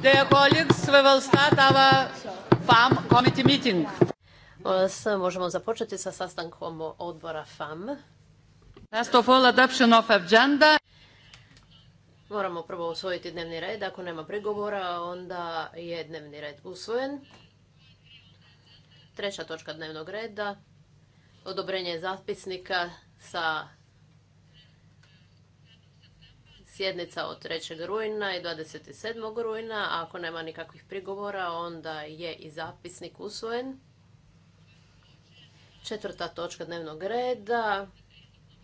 Dear FAM committee meeting. Možemo započeti sa sastankom odbora FAM. First of all, adoption of Moramo prvo usvojiti dnevni red. Ako nema prigovora, onda je dnevni red usvojen. Treća točka dnevnog reda. Odobrenje zapisnika sa sjednica od 3. rujna i 27. rujna. ako nema nikakvih prigovora, onda je i zapisnik usvojen. Četvrta točka dnevnog reda,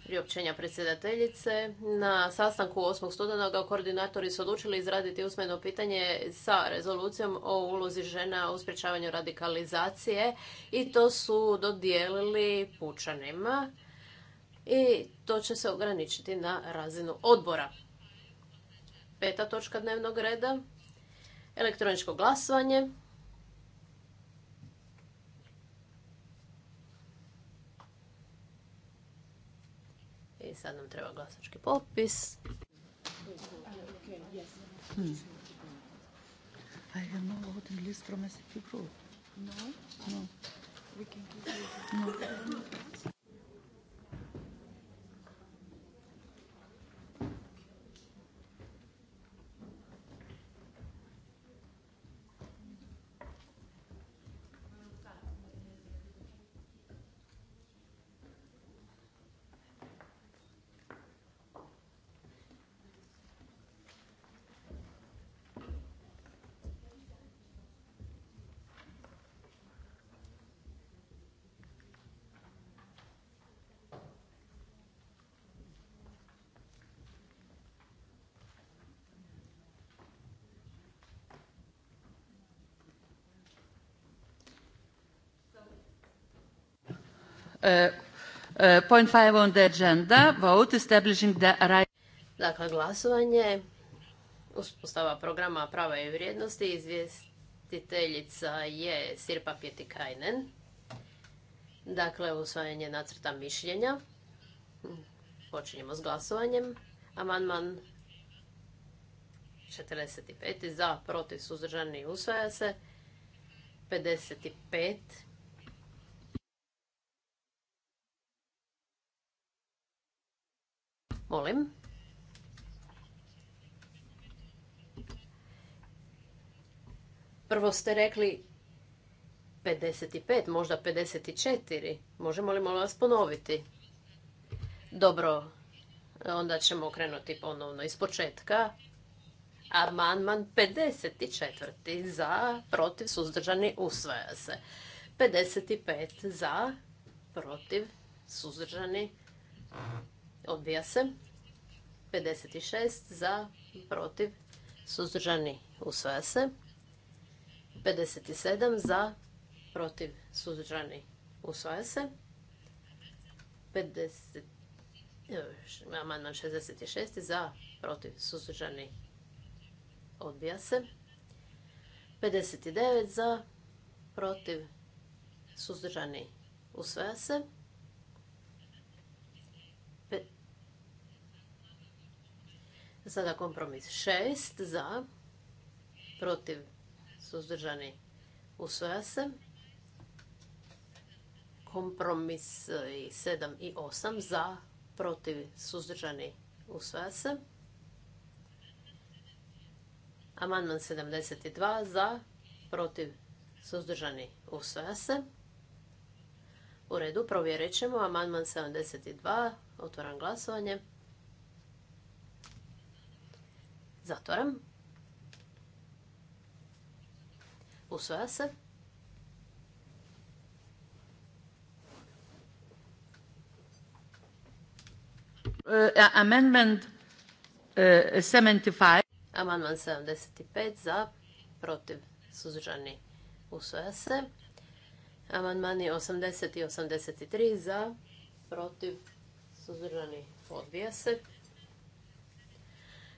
priopćenja predsjedateljice. Na sastanku 8. studenoga koordinatori su odlučili izraditi usmeno pitanje sa rezolucijom o ulozi žena u sprječavanju radikalizacije i to su dodijelili pučanima i to će se ograničiti na razinu odbora. Peta točka dnevnog reda. Elektroničko glasovanje. I sad nam treba glasački popis. Hmm. I have no voting list from SAP group. No? No. We can keep you... No. Dakle, glasovanje uspostava programa prava i vrijednosti izvjestiteljica je Sirpa Pjetikajnen. Dakle, usvajanje nacrta mišljenja. Počinjemo s glasovanjem. Amandman 45. Za, protiv, suzdržani, usvaja se. 55. Molim. Prvo ste rekli 55, možda 54. Možemo li molim vas ponoviti? Dobro, onda ćemo krenuti ponovno iz početka. Amandman 54. za, protiv, suzdržani, usvaja se. 55 za, protiv, suzdržani, Odbija se. 56 za, protiv, suzdržani, usvaja se. 57 za, protiv, suzdržani, usvaja se. 50, amandman 66 za, protiv, suzdržani, odbija se. 59 za, protiv, suzdržani, usvaja se. Sada kompromis 6 za, protiv, suzdržani, usvoja se. Kompromis 7 e, i 8 za, protiv, suzdržani, usvoja se. Amandman 72 za, protiv, suzdržani, usvoja se. U redu, provjerit ćemo. Amandman 72, otvoram glasovanje. Zatvaram. Usvaja se. Uh, amendment 75. Uh, Amandman 75 za, protiv, suzdržani, usvaja se. Amandmani 80 i 83 za, protiv, suzdržani, odbija se.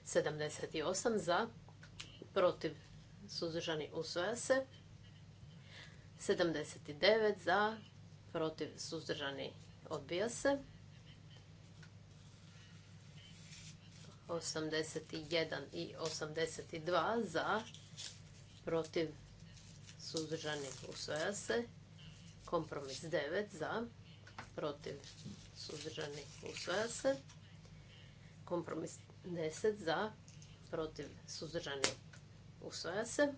78 za, protiv, suzdržani, usvaja se. 79 za, protiv, suzdržani, odbija se. 81 i 82 za, protiv, suzdržani, usvaja se. Kompromis 9 za, protiv, suzdržani, usvaja se. Kompromis 10 za, protiv, suzdržani, usvaja se.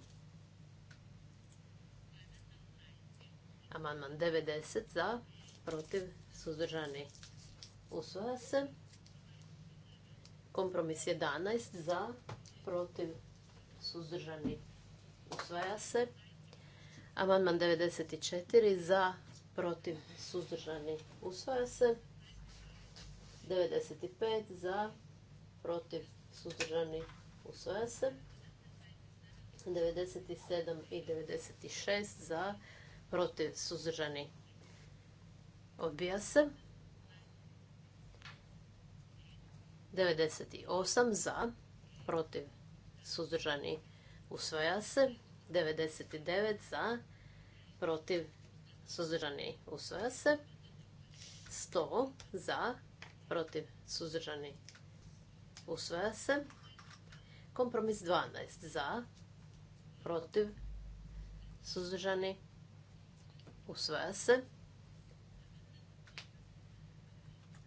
Amandman 90 za, protiv, suzdržani, usvaja se. Kompromis 11 za, protiv, suzdržani, usvaja se. Amandman 94 za, protiv, suzdržani, usvaja se. 95 za, protiv, suzdržani, usvaja se. 97 i 96 za, protiv, suzdržani, odbija se. 98 za, protiv, suzdržani, usvaja se. 99 za, protiv, suzdržani, usvaja se. 100 za, protiv, suzdržani, Usvaja se. Kompromis 12 za, protiv, suzdržani, usvaja se.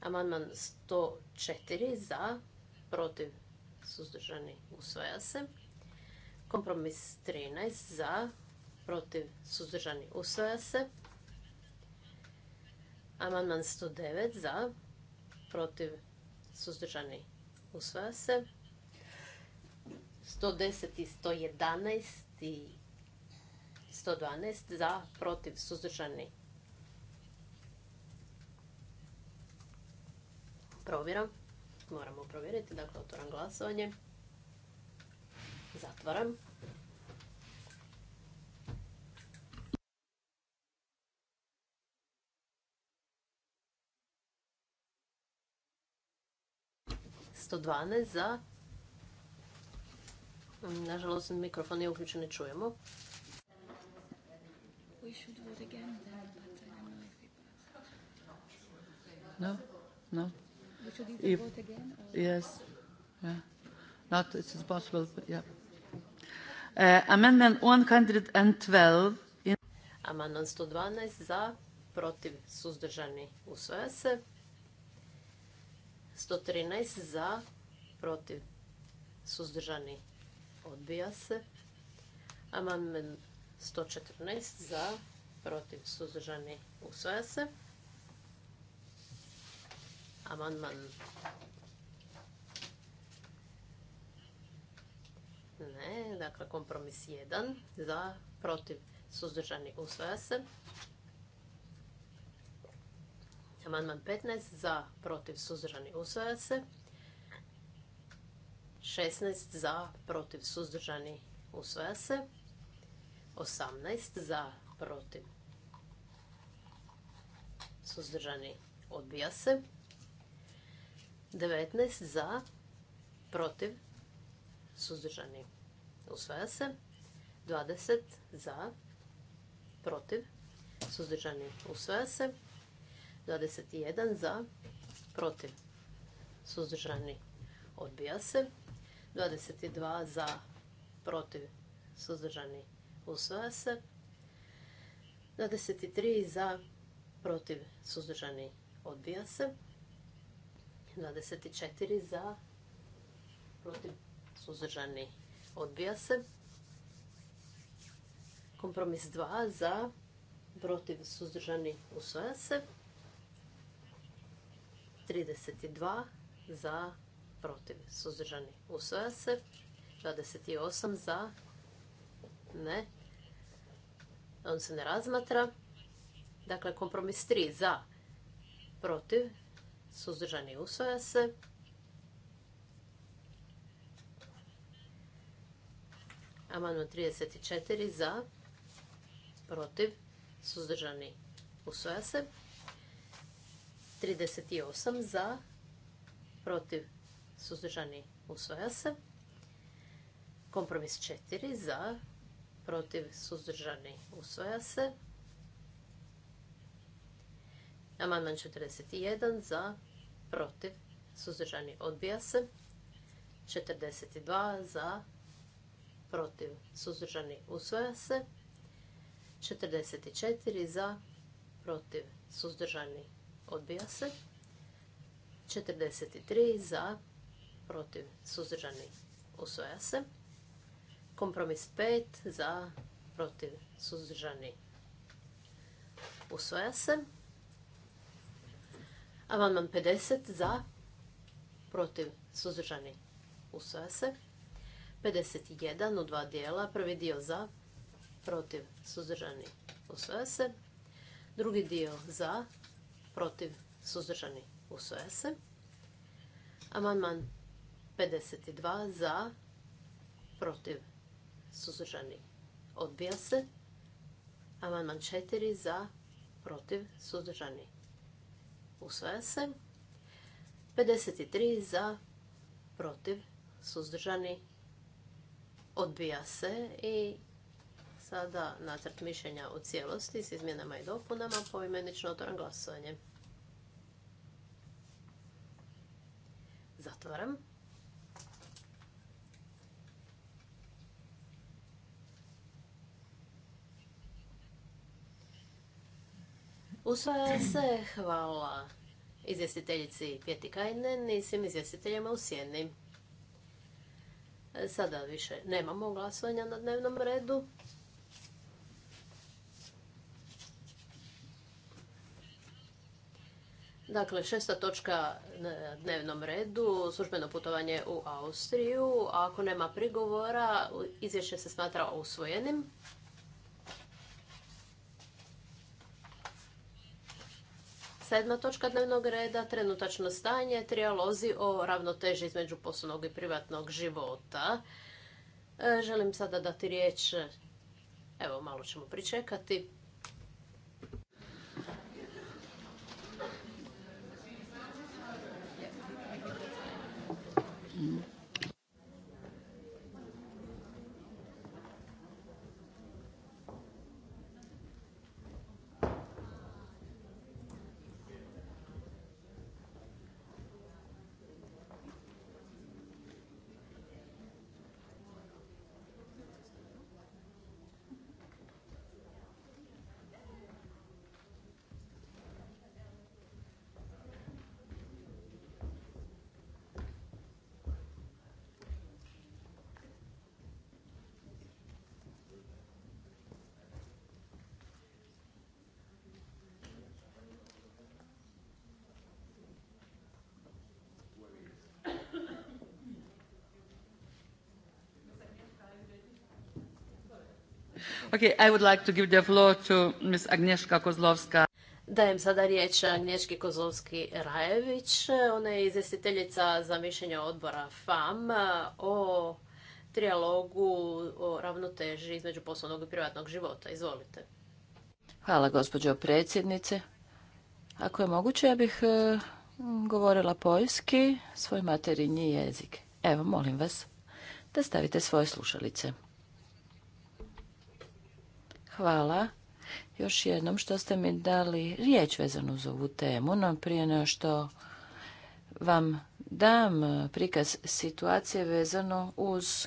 Amandman 104 za, protiv, suzdržani, usvaja se. Kompromis 13 za, protiv, suzdržani, usvaja se. Amandman 109 za, protiv, suzdržani, Usvaja se. 110 i 111 i 112 za, protiv, suzdržani. Provjeram. Moramo provjeriti, dakle otvoram glasovanje. Zatvaram. 112 za. Nažalost, mikrofon je uključen, i čujemo. No, no. If, yes, yeah. Not, it's possible, but yeah. Uh, amendment 112. In... Amendment 112 za, protiv, suzdržani, usvaja se. 113 za, protiv, suzdržani, odbija se. Amandman 114 za, protiv, suzdržani, usvaja se. Amandman ne, dakle kompromis 1 za, protiv, suzdržani, usvaja se. Amandman 15 za, protiv, suzdržani, usvaja se. 16 za, protiv, suzdržani, usvaja se. 18 za, protiv, suzdržani, odbija se. 19 za, protiv, suzdržani, usvaja se. 20 za, protiv, suzdržani, usvaja se. 21 za, protiv, suzdržani, odbija se. 22 za, protiv, suzdržani, usvaja se. 23 za, protiv, suzdržani, odbija se. 24 za, protiv, suzdržani, odbija se. Kompromis 2 za, protiv, suzdržani, usvaja se. 32 za, protiv, suzdržani, usvaja se. 28 za, ne, on se ne razmatra. Dakle, kompromis 3 za, protiv, suzdržani, usvaja se. Amandman 34 za, protiv, suzdržani, usvaja se. 38 za, protiv, suzdržani, usvoja se. Kompromis 4 za, protiv, suzdržani, usvoja se. Amandman 41 za, protiv, suzdržani, odbija se. 42 za, protiv, suzdržani, usvoja se. 44 za, protiv, suzdržani, Odbija se. 43 za, protiv, suzdržani, usvoja se. Kompromis 5 za, protiv, suzdržani, usvoja se. Amandman 50 za, protiv, suzdržani, usvoja se. 51 u dva dijela, prvi dio za, protiv, suzdržani, usvoja se. Drugi dio za, protiv, suzdržani, usvaja se. Amandman 52 za, protiv, suzdržani, odbija se. Amandman 4 za, protiv, suzdržani, usvaja se. 53 za, protiv, suzdržani, odbija se. I sada nacrt mišljenja u cijelosti s izmjenama i dopunama imenično otvoram glasovanje. Zatvaram. Usvaja se hvala izvjestiteljici Pjeti Kajnen i svim izvjestiteljima u Sjeni. Sada više nemamo glasovanja na dnevnom redu. Dakle, šesta točka na dnevnom redu, službeno putovanje u Austriju. ako nema prigovora, izvješće se smatra usvojenim. Sedma točka dnevnog reda, trenutačno stanje, trijalozi o ravnoteži između poslovnog i privatnog života. E, želim sada dati riječ, evo malo ćemo pričekati. Mm. Dajem sada riječ Agnješki Kozlovski-Rajević. Ona je izvjestiteljica za mišljenje odbora FAM o trijalogu o ravnoteži između poslovnog i privatnog života. Izvolite. Hvala, gospođo predsjednice. Ako je moguće, ja bih e, govorila poljski, svoj materinji jezik. Evo, molim vas da stavite svoje slušalice. Hvala još jednom što ste mi dali riječ vezanu uz ovu temu, no prije nego što vam dam prikaz situacije vezano uz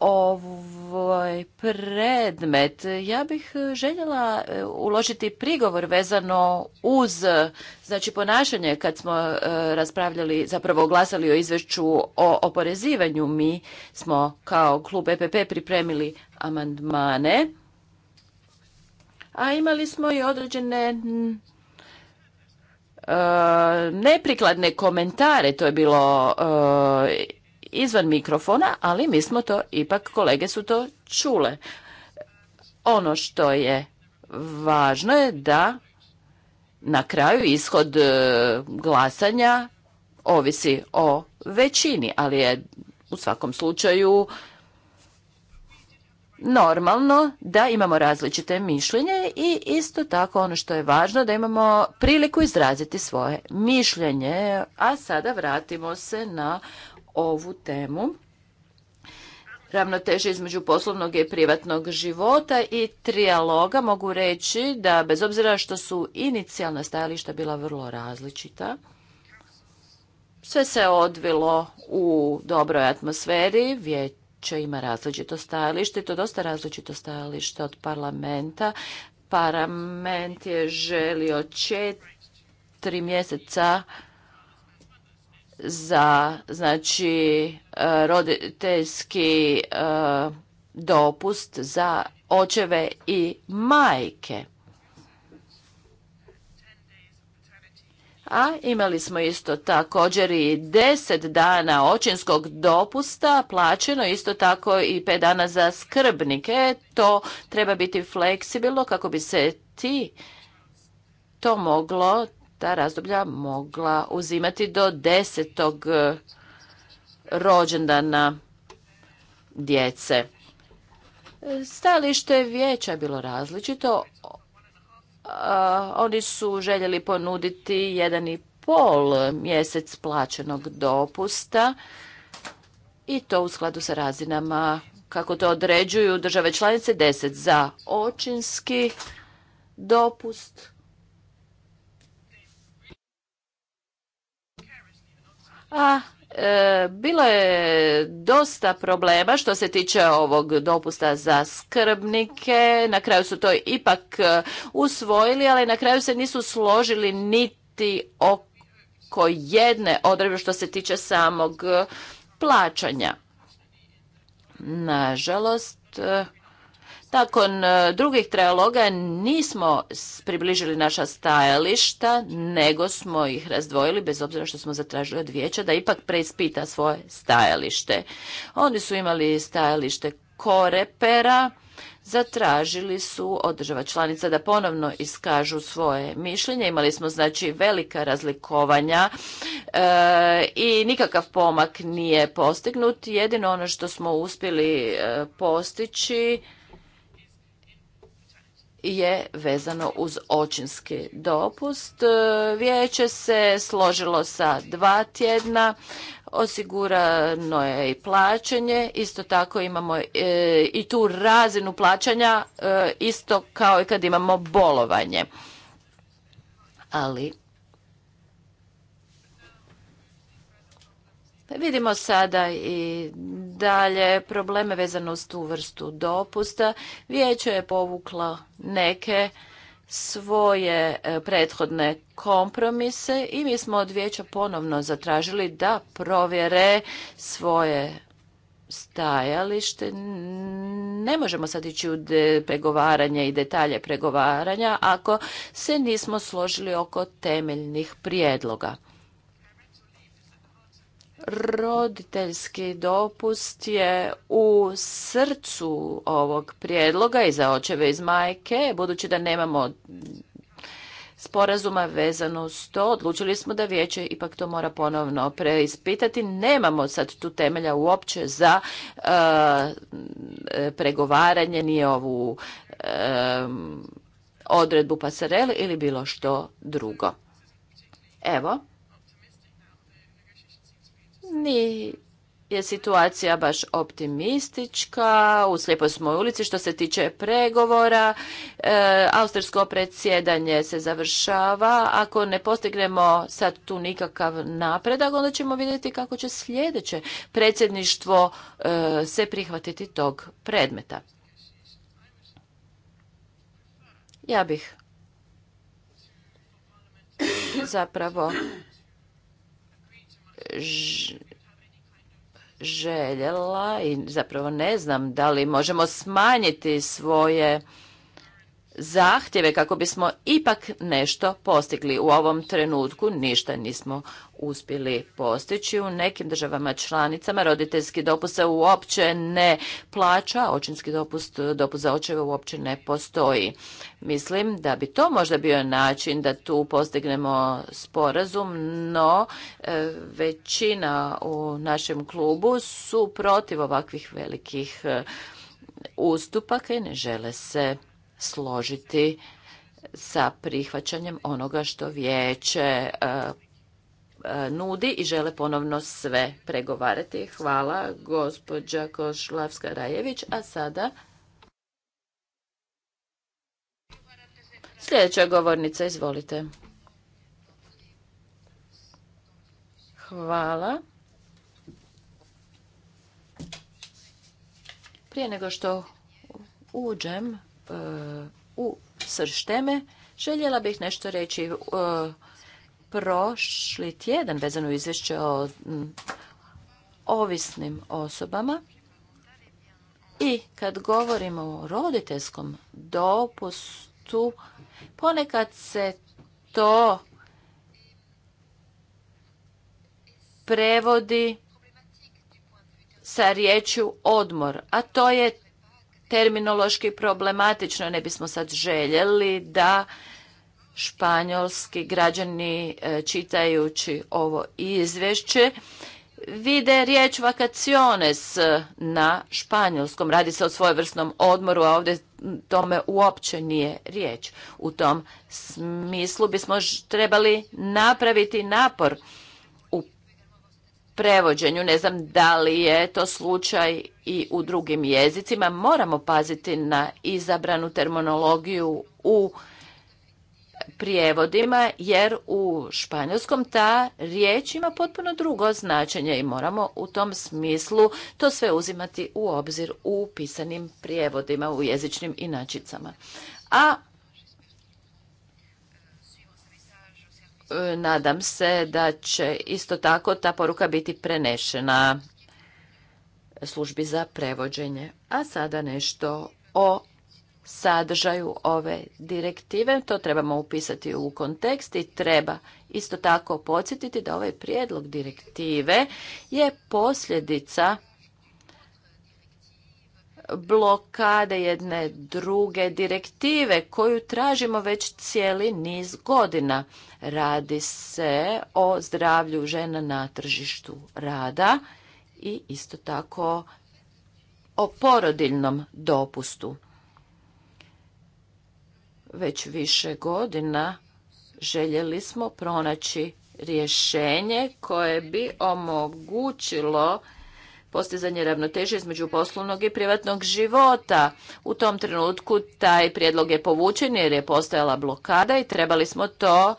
ovaj predmet, ja bih e, željela e, uložiti prigovor vezano uz znači ponašanje kad smo e, raspravljali, zapravo glasali o izvješću o oporezivanju. Mi smo kao klub EPP pripremili amandmane, a imali smo i određene neprikladne komentare, to je bilo izvan mikrofona, ali mi smo to, ipak kolege su to čule. Ono što je važno je da na kraju ishod e, glasanja ovisi o većini, ali je u svakom slučaju normalno da imamo različite mišljenje i isto tako ono što je važno da imamo priliku izraziti svoje mišljenje. A sada vratimo se na ovu temu ravnoteže između poslovnog i privatnog života i trijaloga mogu reći da bez obzira što su inicijalna stajališta bila vrlo različita, sve se odvilo u dobroj atmosferi, vijeće ima različito stajalište i to dosta različito stajalište od parlamenta. Parlament je želio četiri mjeseca za znači e, roditeljski e, dopust za očeve i majke. A imali smo isto također i 10 dana očinskog dopusta, plaćeno isto tako i 5 dana za skrbnike. To treba biti fleksibilno kako bi se ti to moglo ta razdoblja mogla uzimati do desetog e, rođendana djece. Stajalište vijeća je bilo različito. Oni su željeli ponuditi jedan i pol mjesec plaćenog dopusta i to u skladu sa razinama kako to određuju države članice 10 za očinski dopust a e, bilo je dosta problema što se tiče ovog dopusta za skrbnike. Na kraju su to ipak e, usvojili, ali na kraju se nisu složili niti oko jedne odredbe što se tiče samog e, plaćanja. Nažalost, nakon e, drugih trialoga nismo približili naša stajališta, nego smo ih razdvojili, bez obzira što smo zatražili od vijeća, da ipak preispita svoje stajalište. Oni su imali stajalište korepera, zatražili su od država članica da ponovno iskažu svoje mišljenje. Imali smo znači velika razlikovanja e, i nikakav pomak nije postignut. Jedino ono što smo uspjeli e, postići je vezano uz očinski dopust. E, vijeće se složilo sa dva tjedna, osigurano je i plaćanje, isto tako imamo e, i tu razinu plaćanja, e, isto kao i kad imamo bolovanje. Ali Pa vidimo sada i dalje probleme vezano uz tu vrstu dopusta. Vijeće je povuklo neke svoje e, prethodne kompromise i mi smo od vijeća ponovno zatražili da provjere svoje stajalište. Ne možemo sad ići u pregovaranje i detalje pregovaranja ako se nismo složili oko temeljnih prijedloga roditeljski dopust je u srcu ovog prijedloga i za očeve iz majke, budući da nemamo sporazuma vezano s to. Odlučili smo da vijeće ipak to mora ponovno preispitati. Nemamo sad tu temelja uopće za e, pregovaranje, nije ovu e, odredbu pasareli ili bilo što drugo. Evo, ni je situacija baš optimistička, u slijepoj smo ulici što se tiče pregovora, e, austrijsko predsjedanje se završava, ako ne postignemo sad tu nikakav napredak, onda ćemo vidjeti kako će sljedeće predsjedništvo e, se prihvatiti tog predmeta. Ja bih zapravo željela i zapravo ne znam da li možemo smanjiti svoje zahtjeve kako bismo ipak nešto postigli. U ovom trenutku ništa nismo uspjeli postići. U nekim državama članicama roditeljski dopust se uopće ne plaća, očinski dopust, dopust za očeve uopće ne postoji. Mislim da bi to možda bio način da tu postignemo sporazum, no e, većina u našem klubu su protiv ovakvih velikih e, ustupaka i ne žele se složiti sa prihvaćanjem onoga što vijeće e, e, nudi i žele ponovno sve pregovarati. Hvala gospođa Košlavska Rajević, a sada sljedeća govornica, izvolite. Hvala. Prije nego što uđem u srž teme, željela bih nešto reći e, prošli tjedan vezano izvješće o ovisnim osobama. I kad govorimo o roditeljskom dopustu, ponekad se to prevodi sa riječju odmor, a to je terminološki problematično. Ne bismo sad željeli da španjolski građani e, čitajući ovo izvješće vide riječ vakaciones e, na španjolskom. Radi se o svojevrsnom odmoru, a ovdje tome uopće nije riječ. U tom smislu bismo trebali napraviti napor prevođenju. Ne znam da li je to slučaj i u drugim jezicima. Moramo paziti na izabranu terminologiju u prijevodima, jer u španjolskom ta riječ ima potpuno drugo značenje i moramo u tom smislu to sve uzimati u obzir u pisanim prijevodima, u jezičnim inačicama. A E, nadam se da će isto tako ta poruka biti prenešena službi za prevođenje. A sada nešto o sadržaju ove direktive. To trebamo upisati u kontekst i treba isto tako podsjetiti da ovaj prijedlog direktive je posljedica blokade jedne druge direktive koju tražimo već cijeli niz godina. Radi se o zdravlju žena na tržištu rada i isto tako o porodiljnom dopustu. Već više godina željeli smo pronaći rješenje koje bi omogućilo postizanje ravnoteže između poslovnog i privatnog života. U tom trenutku taj prijedlog je povučen jer je postojala blokada i trebali smo to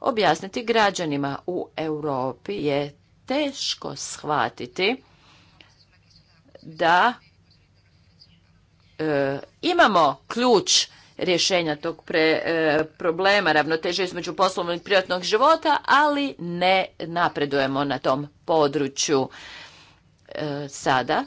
objasniti građanima. U Europi je teško shvatiti da e, imamo ključ rješenja tog pre, e, problema ravnoteže između poslovnog i privatnog života, ali ne napredujemo na tom području. E, sada.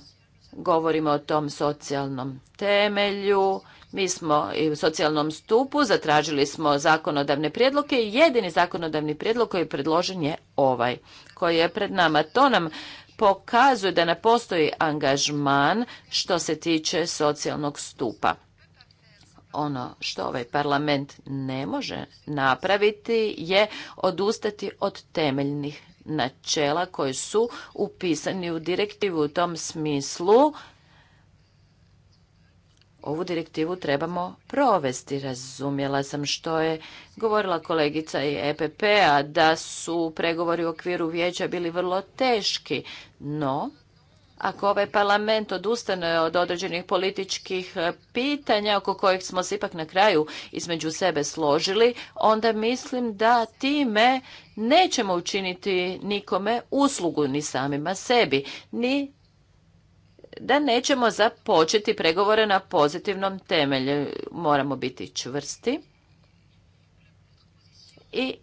Govorimo o tom socijalnom temelju, mi smo i u socijalnom stupu zatražili smo zakonodavne prijedloge i jedini zakonodavni prijedlog koji je predložen je ovaj koji je pred nama. To nam pokazuje da ne postoji angažman što se tiče socijalnog stupa. Ono što ovaj parlament ne može napraviti je odustati od temeljnih načela koji su upisani u direktivu u tom smislu ovu direktivu trebamo provesti. Razumjela sam što je govorila kolegica i EPP-a da su pregovori u okviru vijeća bili vrlo teški, no ako ovaj parlament odustane od određenih političkih pitanja oko kojih smo se ipak na kraju između sebe složili, onda mislim da time nećemo učiniti nikome uslugu, ni samima sebi, ni da nećemo započeti pregovore na pozitivnom temelju. Moramo biti čvrsti i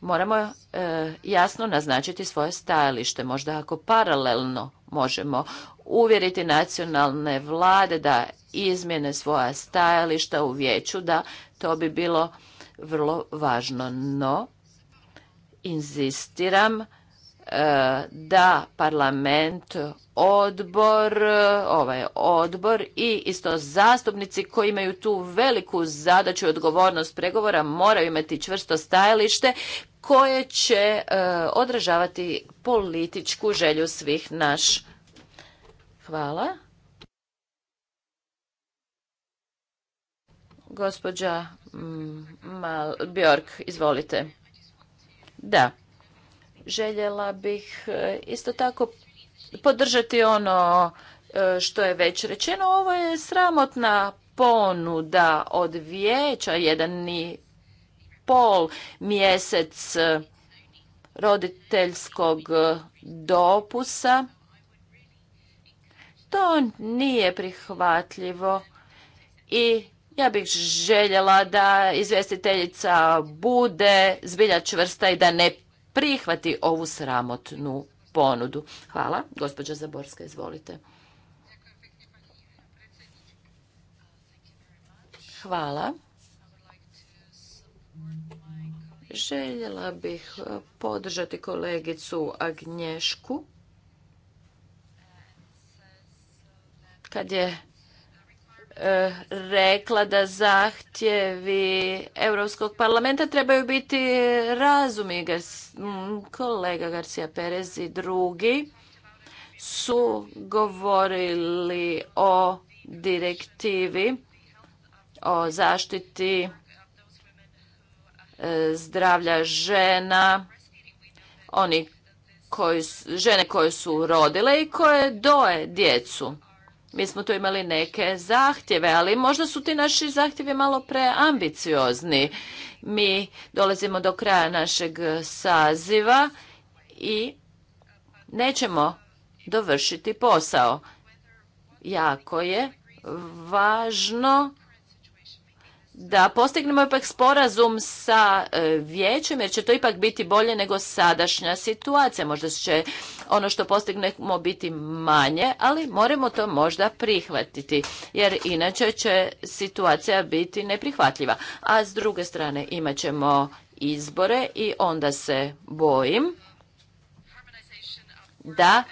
moramo e, jasno naznačiti svoje stajalište. Možda ako paralelno možemo uvjeriti nacionalne vlade da izmjene svoja stajališta u vijeću, da to bi bilo vrlo važno. No, inzistiram e, da parlament, odbor, ovaj odbor i isto zastupnici koji imaju tu veliku zadaću i odgovornost pregovora moraju imati čvrsto stajalište koje će e, odražavati političku želju svih naš. Hvala. Gospođa mm, Bjork, izvolite. Da, željela bih e, isto tako podržati ono e, što je već rečeno. Ovo je sramotna ponuda od vijeća, jedan i pol mjesec e, roditeljskog dopusa. To nije prihvatljivo i ja bih željela da izvjestiteljica bude zbilja čvrsta i da ne prihvati ovu sramotnu ponudu. Hvala. Gospođa Zaborska, izvolite. Hvala. Željela bih podržati kolegicu Agnješku kad je Eh, rekla da zahtjevi Europskog parlamenta trebaju biti razumi. Kolega Garcia Perez i drugi su govorili o direktivi o zaštiti eh, zdravlja žena, oni žene koje su rodile i koje doje djecu. Mi smo tu imali neke zahtjeve, ali možda su ti naši zahtjevi malo preambiciozni. Mi dolazimo do kraja našeg saziva i nećemo dovršiti posao. Jako je važno da postignemo ipak sporazum sa e, vijećem jer će to ipak biti bolje nego sadašnja situacija. Možda će ono što postignemo biti manje, ali moramo to možda prihvatiti jer inače će situacija biti neprihvatljiva. A s druge strane imat ćemo izbore i onda se bojim da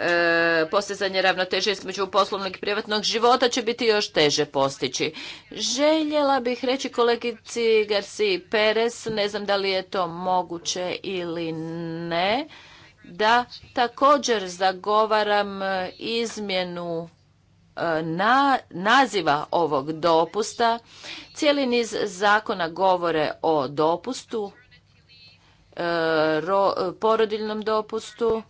e, postizanje ravnoteže između poslovnog i privatnog života će biti još teže postići. Željela bih reći kolegici Garci Perez, ne znam da li je to moguće ili ne, da također zagovaram izmjenu e, na naziva ovog dopusta. Cijeli niz zakona govore o dopustu, e, porodiljnom dopustu,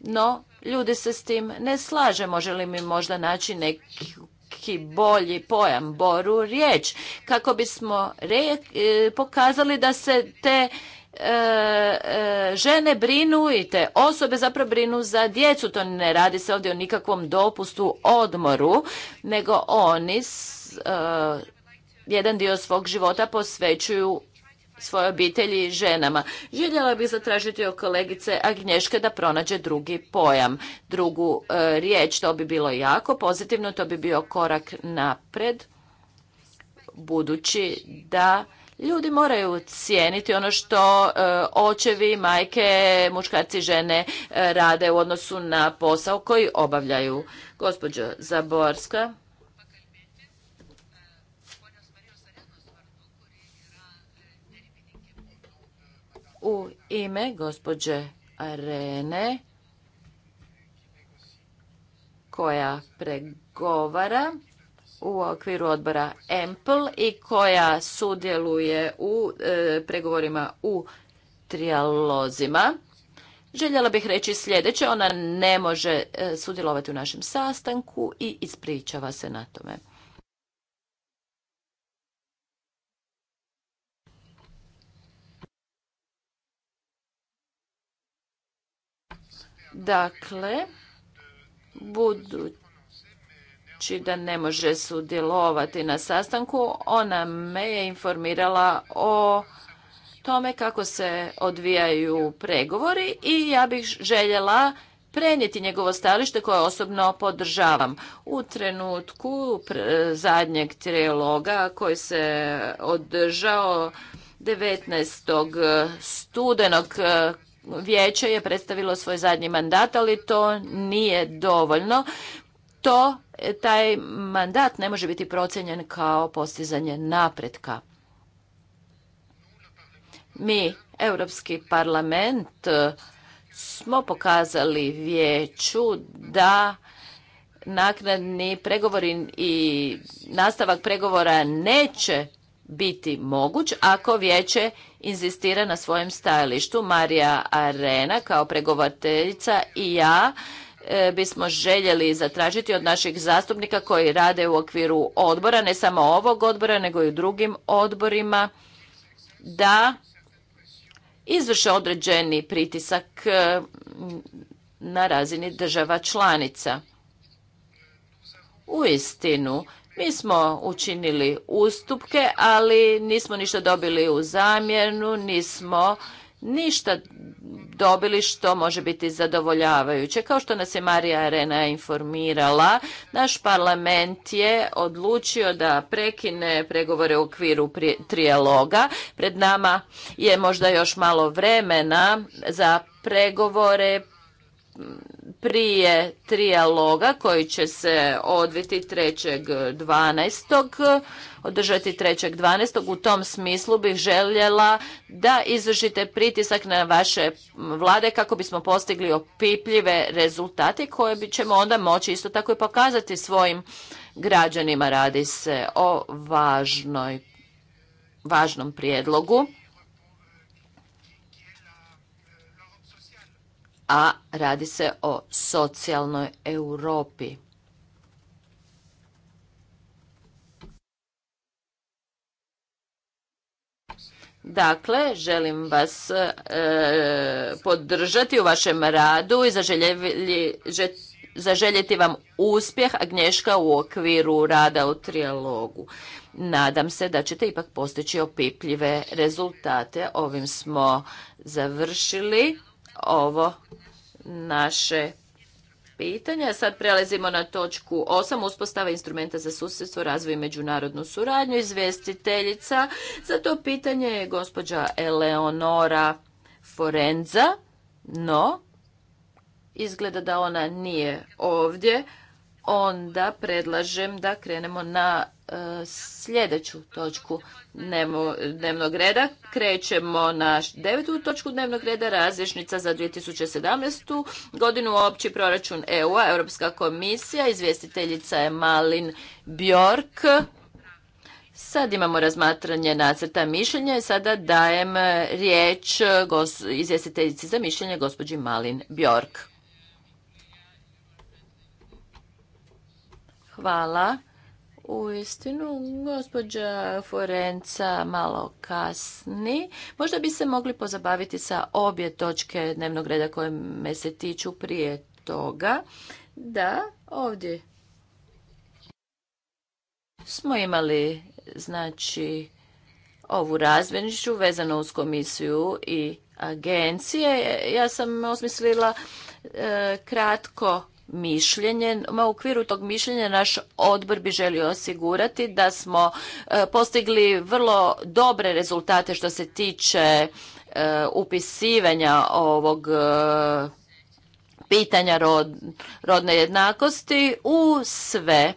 no ljudi se s tim ne slaže. Može li mi možda naći neki bolji pojam, boru, riječ, kako bismo e, pokazali da se te e, e, žene brinu i te osobe zapravo brinu za djecu. To ne radi se ovdje o nikakvom dopustu, odmoru, nego oni s, jedan dio svog života posvećuju svoje obitelji i ženama. Željela bih zatražiti od kolegice Agnješke da pronađe drugi pojam, drugu e, riječ. To bi bilo jako pozitivno, to bi bio korak napred, budući da ljudi moraju cijeniti ono što e, očevi, majke, muškarci i žene e, rade u odnosu na posao koji obavljaju. Gospođo Zaborska. u ime gospođe Arene koja pregovara u okviru odbora EMPL i koja sudjeluje u e, pregovorima u trijalozima. Željela bih reći sljedeće, ona ne može e, sudjelovati u našem sastanku i ispričava se na tome. Dakle, budući da ne može sudjelovati na sastanku, ona me je informirala o tome kako se odvijaju pregovori i ja bih željela prenijeti njegovo stalište koje osobno podržavam. U trenutku zadnjeg triloga koji se održao 19. studenog vijeće je predstavilo svoj zadnji mandat, ali to nije dovoljno. To, taj mandat ne može biti procijenjen kao postizanje napretka. Mi, Europski parlament, smo pokazali vijeću da naknadni pregovori i nastavak pregovora neće biti moguć ako vijeće inzistira na svojem stajalištu. Marija Arena kao pregovarateljica i ja e, bismo željeli zatražiti od naših zastupnika koji rade u okviru odbora, ne samo ovog odbora nego i u drugim odborima, da izvrše određeni pritisak e, na razini država članica. U istinu, mi smo učinili ustupke, ali nismo ništa dobili u zamjenu, nismo ništa dobili što može biti zadovoljavajuće. Kao što nas je Marija Arena informirala, naš parlament je odlučio da prekine pregovore u okviru trijaloga. Pred nama je možda još malo vremena za pregovore prije trijaloga koji će se odviti 3.12. održati 3.12. U tom smislu bih željela da izvršite pritisak na vaše vlade kako bismo postigli opipljive rezultate koje ćemo onda moći isto tako i pokazati svojim građanima. Radi se o važnoj, važnom prijedlogu a radi se o socijalnoj Europi. Dakle, želim vas e, podržati u vašem radu i zaželjeti vam uspjeh Agnješka u okviru rada u trijalogu. Nadam se da ćete ipak postići opipljive rezultate. Ovim smo završili ovo naše pitanje. Sad prelazimo na točku 8. Uspostava instrumenta za susjedstvo, razvoj i međunarodnu suradnju. Izvjestiteljica za to pitanje je gospođa Eleonora Forenza, no izgleda da ona nije ovdje. Onda predlažem da krenemo na E, sljedeću točku dnevnog reda. Krećemo na devetu točku dnevnog reda, razvješnica za 2017. godinu opći proračun eu Europska komisija, izvjestiteljica je Malin Bjork. Sad imamo razmatranje nacrta mišljenja i sada dajem riječ izvjestiteljici za mišljenje gospođi Malin Bjork. Hvala. U istinu, gospođa Forenca malo kasni. Možda bi se mogli pozabaviti sa obje točke dnevnog reda koje me se tiču prije toga. Da, ovdje smo imali, znači, ovu razvenišću vezano uz komisiju i agencije. Ja sam osmislila e, kratko mišljenje. u okviru tog mišljenja naš odbor bi želio osigurati da smo e, postigli vrlo dobre rezultate što se tiče e, upisivanja ovog e, pitanja rodne jednakosti u sve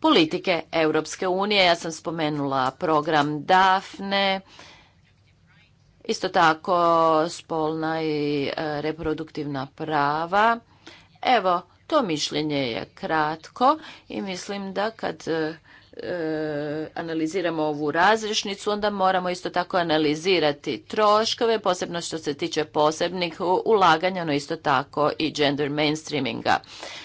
politike Europske unije. Ja sam spomenula program DAFNE, isto tako spolna i reproduktivna prava. Evo, to mišljenje je kratko i mislim da kad eh, E, analiziramo ovu razrišnicu, onda moramo isto tako analizirati troškove, posebno što se tiče posebnih ulaganja, no isto tako i gender mainstreaminga.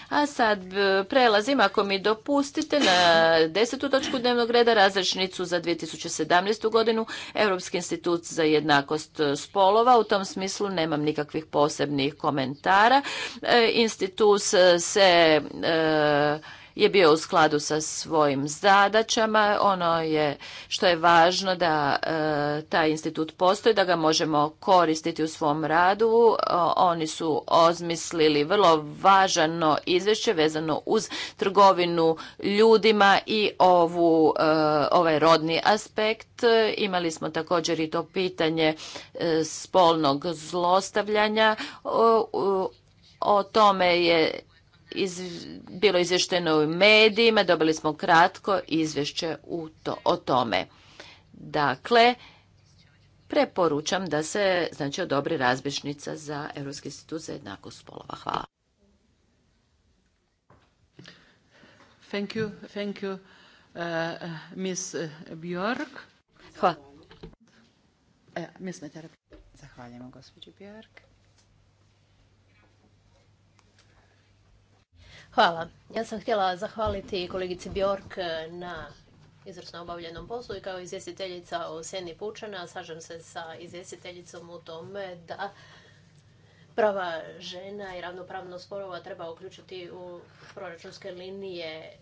A sad e, prelazim, ako mi dopustite, na desetu točku dnevnog reda razrešnicu za 2017. godinu Europski institut za jednakost spolova. U tom smislu nemam nikakvih posebnih komentara. E, institut se je bio u skladu sa svojim zadaćama. Ono je što je važno da e, taj institut postoji, da ga možemo koristiti u svom radu. oni su ozmislili vrlo važano izvješće vezano uz trgovinu ljudima i ovu e, ovaj rodni aspekt. Imali smo također i to pitanje e, spolnog zlostavljanja o tome je iz, bilo izvješteno u medijima, dobili smo kratko izvješće u to, o tome. Dakle, preporučam da se znači, odobri razbišnica za Europski institut za jednakost spolova. Hvala. Thank you, thank you, uh, Miss Bjork. Hvala. Uh, Zahvaljujemo, gospođi Bjork. Hvala. Ja sam htjela zahvaliti kolegici Bjork eh, na izvrsno obavljenom poslu i kao izvjestiteljica o Sjeni Pučana slažem se sa izvjestiteljicom u tome da prava žena i ravnopravnost sporova treba uključiti u proračunske linije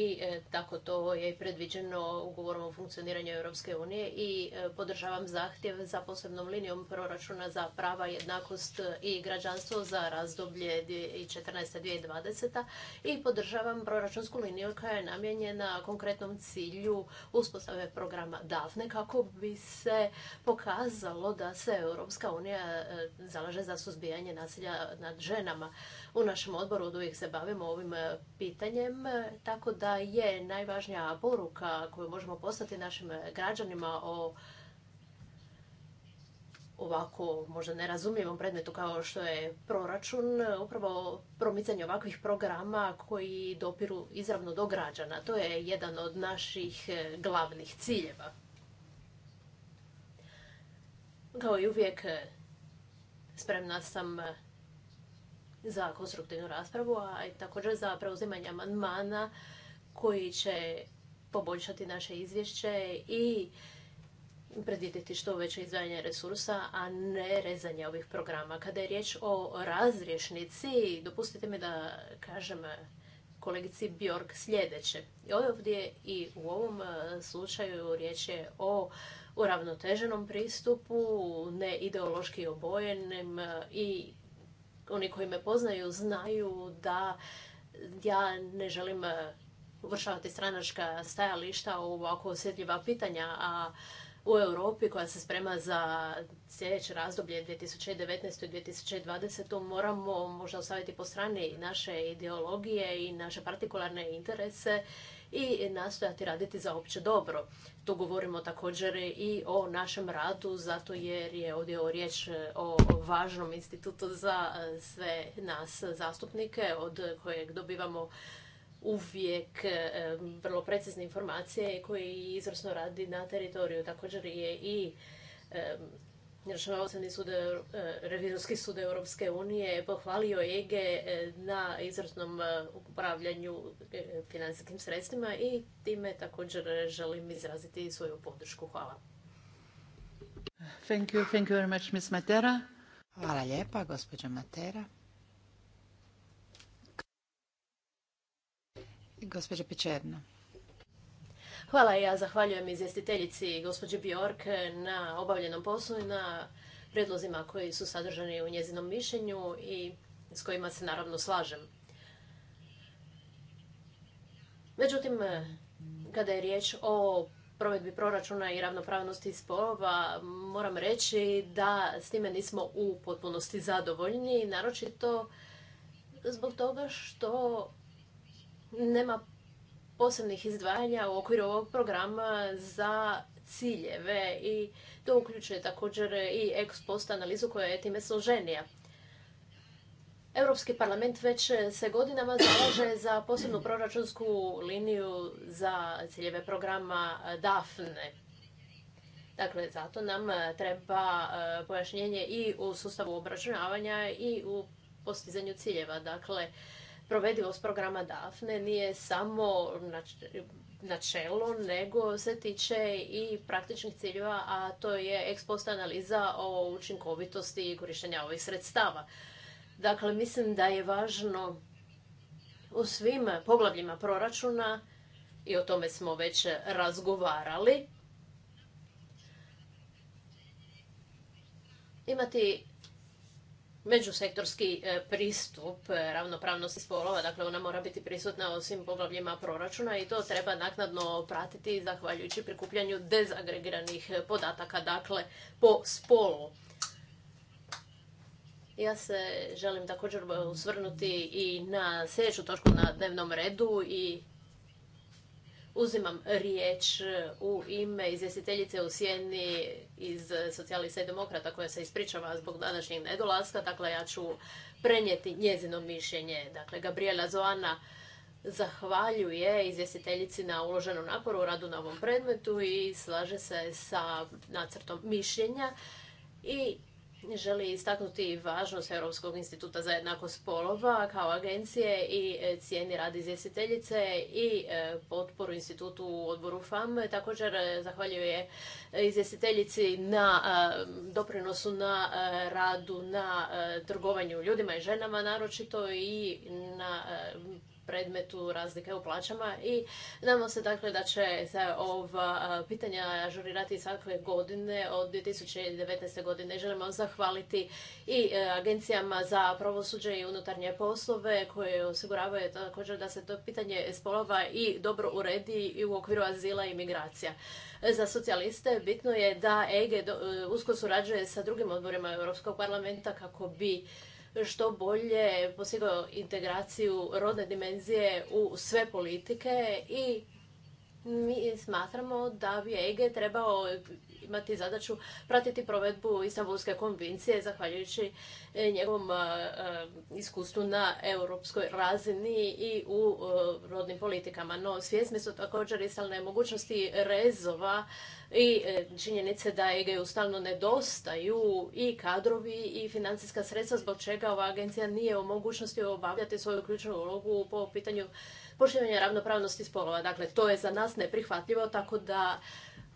i e, tako to je i predviđeno ugovorom o funkcioniranju Europske unije i e, podržavam zahtjev za posebnom linijom proračuna za prava, jednakost e, i građanstvo za razdoblje 2014-2020 i podržavam proračunsku liniju koja je namijenjena konkretnom cilju uspostave programa DAFNE kako bi se pokazalo da se Europska unija zalaže za suzbijanje nasilja nad ženama. U našem odboru od uvijek se bavimo ovim e, pitanjem, e, tako da je najvažnija poruka koju možemo poslati našim e, građanima o ovako možda nerazumljivom predmetu kao što je proračun, upravo promicanje ovakvih programa koji dopiru izravno do građana. To je jedan od naših glavnih ciljeva. Kao i uvijek spremna sam za konstruktivnu raspravu, a i također za preuzimanje amandmana koji će poboljšati naše izvješće i predvidjeti što veće izdvajanje resursa, a ne rezanje ovih programa. Kada je riječ o razrješnici, dopustite mi da kažem kolegici Bjork sljedeće. I ovdje i u ovom e, slučaju riječ je o uravnoteženom pristupu, ne ideološki obojenim e, i oni koji me poznaju znaju da ja ne želim e, uvršavati stranačka stajališta u ovako osjetljiva pitanja, a u Europi koja se sprema za sljedeće razdoblje 2019. i 2020. moramo možda ostaviti po strani naše ideologije i naše partikularne interese i nastojati raditi za opće dobro. Tu govorimo također i o našem radu, zato jer je ovdje riječ e, o važnom institutu za e, sve nas zastupnike, od kojeg dobivamo uvijek e, vrlo precizne informacije koji izvrsno radi na teritoriju. Također je i Računovodstveni sud, eh, revizorski sud Europske unije pohvalio EGE eh, na izvrsnom eh, upravljanju financijskim sredstvima i time također želim izraziti svoju podršku. Hvala. Thank you, thank you very much, Ms. Matera. Hvala lijepa, gospođa Matera. Gospođa Pičerno. Hvala i ja zahvaljujem izvjestiteljici gospođi Bjork na obavljenom poslu i na predlozima koji su sadržani u njezinom mišljenju i s kojima se naravno slažem. Međutim, kada je riječ o provedbi proračuna i ravnopravnosti spolova, moram reći da s time nismo u potpunosti zadovoljni, naročito zbog toga što nema posebnih izdvajanja u okviru ovog programa za ciljeve i to uključuje također i ex post analizu koja je time složenija. Europski parlament već se godinama zalaže za posebnu proračunsku liniju za ciljeve programa DAFNE. Dakle, zato nam treba e, pojašnjenje i u sustavu obračunavanja i u postizanju ciljeva. Dakle, provedivost programa DAFNE nije samo načelo, nego se tiče i praktičnih ciljeva, a to je eksposta analiza o učinkovitosti i korištenja ovih sredstava. Dakle, mislim da je važno u svim poglavljima proračuna, i o tome smo već razgovarali, imati međusektorski e, pristup e, ravnopravnosti spolova, dakle ona mora biti prisutna u svim poglavljima proračuna i to treba naknadno pratiti zahvaljujući prikupljanju dezagregiranih podataka, dakle po spolu. Ja se želim također usvrnuti i na sljedeću točku na dnevnom redu i uzimam riječ e, u ime izvjestiteljice u sjeni iz socijalista i demokrata koja se ispričava zbog današnjeg nedolaska. Dakle, ja ću prenijeti njezino mišljenje. Dakle, Gabriela Zoana zahvaljuje izvjestiteljici na uloženom naporu u radu na ovom predmetu i slaže se sa nacrtom mišljenja i želi istaknuti važnost Europskog instituta za jednakost spolova kao agencije i e, cijeni rad izvjestiteljice i e, potporu institutu u odboru FAM. Također e, zahvaljuje izvjestiteljici na doprinosu na radu na trgovanju ljudima i ženama naročito i na predmetu razlike u plaćama i nadamo se dakle da će se ova pitanja ažurirati svake godine od 2019. godine. Želimo zahvaliti i e, agencijama za pravosuđe i unutarnje poslove koje osiguravaju također da se to pitanje spolova i dobro uredi i u okviru azila i migracija. Za socijaliste bitno je da EG e, usko surađuje sa drugim odborima Europskog parlamenta kako bi što bolje postigao integraciju rodne dimenzije u sve politike i mi smatramo da bi EG trebao imati zadaću pratiti provedbu Istanbulske konvencije zahvaljujući e, njegovom e, e, iskustvu na europskoj razini i u rodnim politikama. No svjesni su također i stalne mogućnosti rezova i činjenice da EG stalno nedostaju i kadrovi i financijska sredstva zbog čega ova agencija nije u mogućnosti obavljati svoju ključnu ulogu po pitanju poštivanja ravnopravnosti spolova. Dakle, to je za nas neprihvatljivo, tako da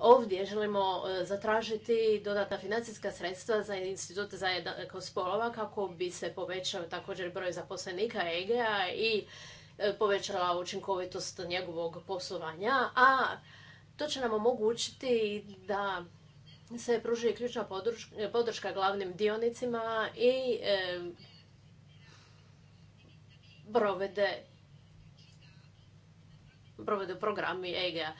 Ovdje želimo e, zatražiti dodatna financijska sredstva za institut za jednakost spolova kako bi se povećao također broj zaposlenika EGA i e, povećala učinkovitost njegovog poslovanja, a to će nam omogućiti da se pruži ključna podrška glavnim dionicima i e, provede provedu programi EGA.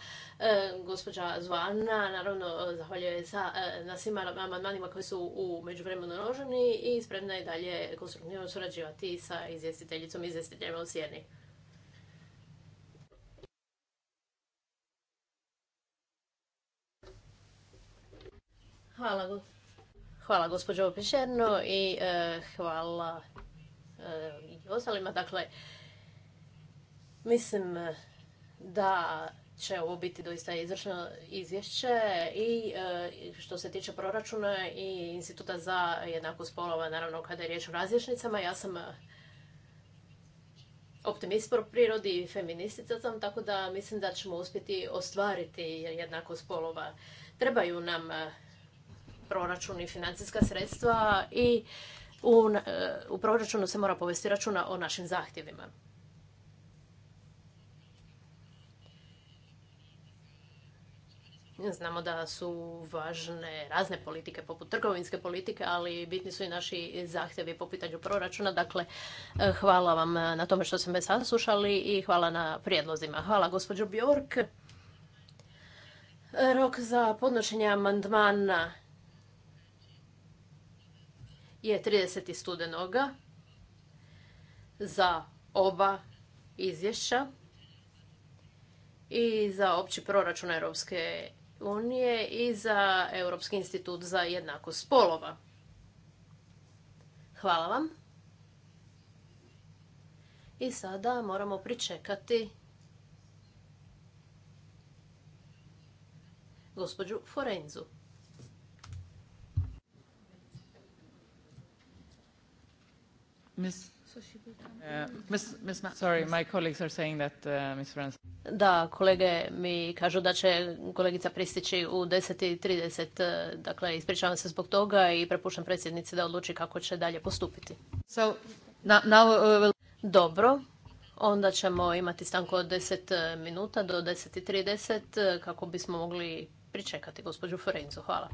E, gospođa Zvana, naravno, zahvaljuje sa, nasima e, na amandmanima koji su u međuvremenu naloženi i spremna je dalje konstruktivno surađivati sa izvjestiteljicom i izvjestiteljima u Sjerni. Hvala, gospođo Pišerno i e, hvala i ostalima. Dakle, mislim da će ovo biti doista izvršno izvješće i e, što se tiče proračuna i Instituta za jednakost spolova, naravno kada je riječ o razvješnicama, ja sam e, optimist po prirodi i feministica sam, tako da mislim da ćemo uspjeti ostvariti jednakost spolova. Trebaju nam e, proračun i financijska sredstva i u proračunu se mora povesti računa o našim zahtjevima. Znamo da su važne razne politike poput trgovinske politike, ali bitni su i naši zahtjevi po pitanju proračuna. Dakle, eh, hvala vam eh, na tome što ste me saslušali i hvala na prijedlozima. Hvala gospođo Bjork. Rok za podnošenje amandmana je 30. studenoga za oba izvješća i za opći proračun Europske unije i za Europski institut za jednakost spolova. Hvala vam. I sada moramo pričekati gospođu Forenzu. Miss da, kolege mi kažu da će kolegica pristići u 10.30, uh, dakle ispričavam se zbog toga i prepuštam predsjednici da odluči kako će dalje postupiti. Uh, Dobro, onda ćemo imati stanku od 10 uh, minuta do 10.30 kako bismo mogli pričekati gospođu Forenzu. Hvala.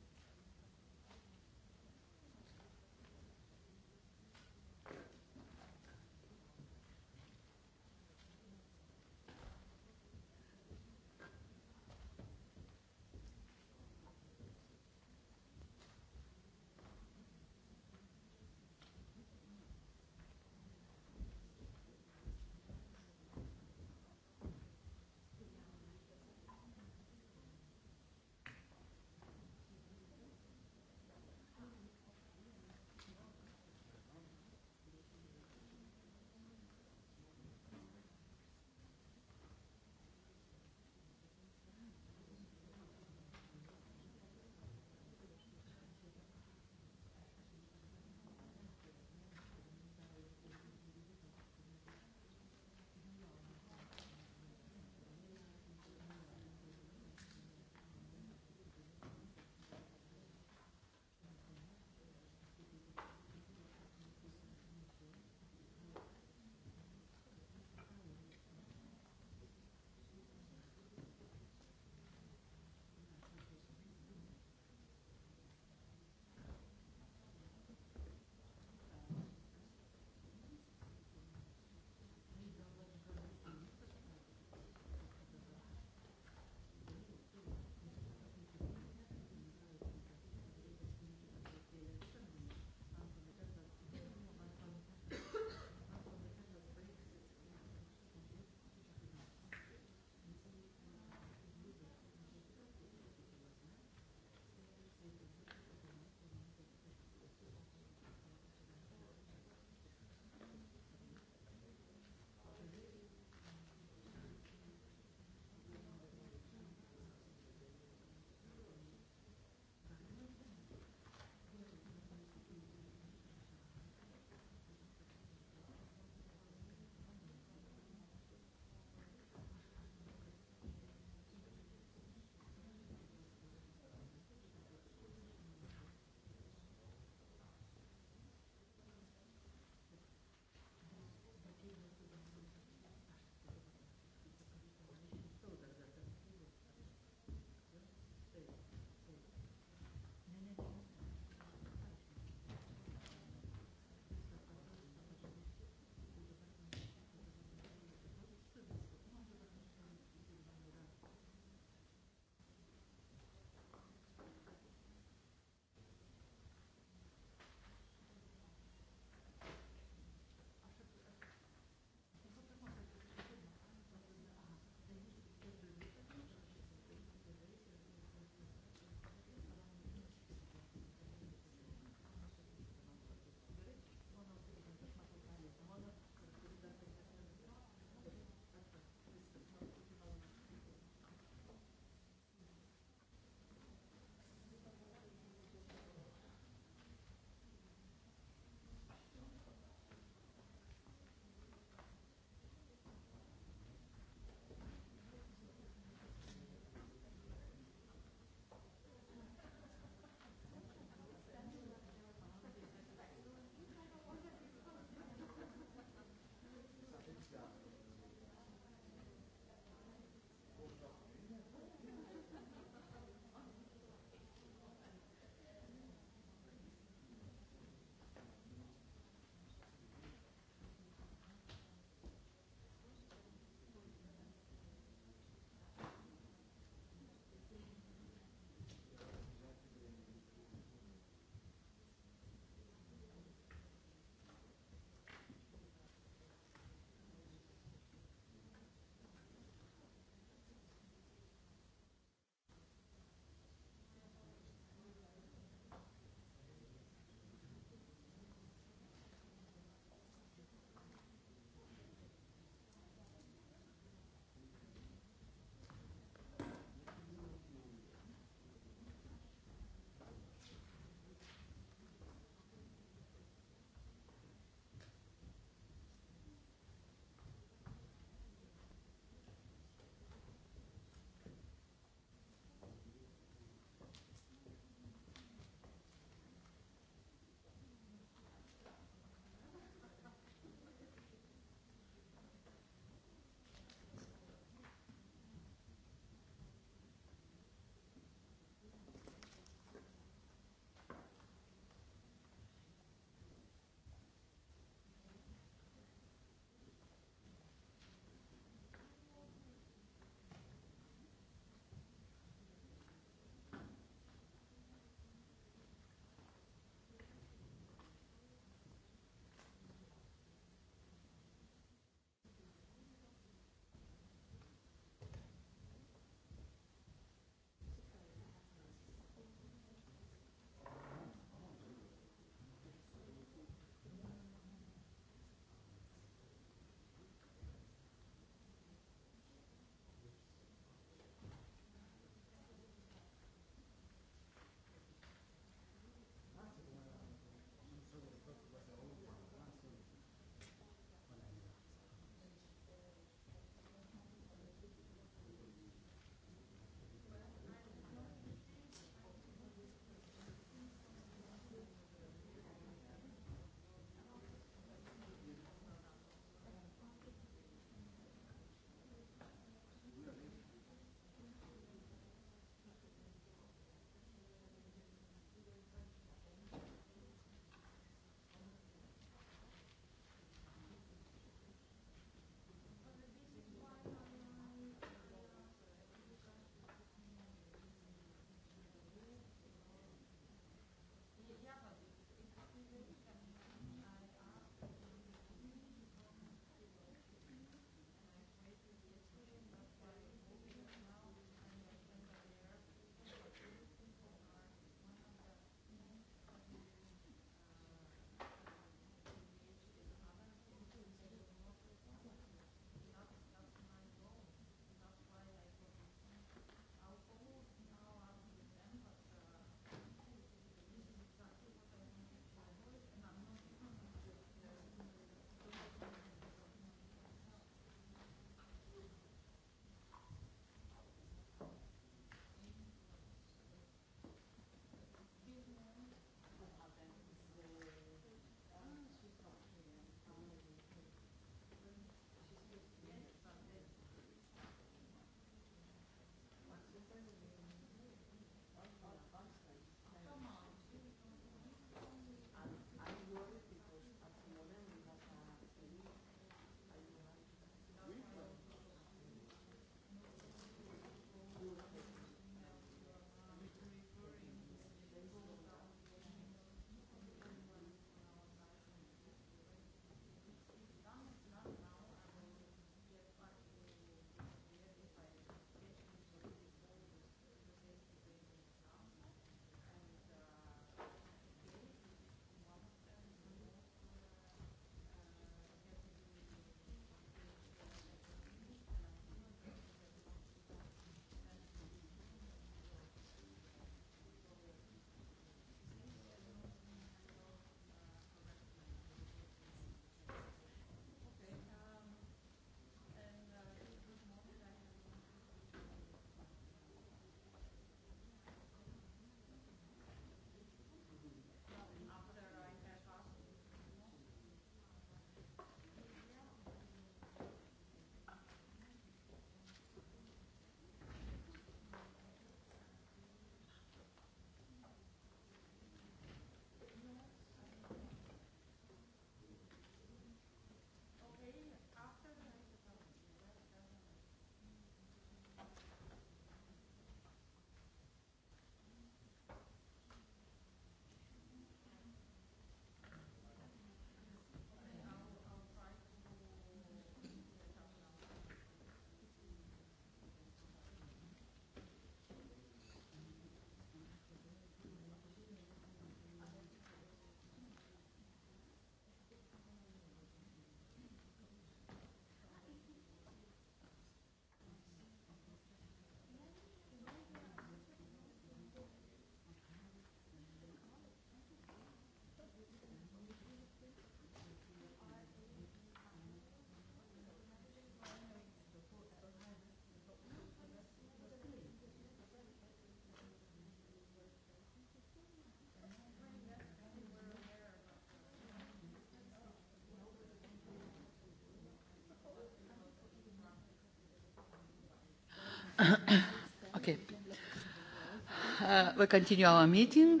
Uh, meeting.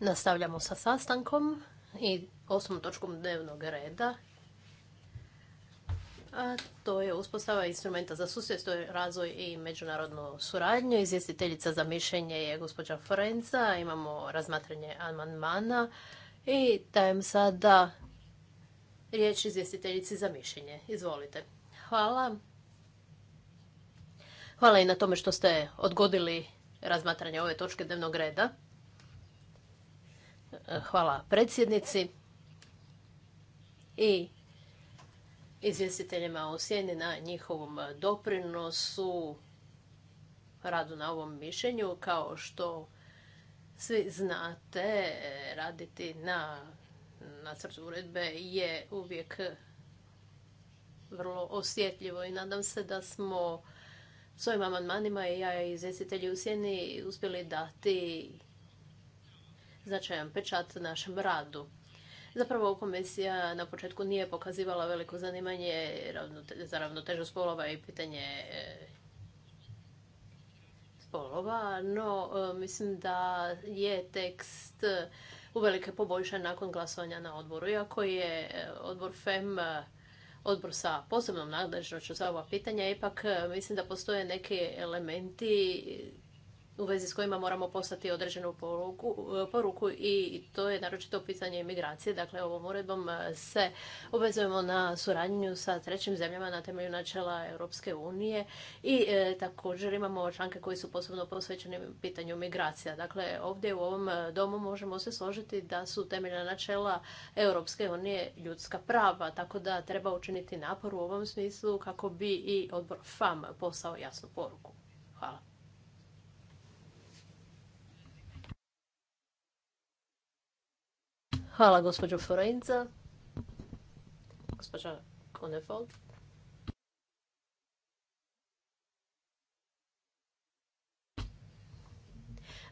Nastavljamo sa sastankom i osmom točkom dnevnog reda. A to je uspostava instrumenta za susjedstvo, razvoj i međunarodnu suradnju. Izvjestiteljica za mišljenje je gospođa Forenza. Imamo razmatranje amandmana i dajem sada riječ izvjestiteljici za mišljenje. Izvolite. Hvala. Hvala i na tome što ste odgodili razmatranje ove točke dnevnog reda. E, hvala predsjednici i izvjestiteljima u Sjeni na njihovom doprinosu radu na ovom mišljenju. Kao što svi znate, raditi na nacrtu uredbe je uvijek vrlo osjetljivo i nadam se da smo svojim amandmanima i ja i izvjestitelji u Sjeni uspjeli dati značajan pečat našem radu. Zapravo komisija na početku nije pokazivala veliko zanimanje za ravnotežu spolova i pitanje e, spolova, no e, mislim da je tekst uvelike poboljšan nakon glasovanja na odboru. Iako je e, odbor FEM odbor sa posebnom nadležnošću za ova pitanja, ipak e, mislim da postoje neki elementi u vezi s kojima moramo poslati određenu poruku, e, poruku i to je naročito pitanje imigracije. Dakle, ovom uredbom e, se obvezujemo na suradnju sa trećim zemljama na temelju načela Europske unije i e, također imamo članke koji su posebno posvećeni pitanju migracija. Dakle, ovdje u ovom domu možemo se složiti da su temeljna načela Europske unije ljudska prava, tako da treba učiniti napor u ovom smislu kako bi i odbor FAM poslao jasnu poruku. Hvala. Hvala, gospođo Forenza. Gospođa Konefold.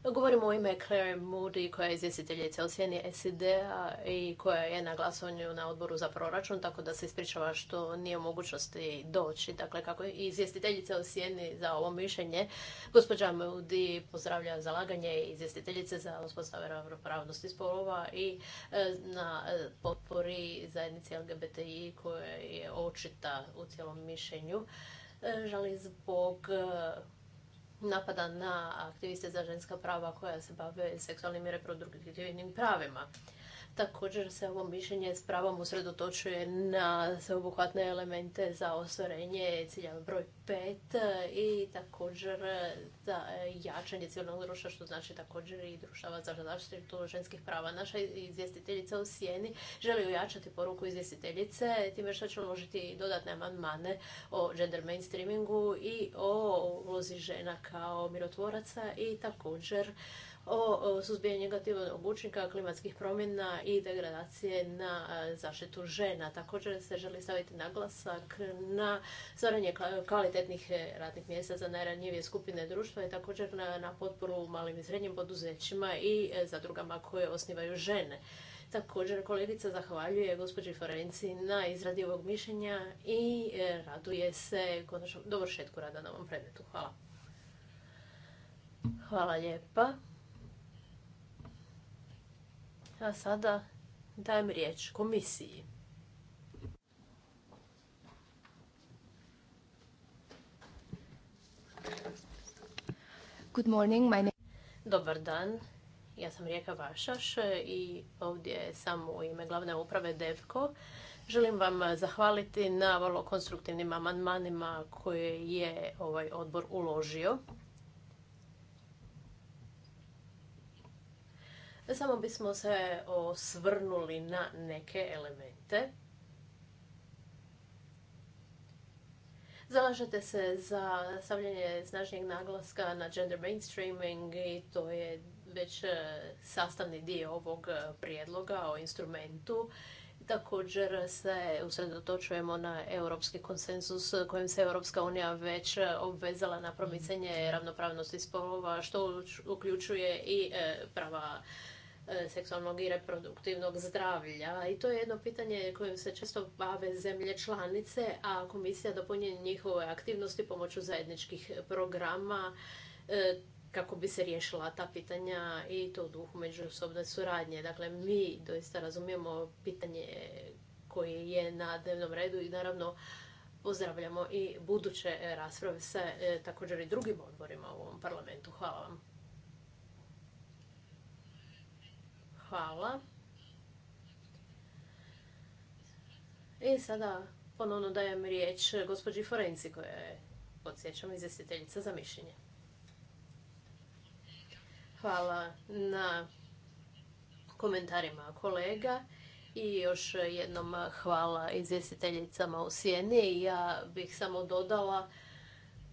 Pa govorimo o ime Claire Moody koja je izvjestiteljica u sjeni SID-a i koja je na glasovanju na odboru za proračun, tako da se ispričava što nije u mogućnosti doći. Dakle, kako je izvjestiteljica u sjeni za ovo mišljenje, gospođa Moody pozdravlja zalaganje izvjestiteljice za uspostave ravnopravnosti spolova i e, na e, potpori zajednici LGBTI koja je očita u cijelom mišljenju. E, žali zbog napada na aktiviste za ženska prava koja se bave seksualnim i reproduktivnim pravima. Također se ovo mišljenje s pravom usredotočuje na sveobuhvatne elemente za ostvarenje cilja broj 5 i također za jačanje civilnog društva, što znači također i društava za zaštitu ženskih prava. Naša izvjestiteljica u Sijeni želi ujačati poruku izvjestiteljice time što će uložiti dodatne amandmane o gender mainstreamingu i o ulozi žena kao mirotvoraca i također o suzbijanju negativnog učinka klimatskih promjena i degradacije na e, zaštitu žena. Također se želi staviti naglasak na stvaranje kvalitetnih e, radnih mjesta za najranjivije skupine društva i također na, na potporu malim i srednjim poduzećima i e, zadrugama koje osnivaju žene. Također kolegica zahvaljuje gospođi Forenci na izradi ovog mišljenja i raduje se dovršetku rada na ovom predmetu. Hvala. Hvala lijepa. A sada dajem riječ komisiji. Good morning, Dobar dan, ja sam Rijeka Vašaš i ovdje sam u ime glavne uprave DEVKO. Želim vam zahvaliti na vrlo konstruktivnim amandmanima koje je ovaj odbor uložio. Samo bismo se osvrnuli na neke elemente. Zalažete se za stavljanje snažnijeg naglaska na gender mainstreaming i to je već e, sastavni dio ovog e, prijedloga o instrumentu Također se usredotočujemo na europski konsenzus kojim se Europska unija već obvezala na promicanje mm. ravnopravnosti spolova, što uključuje i e, prava e, seksualnog i reproduktivnog zdravlja. I to je jedno pitanje kojim se često bave zemlje članice, a komisija dopunje njihove aktivnosti pomoću zajedničkih programa e, kako bi se riješila ta pitanja i to u duhu međusobne suradnje. Dakle, mi doista razumijemo pitanje koje je na dnevnom redu i naravno pozdravljamo i buduće rasprave sa e, također i drugim odborima u ovom parlamentu. Hvala vam. Hvala. I sada ponovno dajem riječ gospođi Forenci koja je, podsjećam, izvjestiteljica za mišljenje. Hvala na komentarima kolega. I još jednom hvala izvjestiteljicama u Sjeni. Ja bih samo dodala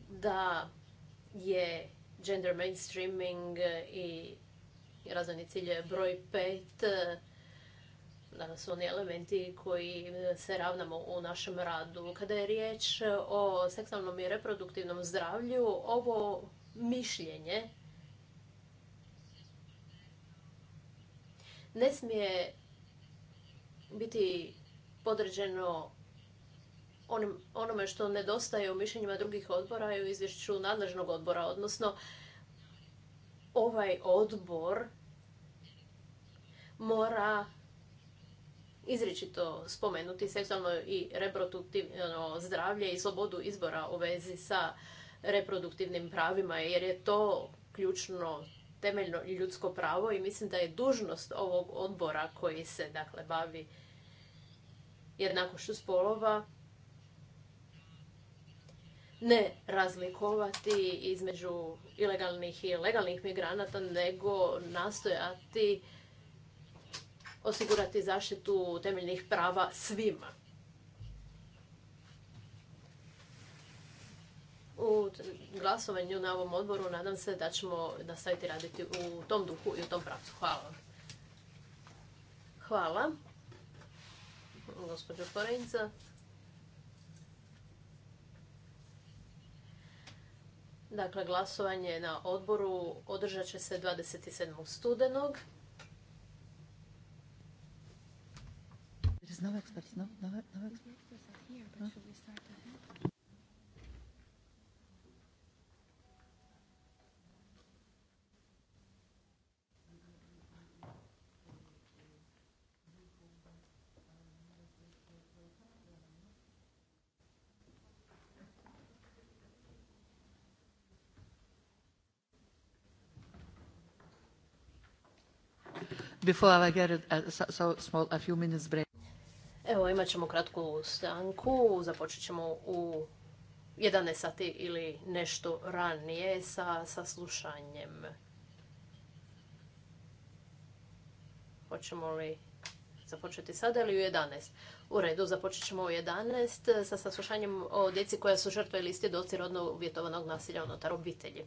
da je gender mainstreaming i razvojni cilj broj pet Danas su oni elementi koji se ravnamo u našem radu. Kada je riječ o seksualnom i reproduktivnom zdravlju, ovo mišljenje ne smije biti podređeno onome što nedostaje u mišljenjima drugih odbora i u izvješću nadležnog odbora, odnosno ovaj odbor mora izričito spomenuti seksualno i reproduktivno zdravlje i slobodu izbora u vezi sa reproduktivnim pravima, jer je to ključno temeljno ljudsko pravo i mislim da je dužnost ovog odbora koji se dakle bavi jednakošću spolova ne razlikovati između ilegalnih i legalnih migranata, nego nastojati osigurati zaštitu temeljnih prava svima. u glasovanju na ovom odboru nadam se da ćemo nastaviti raditi u tom duhu i u tom pravcu. Hvala. Hvala. Gospođo Porenca. Dakle, glasovanje na odboru održat će se 27. studenog. Evo, imat ćemo kratku stanku. Započet ćemo u 11 sati ili nešto ranije sa saslušanjem. Hoćemo li započeti sada ili u 11? U redu, započet ćemo u 11 sa saslušanjem o djeci koja su žrtve listi doci rodno uvjetovanog nasilja unutar obitelji.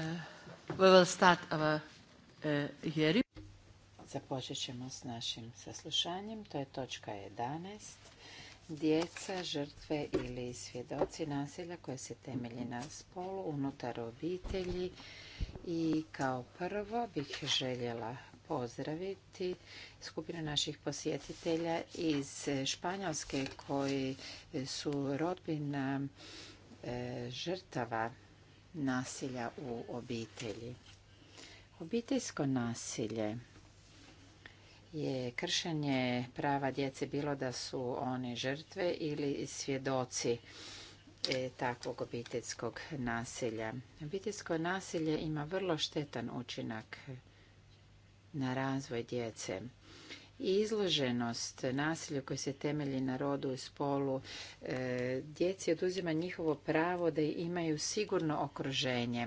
Uh, we will start our uh, Započet ćemo s našim saslušanjem. To je točka 11. Djeca, žrtve ili svjedoci nasilja koje se temelji na spolu unutar obitelji. I kao prvo bih željela pozdraviti skupinu naših posjetitelja iz Španjolske koji su rodbina e, žrtava nasilja u obitelji. Obiteljsko nasilje je kršenje prava djece bilo da su one žrtve ili svjedoci e, takvog obiteljskog nasilja. Obiteljsko nasilje ima vrlo štetan učinak na razvoj djece izloženost nasilju koji se temelji na rodu i spolu e, djeci oduzima njihovo pravo da imaju sigurno okruženje.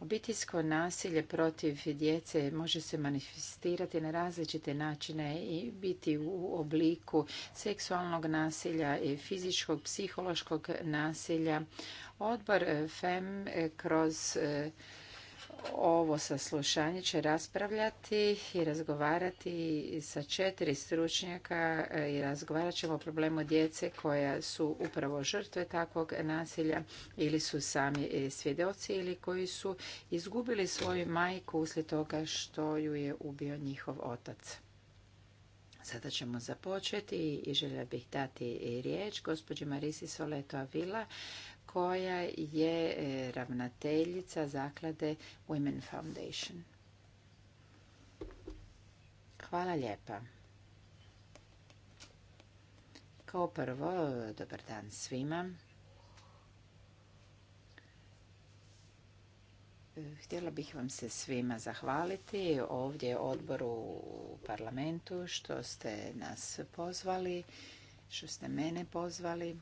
Obiteljsko nasilje protiv djece može se manifestirati na različite načine i biti u obliku seksualnog nasilja i fizičkog, psihološkog nasilja. Odbor FEM kroz e, ovo saslušanje će raspravljati i razgovarati sa četiri stručnjaka e, i razgovarat ćemo o problemu djece koja su upravo žrtve takvog nasilja ili su sami e, svjedoci ili koji su izgubili svoju majku uslijed toga što ju je ubio njihov otac. Sada ćemo započeti i željela bih dati e, riječ gospođi Marisi Soleto Avila koja je e, ravnateljica zaklade Women Foundation. Hvala lijepa. Kao prvo, dobar dan svima. Htjela bih vam se svima zahvaliti ovdje odboru u parlamentu što ste nas pozvali, što ste mene pozvali.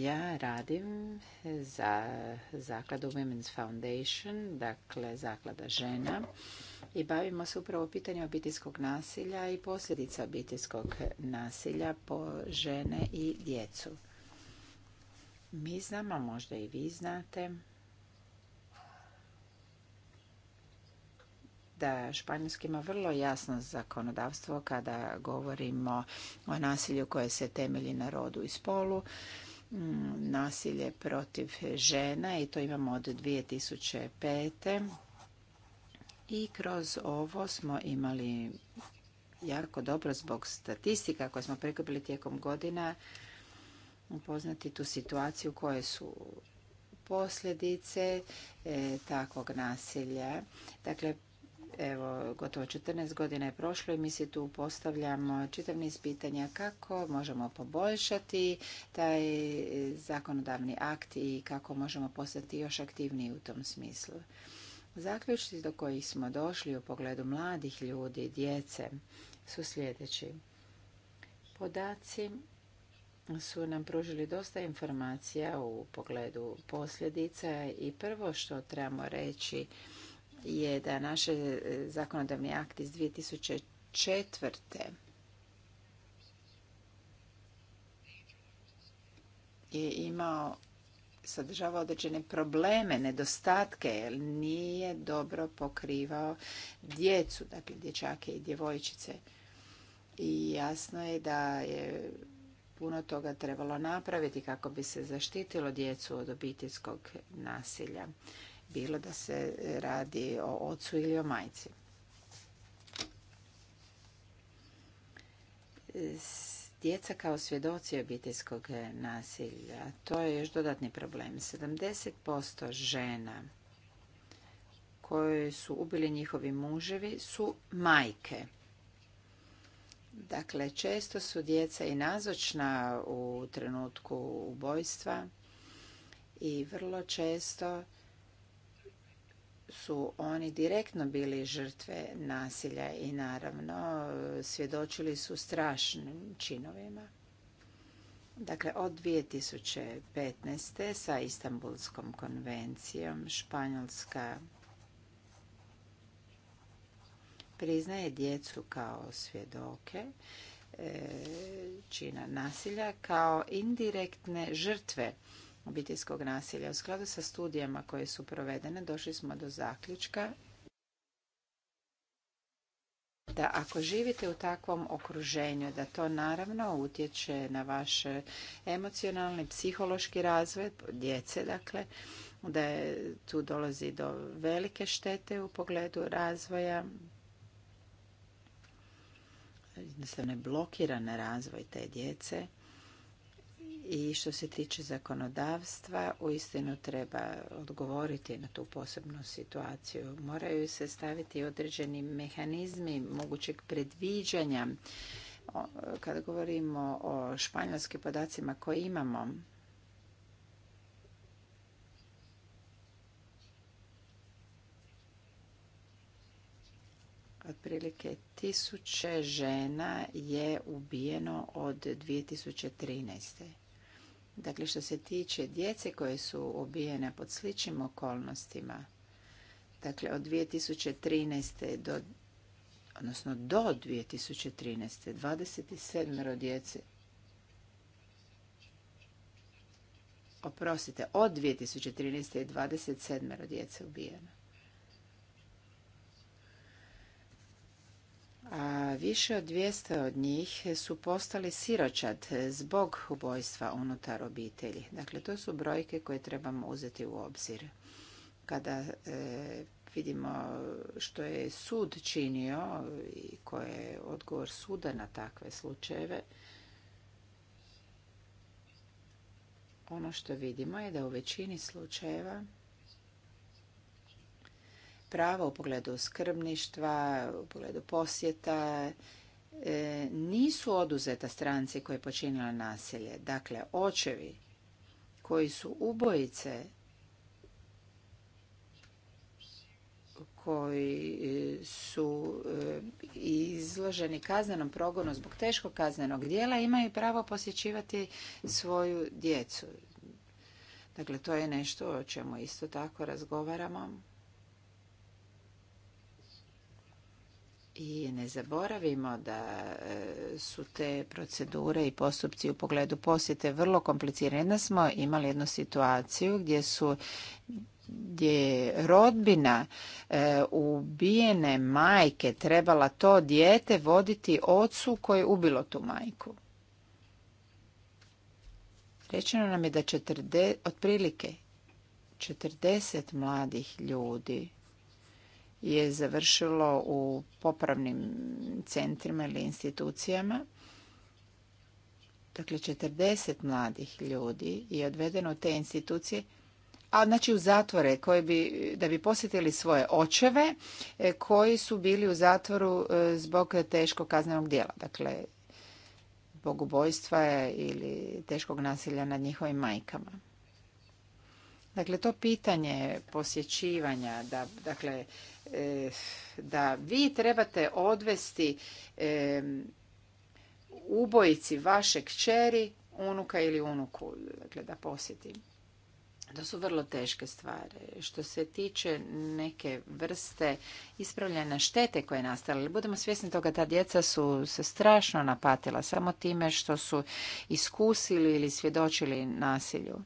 Ja radim za zakladu Women's Foundation, dakle zaklada žena i bavimo se upravo pitanjem obiteljskog nasilja i posljedica obiteljskog nasilja po žene i djecu. Mi znamo, možda i vi znate, da Španjolski ima vrlo jasno zakonodavstvo kada govorimo o nasilju koje se temelji na rodu i spolu Mm, nasilje protiv žena i to imamo od 2005. I kroz ovo smo imali jako dobro zbog statistika koje smo prikupili tijekom godina upoznati tu situaciju koje su posljedice e, takvog nasilja. Dakle, evo, gotovo 14 godina je prošlo i mi si tu postavljamo čitav niz pitanja kako možemo poboljšati taj zakonodavni akt i kako možemo postati još aktivniji u tom smislu. Zaključci do kojih smo došli u pogledu mladih ljudi, djece, su sljedeći. Podaci su nam pružili dosta informacija u pogledu posljedica i prvo što trebamo reći je da naše e, zakonodavni akt iz 2004. je imao sadržavao određene probleme, nedostatke, jer nije dobro pokrivao djecu, dakle dječake i djevojčice. I jasno je da je puno toga trebalo napraviti kako bi se zaštitilo djecu od obiteljskog nasilja bilo da se radi o ocu ili o majci. Djeca kao svjedoci obiteljskog nasilja, to je još dodatni problem. 70% žena koje su ubili njihovi muževi su majke. Dakle, često su djeca i nazočna u trenutku ubojstva i vrlo često su oni direktno bili žrtve nasilja i naravno svjedočili su strašnim činovima. Dakle, od 2015. sa Istanbulskom konvencijom Španjolska priznaje djecu kao svjedoke e, čina nasilja kao indirektne žrtve obiteljskog nasilja. U skladu sa studijama koje su provedene došli smo do zaključka da ako živite u takvom okruženju, da to naravno utječe na vaš emocionalni, psihološki razvoj djece, dakle, da tu dolazi do velike štete u pogledu razvoja, jednostavno je blokiran razvoj te djece i što se tiče zakonodavstva, uistinu treba odgovoriti na tu posebnu situaciju. Moraju se staviti određeni mehanizmi mogućeg predviđanja. Kada govorimo o španjolskim podacima koje imamo, otprilike tisuće žena je ubijeno od 2013. Dakle, što se tiče djece koje su ubijene pod sličnim okolnostima, dakle od 2013. do odnosno do 2013. 27 djece oprostite, od 2013. je 27 djece ubijeno. a više od 200 od njih su postali siročad zbog ubojstva unutar obitelji. Dakle, to su brojke koje trebamo uzeti u obzir. Kada e, vidimo što je sud činio i koji je odgovor suda na takve slučajeve, ono što vidimo je da u većini slučajeva prava u pogledu skrbništva, u pogledu posjeta, e, nisu oduzeta stranci koje je počinila nasilje. Dakle, očevi koji su ubojice, koji e, su e, izloženi kaznenom progonu zbog teškog kaznenog dijela, imaju pravo posjećivati svoju djecu. Dakle, to je nešto o čemu isto tako razgovaramo. i ne zaboravimo da e, su te procedure i postupci u pogledu posjete vrlo komplicirane. Smo imali jednu situaciju gdje su gdje je rodbina e, ubijene majke trebala to dijete voditi ocu koji je ubilo tu majku. Rečeno nam je da četrde, otprilike 40 mladih ljudi je završilo u popravnim centrima ili institucijama. Dakle, 40 mladih ljudi je odvedeno u te institucije, a znači u zatvore koje bi, da bi posjetili svoje očeve e, koji su bili u zatvoru e, zbog teškog kaznenog djela. Dakle, zbog ubojstva ili teškog nasilja nad njihovim majkama. Dakle, to pitanje posjećivanja, da, dakle, e, da vi trebate odvesti e, ubojici vaše kćeri, unuka ili unuku, dakle, da posjetim. To su vrlo teške stvari. Što se tiče neke vrste ispravljanja štete koje je nastala, budemo svjesni toga da djeca su se strašno napatila samo time što su iskusili ili svjedočili nasilju.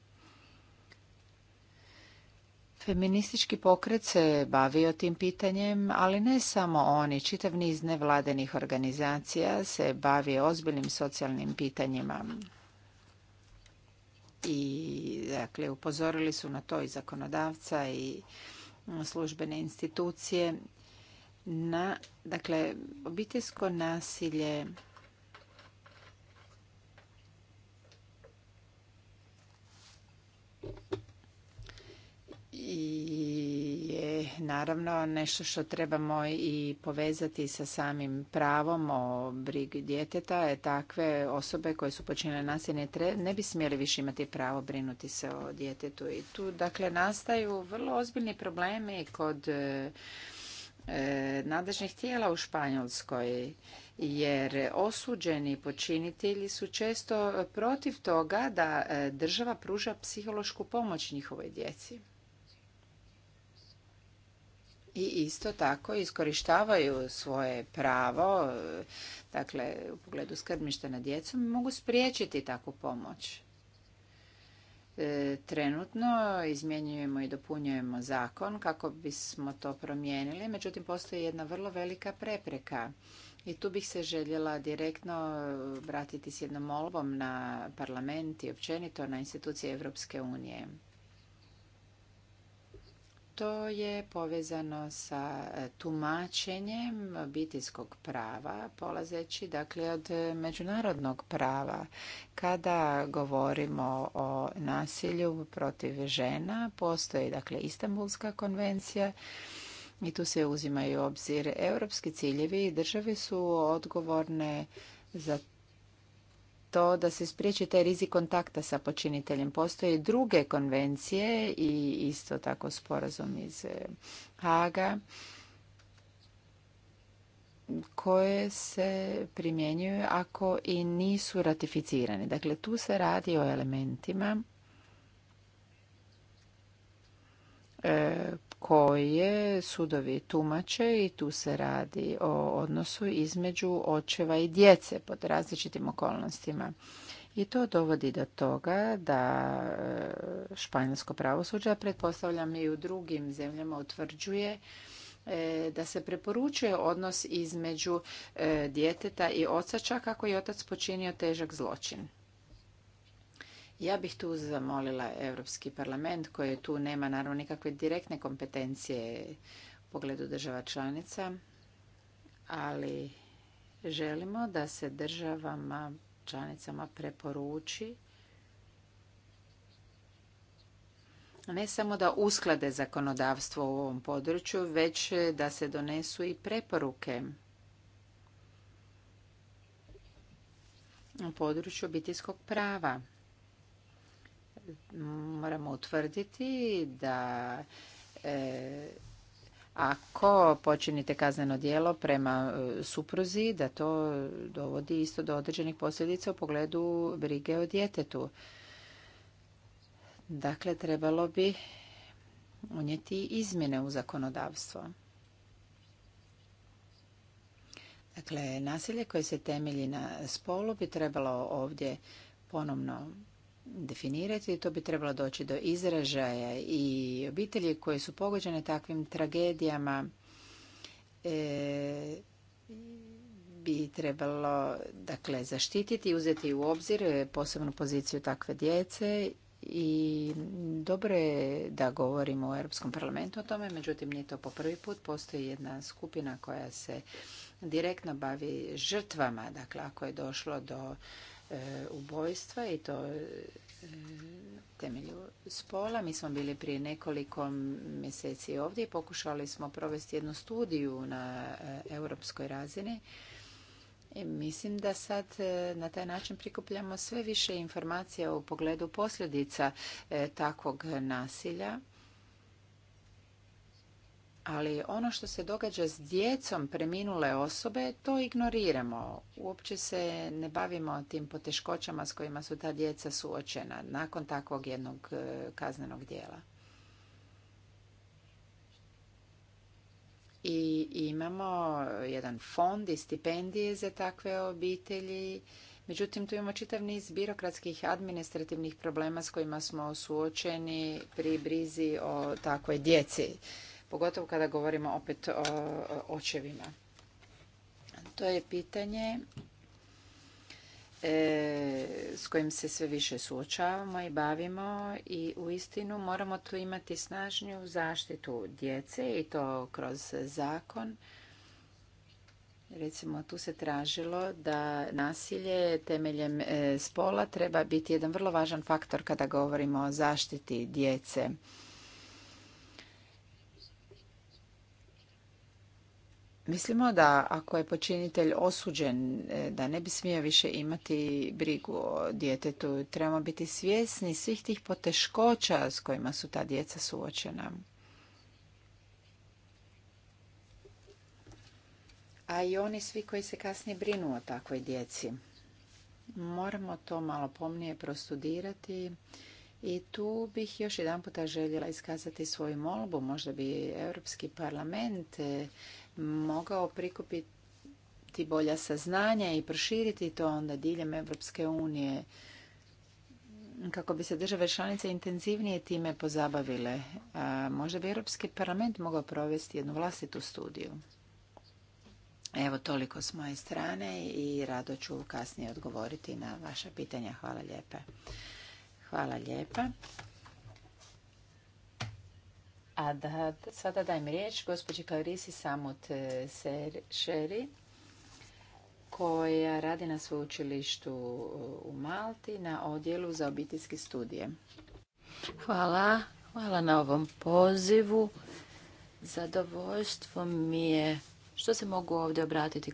Feministički pokret se bavio tim pitanjem, ali ne samo oni, čitav niz nevladenih organizacija se bavi ozbiljnim socijalnim pitanjima. I dakle upozorili su na to i zakonodavca i mm, službene institucije na dakle obiteljsko nasilje je naravno nešto što trebamo i povezati sa samim pravom o brigi djeteta. Je takve osobe koje su počinile nasilje ne bi smjeli više imati pravo brinuti se o djetetu. I tu dakle nastaju vrlo ozbiljni problemi kod e, e nadležnih tijela u Španjolskoj jer osuđeni počinitelji su često protiv toga da e, država pruža psihološku pomoć njihovoj djeci i isto tako iskorištavaju svoje pravo, dakle u pogledu skrbništa na djecom, mogu spriječiti takvu pomoć. E, trenutno izmjenjujemo i dopunjujemo zakon kako bismo to promijenili, međutim postoji jedna vrlo velika prepreka. I tu bih se željela direktno vratiti s jednom molbom na parlament i općenito na institucije Europske unije to je povezano sa e, tumačenjem obiteljskog prava, polazeći dakle od međunarodnog prava. Kada govorimo o nasilju protiv žena, postoji dakle Istanbulska konvencija i tu se uzimaju u obzir europski ciljevi i države su odgovorne za to da se spriječi taj rizik kontakta sa počiniteljem. Postoje druge konvencije i isto tako sporazum iz eh, Haga koje se primjenjuju ako i nisu ratificirane. Dakle, tu se radi o elementima E, koje sudovi tumače i tu se radi o odnosu između očeva i djece pod različitim okolnostima. I to dovodi do toga da e, španjolsko pravosuđe, a pretpostavljam i u drugim zemljama, utvrđuje e, da se preporučuje odnos između djeteta i oca čak ako je otac počinio težak zločin. Ja bih tu zamolila Europski parlament koji tu nema naravno nikakve direktne kompetencije u pogledu država članica, ali želimo da se državama članicama preporuči ne samo da usklade zakonodavstvo u ovom području, već da se donesu i preporuke u području obiteljskog prava moramo utvrditi da e, ako počinite kazneno djelo prema e, supruzi, da to dovodi isto do određenih posljedica u pogledu brige o djetetu. Dakle, trebalo bi unijeti izmjene u zakonodavstvo. Dakle, nasilje koje se temelji na spolu bi trebalo ovdje ponovno definirati to bi trebalo doći do izražaja i obitelji koje su pogođene takvim tragedijama e, bi trebalo dakle, zaštititi i uzeti u obzir posebnu poziciju takve djece i dobro je da govorimo u Europskom parlamentu o tome, međutim nije to po prvi put. Postoji jedna skupina koja se direktno bavi žrtvama, dakle ako je došlo do E, ubojstva i to e, temelju spola. Mi smo bili prije nekoliko mjeseci ovdje i pokušali smo provesti jednu studiju na e, europskoj razini. I mislim da sad na taj način prikupljamo sve više informacija u pogledu posljedica takvog nasilja ali ono što se događa s djecom preminule osobe, to ignoriramo. Uopće se ne bavimo tim poteškoćama s kojima su ta djeca suočena nakon takvog jednog e, kaznenog dijela. I imamo jedan fond i stipendije za takve obitelji. Međutim, tu imamo čitav niz birokratskih administrativnih problema s kojima smo suočeni pri brizi o takvoj djeci pogotovo kada govorimo opet o očevima. To je pitanje e, s kojim se sve više suočavamo i bavimo i u istinu moramo tu imati snažnju zaštitu djece i to kroz zakon. Recimo tu se tražilo da nasilje temeljem e, spola treba biti jedan vrlo važan faktor kada govorimo o zaštiti djece. Mislimo da ako je počinitelj osuđen e, da ne bi smio više imati brigu o djetetu, trebamo biti svjesni svih tih poteškoća s kojima su ta djeca suočena. A i oni svi koji se kasnije brinu o takvoj djeci. Moramo to malo pomnije prostudirati. I tu bih još jedan puta željela iskazati svoju molbu. Možda bi Europski parlament mogao prikupiti bolja saznanja i proširiti to onda diljem EU unije kako bi se države članice intenzivnije time pozabavile. Možda bi Europski parlament mogao provesti jednu vlastitu studiju. Evo toliko s moje strane i rado ću kasnije odgovoriti na vaša pitanja. Hvala lijepa. Hvala lijepa. A da, sada dajem riječ gospođi Kaurisi Samut Šeri, eh, koja radi na sveučilištu eh, u Malti na odjelu za obiteljske studije. Hvala, hvala na ovom pozivu. Zadovoljstvo mi je što se mogu ovdje obratiti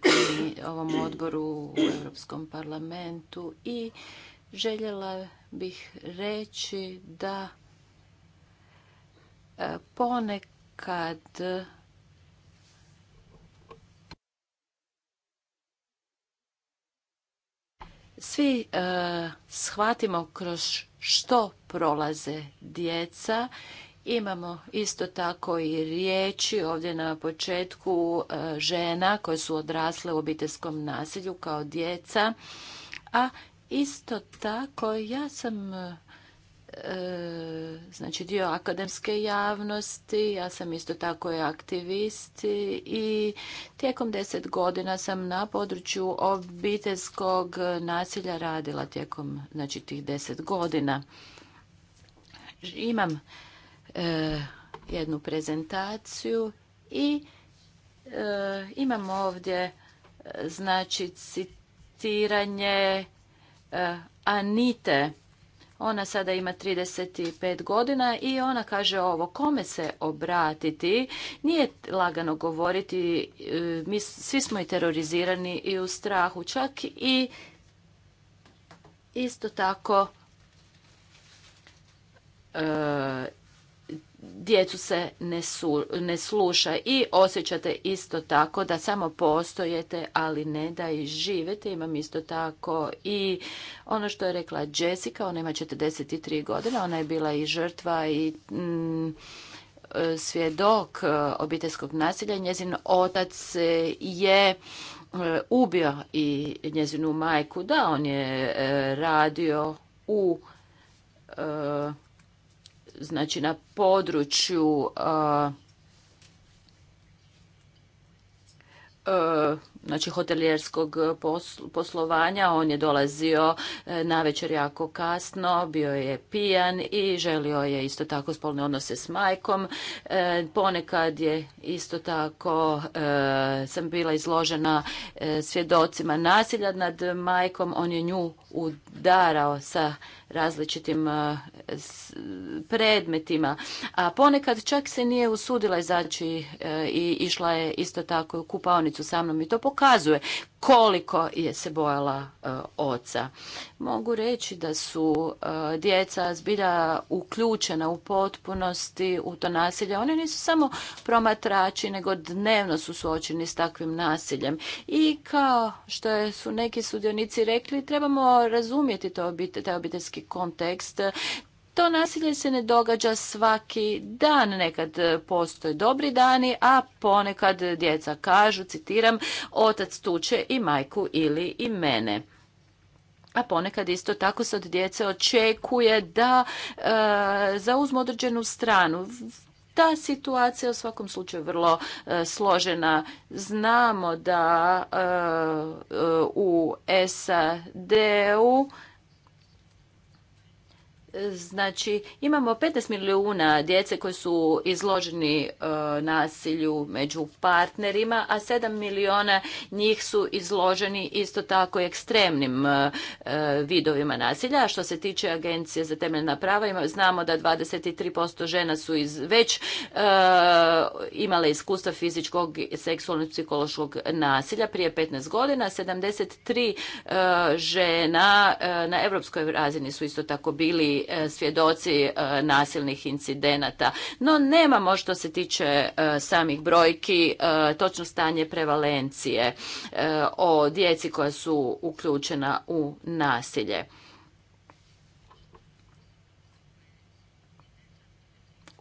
ovom odboru u Europskom parlamentu i željela bih reći da E, ponekad svi e, shvatimo kroz što prolaze djeca Imamo isto tako i riječi ovdje na početku e, žena koje su odrasle u obiteljskom nasilju kao djeca, a isto tako ja sam E, znači dio akademske javnosti, ja sam isto tako i aktivist i tijekom deset godina sam na području obiteljskog nasilja radila tijekom znači tih deset godina. Imam e, jednu prezentaciju i e, imam ovdje e, znači citiranje e, Anite ona sada ima 35 godina i ona kaže ovo, kome se obratiti? Nije lagano govoriti, e, mi svi smo i terorizirani i u strahu, čak i isto tako e, djecu se ne, su, ne sluša i osjećate isto tako da samo postojete, ali ne da i živete. Imam isto tako i ono što je rekla Jessica, ona ima 43 godine, ona je bila i žrtva i mm, svjedok e, obiteljskog nasilja. Njezin otac je e, ubio i njezinu majku. Da, on je e, radio u znači na području e, e, znači hotelijerskog poslovanja. On je dolazio e, na večer jako kasno, bio je pijan i želio je isto tako spolne odnose s majkom. Ponekad je isto tako sam bila izložena svjedocima nasilja nad majkom. On je nju udarao sa različitim predmetima, a ponekad čak se nije usudila izaći e, i išla je isto tako u kupaonicu sa mnom i to pokazuje koliko je se bojala e, oca. Mogu reći da su e, djeca zbilja uključena u potpunosti u to nasilje. Oni nisu samo promatrači, nego dnevno su suočeni s takvim nasiljem. I kao što su neki sudionici rekli, trebamo razumjeti to taj obiteljski kontekst, to nasilje se ne događa svaki dan, nekad e, postoje dobri dani, a ponekad djeca kažu, citiram, otac tuče i majku ili i mene a ponekad isto tako se od djece očekuje da e, zauzmu određenu stranu ta situacija je u svakom slučaju vrlo e, složena znamo da u SAD-u Znači, imamo 15 milijuna djece koji su izloženi e, nasilju među partnerima, a 7 milijuna njih su izloženi isto tako ekstremnim e, vidovima nasilja. A što se tiče Agencije za temeljna prava, znamo da 23% žena su iz, već e, imale iskustva fizičkog, seksualnog i psihološkog nasilja prije 15 godina. 73 žena na europskoj razini su isto tako bili E, svjedoci e, nasilnih incidenata. No nemamo što se tiče e, samih brojki točno stanje prevalencije o djeci koja su uključena u nasilje.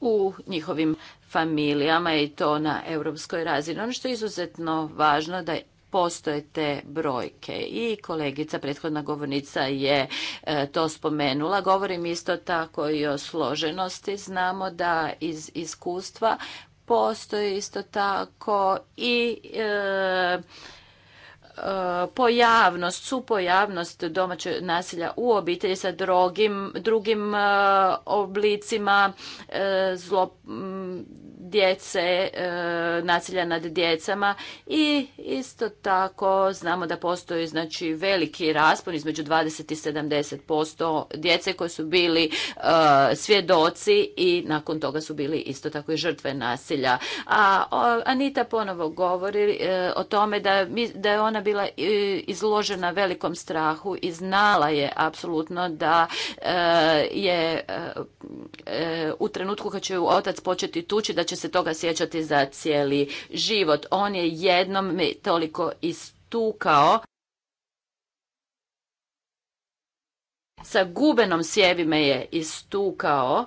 u njihovim familijama i to na europskoj razini. Ono što je izuzetno važno da postoje te brojke i kolegica, prethodna govornica je e, to spomenula. Govorim isto tako i o složenosti. Znamo da iz iskustva postoji isto tako i e, E, pojavnost, supojavnost domaćeg nasilja u obitelji sa drugim, drugim e, oblicima e, zlo, djece, nasilja nad djecama i isto tako znamo da postoji znači veliki raspon između 20 i 70% djece koji su bili svjedoci i nakon toga su bili isto tako i žrtve nasilja. A Anita ponovo govori o tome da, da je ona bila e, izložena velikom strahu i znala je apsolutno da e, je e, u trenutku kad će ju otac početi tući da će se toga sjećati za cijeli život. On je jednom toliko istukao sa gubenom sjevi me je istukao.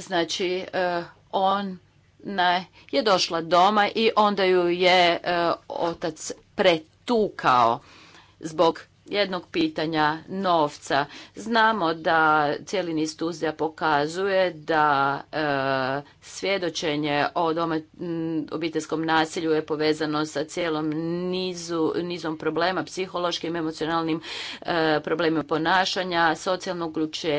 Znači, on je došla doma i onda ju je e, otac pretukao zbog jednog pitanja novca. Znamo da cijeli niz studija pokazuje da e, svjedočenje o doma, obiteljskom nasilju je povezano sa cijelom nizom problema, psihološkim, emocionalnim e, problemima ponašanja, socijalnog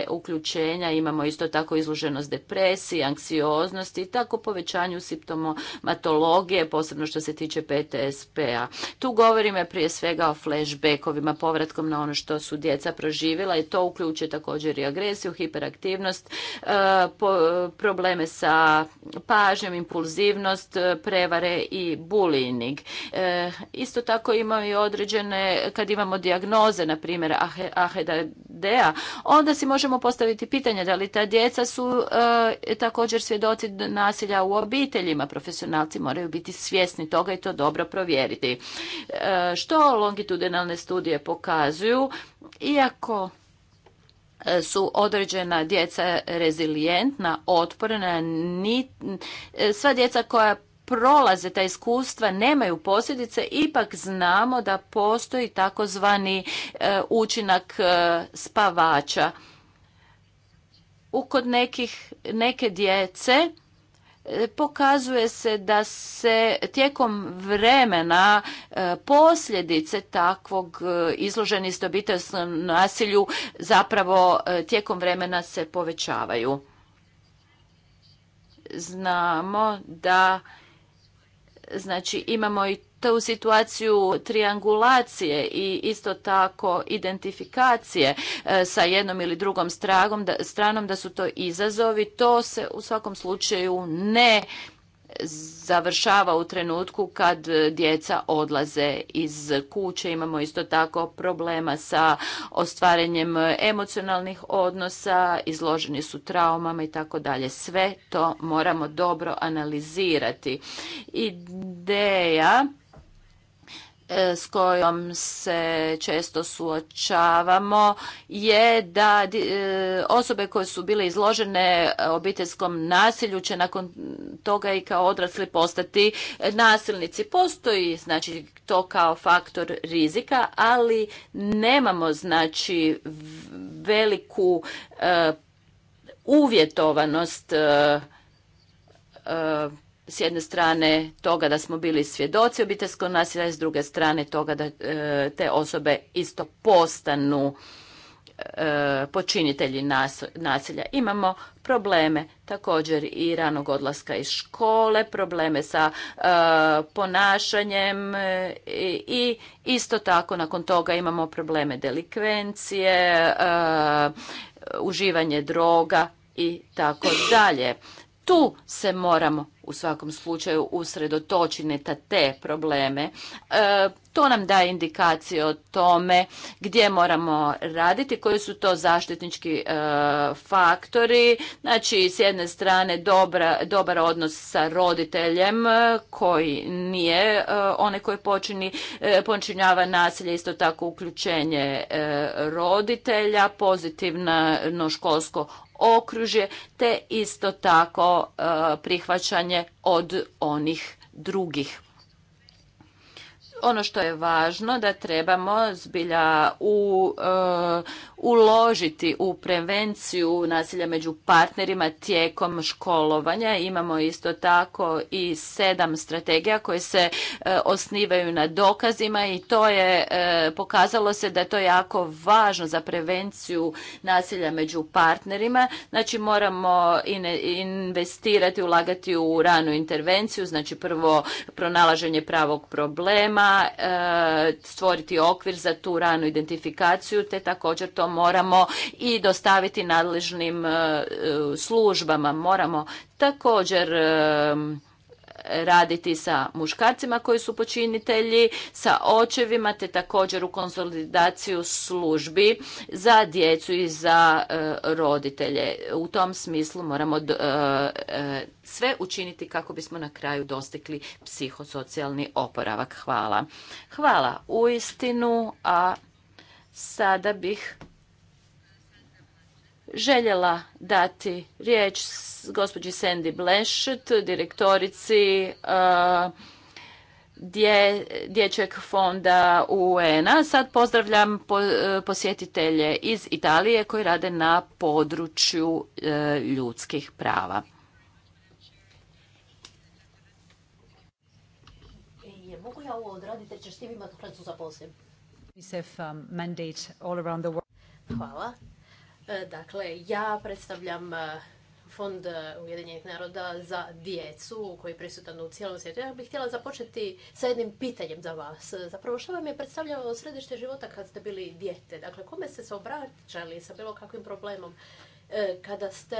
uključenja, imamo isto tako izloženost depresiji, anksioznosti i tako povećanju simptomatologije, posebno što se tiče PTSP-a. Tu govorimo prije svega o flashbackovima, povratkom na ono što su djeca proživjela i to uključuje također i agresiju, hiperaktivnost, e, probleme sa pažnjom, impulzivnost, e, prevare i bullying. E, isto tako imaju i određene, kad imamo dijagnoze, na primjer AHDA, onda si možemo postaviti pitanje da li ta djeca su također svjedoci nasilja u obiteljima. Profesionalci moraju biti svjesni toga i to dobro provjeriti. Što longitudinalne studije pokazuju? pokazuju, iako e, su određena djeca rezilijentna, otporna, ni, e, sva djeca koja prolaze ta iskustva, nemaju posljedice, ipak znamo da postoji takozvani e, učinak spavača. U kod nekih, neke djece E, pokazuje se da se tijekom vremena e, posljedice takvog e, izloženosti obiteljskom nasilju zapravo tijekom vremena se povećavaju. Znamo da znači imamo i u situaciju triangulacije i isto tako identifikacije e, sa jednom ili drugom stranom da su to izazovi. To se u svakom slučaju ne završava u trenutku kad djeca odlaze iz kuće. Imamo isto tako problema sa ostvarenjem emocionalnih odnosa, izloženi su traumama i tako dalje. Sve to moramo dobro analizirati. Ideja E, s kojom se često suočavamo je da e, osobe koje su bile izložene obiteljskom nasilju će nakon toga i kao odrasli postati nasilnici. Postoji znači to kao faktor rizika, ali nemamo znači veliku e, uvjetovanost s jedne strane toga da smo bili svjedoci obiteljskog nasilja, s druge strane toga da e, te osobe isto postanu e, počinitelji nasilja. Imamo probleme također i ranog odlaska iz škole, probleme sa e, ponašanjem i isto tako nakon toga imamo probleme delikvencije, uživanje droga i tako dalje tu se moramo u svakom slučaju usredotočiti na te probleme. E, to nam daje indikacije o tome gdje moramo raditi, koji su to zaštitnički e, faktori. Znači, s jedne strane dobra, dobar odnos sa roditeljem e, koji nije e, onaj koji počini, počinjava nasilje, isto tako uključenje roditelja, pozitivno školsko okružje, te isto tako e, prihvaćanje od onih drugih ono što je važno da trebamo zbilja u, e, uložiti u prevenciju nasilja među partnerima tijekom školovanja. Imamo isto tako i sedam strategija koje se e, osnivaju na dokazima i to je e, pokazalo se da je to jako važno za prevenciju nasilja među partnerima. Znači moramo in, investirati, ulagati u ranu intervenciju, znači prvo pronalaženje pravog problema, E, stvoriti okvir za tu ranu identifikaciju, te također to moramo i dostaviti nadležnim e, e, službama. Moramo također raditi sa muškarcima koji su počinitelji, sa očevima te također u konsolidaciju službi za djecu i za e, roditelje. U tom smislu moramo e, e, sve učiniti kako bismo na kraju dostigli psihosocijalni oporavak. Hvala. Hvala u istinu, a sada bih željela dati riječ gospođi Sandy Blanchett, direktorici uh, Dječjeg fonda UN-a. Sad pozdravljam uh, posjetitelje iz Italije koji rade na području uh, ljudskih prava. mogu Hvala. E, dakle, ja predstavljam e, Fond e, Ujedinjenih naroda za djecu koji je prisutan u cijelom svijetu. Ja bih htjela započeti sa jednim pitanjem za vas. Zapravo što vam je predstavljalo središte života kad ste bili dijete? Dakle, kome ste se obraćali sa bilo kakvim problemom? kada ste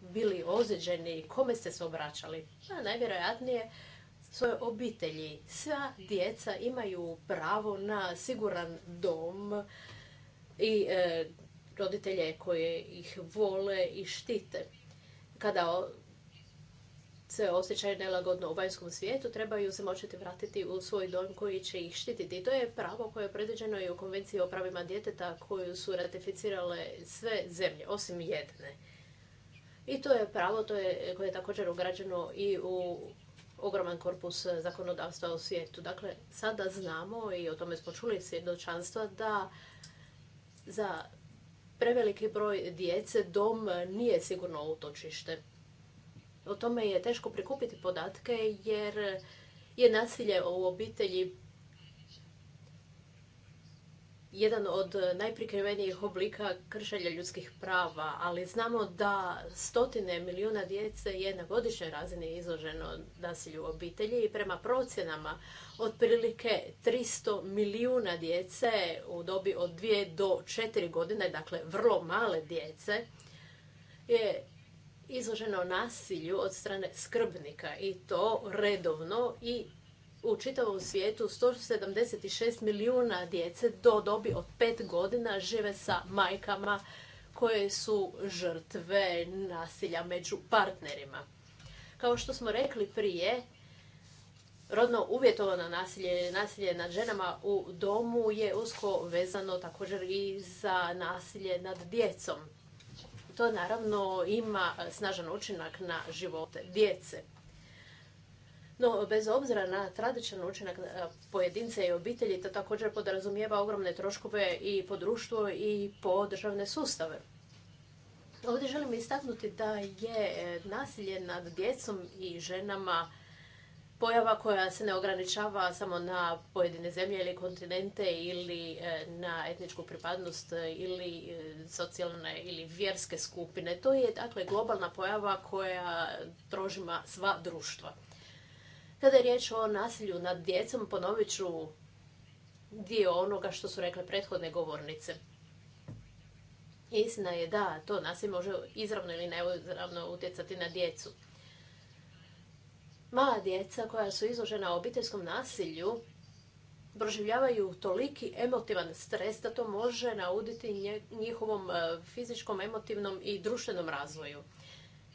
bili ozlijeđeni, kome ste se obraćali? najvjerojatnije svoje obitelji. Sva djeca imaju pravo na siguran dom i roditelje koje ih vole i štite. Kada se osjećaju nelagodno u vanjskom svijetu, trebaju se moći vratiti u svoj dom koji će ih štititi. I to je pravo koje je predviđeno i u Konvenciji o pravima djeteta koju su ratificirale sve zemlje, osim jedne. I to je pravo to je, koje je također ugrađeno i u ogroman korpus zakonodavstva u svijetu. Dakle, sada znamo i o tome smo čuli svjedočanstva da za preveliki broj djece dom nije sigurno utočište. O tome je teško prikupiti podatke jer je nasilje u obitelji jedan od eh, najprikrivenijih oblika kršenja ljudskih prava, ali znamo da stotine milijuna djece je na godišnjoj razini izloženo nasilju u obitelji i prema procjenama otprilike 300 milijuna djece u dobi od dvije do četiri godine, dakle vrlo male djece, je izloženo nasilju od strane skrbnika i to redovno i u čitavom svijetu 176 milijuna djece do dobi od pet godina žive sa majkama koje su žrtve nasilja među partnerima. Kao što smo rekli prije, rodno uvjetovano nasilje, nasilje nad ženama u domu je usko vezano također i za nasilje nad djecom. To naravno ima snažan učinak na živote djece. No, bez obzira na tradičan učinak e, pojedince i obitelji, to također podrazumijeva ogromne troškove i po društvo i po državne sustave. Ovdje želim istaknuti da je e, nasilje nad djecom i ženama pojava koja se ne ograničava samo na pojedine zemlje ili kontinente ili e, na etničku pripadnost ili socijalne ili vjerske skupine. To je dakle globalna pojava koja trožima sva društva. Kada je riječ o nasilju nad djecom, ponovit ću dio onoga što su rekle prethodne govornice. Istina je da to nasilje može izravno ili neizravno utjecati na djecu. Mala djeca koja su izložena obiteljskom nasilju proživljavaju toliki emotivan stres da to može nauditi njihovom e, fizičkom, emotivnom i društvenom razvoju.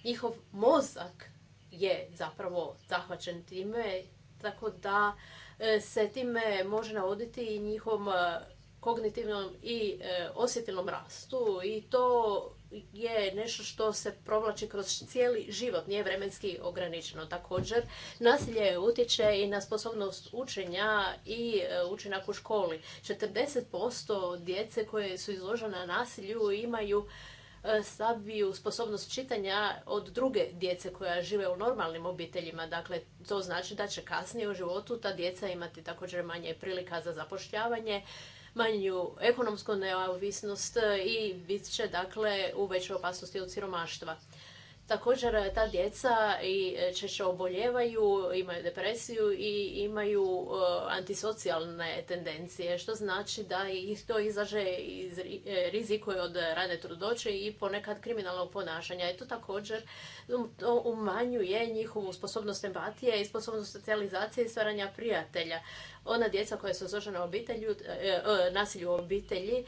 Njihov mozak je zapravo zahvaćen time, tako da e, se time može navoditi i njihom e, kognitivnom i e, osjetilnom rastu i to je nešto što se provlači kroz cijeli život, nije vremenski ograničeno. Također, nasilje utječe i na sposobnost učenja i učinak u školi. 40% djece koje su izložene nasilju imaju E, slabiju sposobnost čitanja od druge djece koja žive u normalnim obiteljima. Dakle, to znači da će kasnije u životu ta djeca imati također manje prilika za zapošljavanje, manju ekonomsku neovisnost i bit će dakle u većoj opasnosti od siromaštva. Također e, ta djeca i e, češće oboljevaju, imaju depresiju i imaju e, antisocijalne tendencije, što znači da ih to izaže iz rizikuje od rane trudoće i ponekad kriminalnog ponašanja. I to također um, umanjuje njihovu sposobnost empatije i sposobnost socijalizacije i stvaranja prijatelja ona djeca koja su izložena obitelju, e, e, e, nasilju u obitelji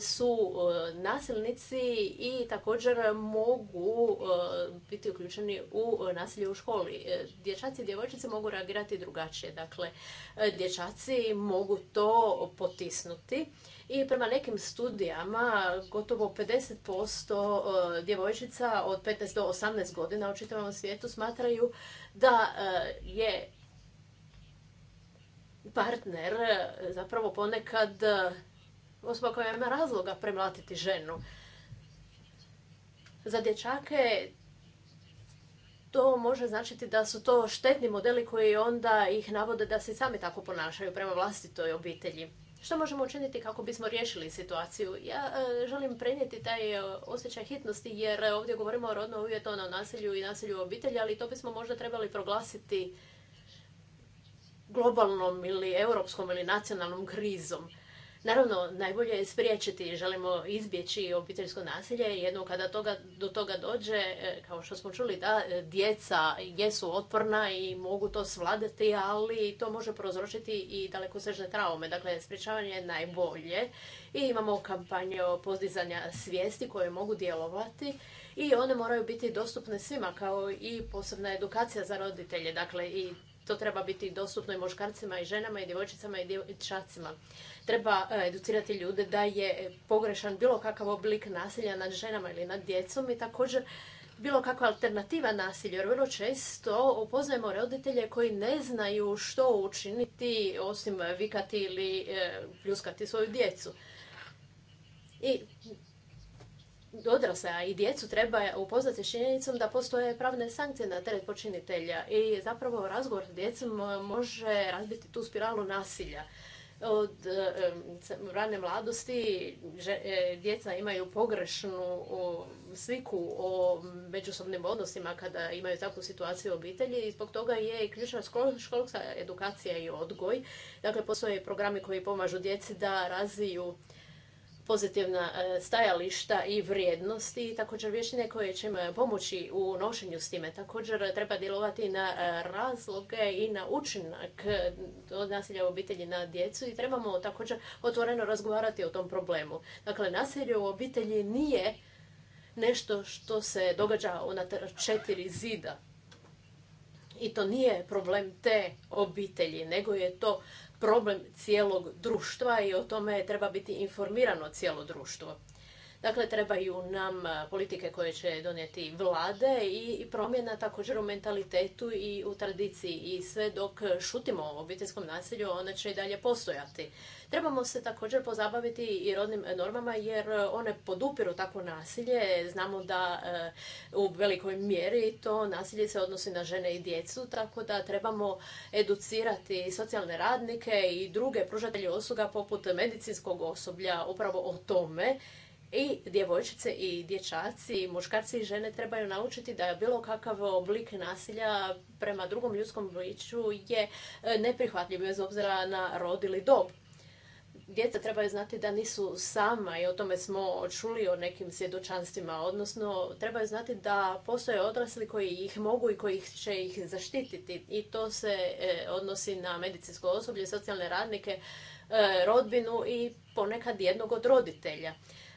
su nasilnici i također mogu biti uključeni u nasilje u školi. Dječaci i djevojčice mogu reagirati drugačije. Dakle, dječaci mogu to potisnuti i prema nekim studijama gotovo 50% djevojčica od 15 do 18 godina u čitavom svijetu smatraju da je partner e, zapravo ponekad e, osoba koja ima razloga premlatiti ženu. Za dječake to može značiti da su to štetni modeli koji onda ih navode da se sami tako ponašaju prema vlastitoj obitelji. Što možemo učiniti kako bismo riješili situaciju? Ja e, želim prenijeti taj osjećaj hitnosti jer ovdje govorimo o rodno o nasilju i nasilju u obitelji, ali to bismo možda trebali proglasiti globalnom ili europskom ili nacionalnom krizom. Naravno, najbolje je spriječiti, želimo izbjeći obiteljsko nasilje, jedno kada toga, do toga dođe, e, kao što smo čuli, da e, djeca jesu otporna i mogu to svladati, ali to može prozročiti i dalekosežne traume. Dakle, sprječavanje je najbolje i imamo kampanje podizanja svijesti koje mogu djelovati i one moraju biti dostupne svima kao i posebna edukacija za roditelje. Dakle, i to treba biti dostupno i muškarcima i ženama i djevojčicama i dječacima. Treba e, educirati ljude da je pogrešan bilo kakav oblik nasilja nad ženama ili nad djecom i također bilo kakva alternativa nasilju, jer vrlo često upoznajemo roditelje koji ne znaju što učiniti osim vikati ili e, pljuskati svoju djecu. I odrasle, i djecu treba upoznati s činjenicom da postoje pravne sankcije na teret počinitelja i zapravo razgovor s djecom e, može razbiti tu spiralu nasilja. Od e, rane mladosti e, djeca imaju pogrešnu sliku o međusobnim odnosima kada imaju takvu situaciju u obitelji i zbog toga je i ključna školska edukacija i odgoj. Dakle, postoje programi koji pomažu djeci da razviju pozitivna e, stajališta i vrijednosti i također vještine koje će im e, pomoći u nošenju s time. Također e, treba djelovati na razloge i na učinak od nasilja u obitelji na djecu i trebamo također otvoreno razgovarati o tom problemu. Dakle, nasilje u obitelji nije nešto što se događa na četiri zida. I to nije problem te obitelji, nego je to problem cijelog društva i o tome treba biti informirano cijelo društvo. Dakle, trebaju nam politike koje će donijeti vlade i promjena također u mentalitetu i u tradiciji. I sve dok šutimo o obiteljskom nasilju, ona će i dalje postojati. Trebamo se također pozabaviti i rodnim normama jer one podupiru takvo nasilje. Znamo da e, u velikoj mjeri to nasilje se odnosi na žene i djecu, tako da trebamo educirati socijalne radnike i druge pružatelje usluga poput medicinskog osoblja upravo o tome i djevojčice i dječaci, i muškarci i žene trebaju naučiti da bilo kakav oblik nasilja prema drugom ljudskom biću je e, neprihvatljiv bez obzira na rod ili dob. Djeca trebaju znati da nisu sama i o tome smo čuli o nekim svjedočanstvima, odnosno trebaju znati da postoje odrasli koji ih mogu i koji će ih zaštititi i to se e, odnosi na medicinsko osoblje, socijalne radnike, e, rodbinu i ponekad jednog od roditelja.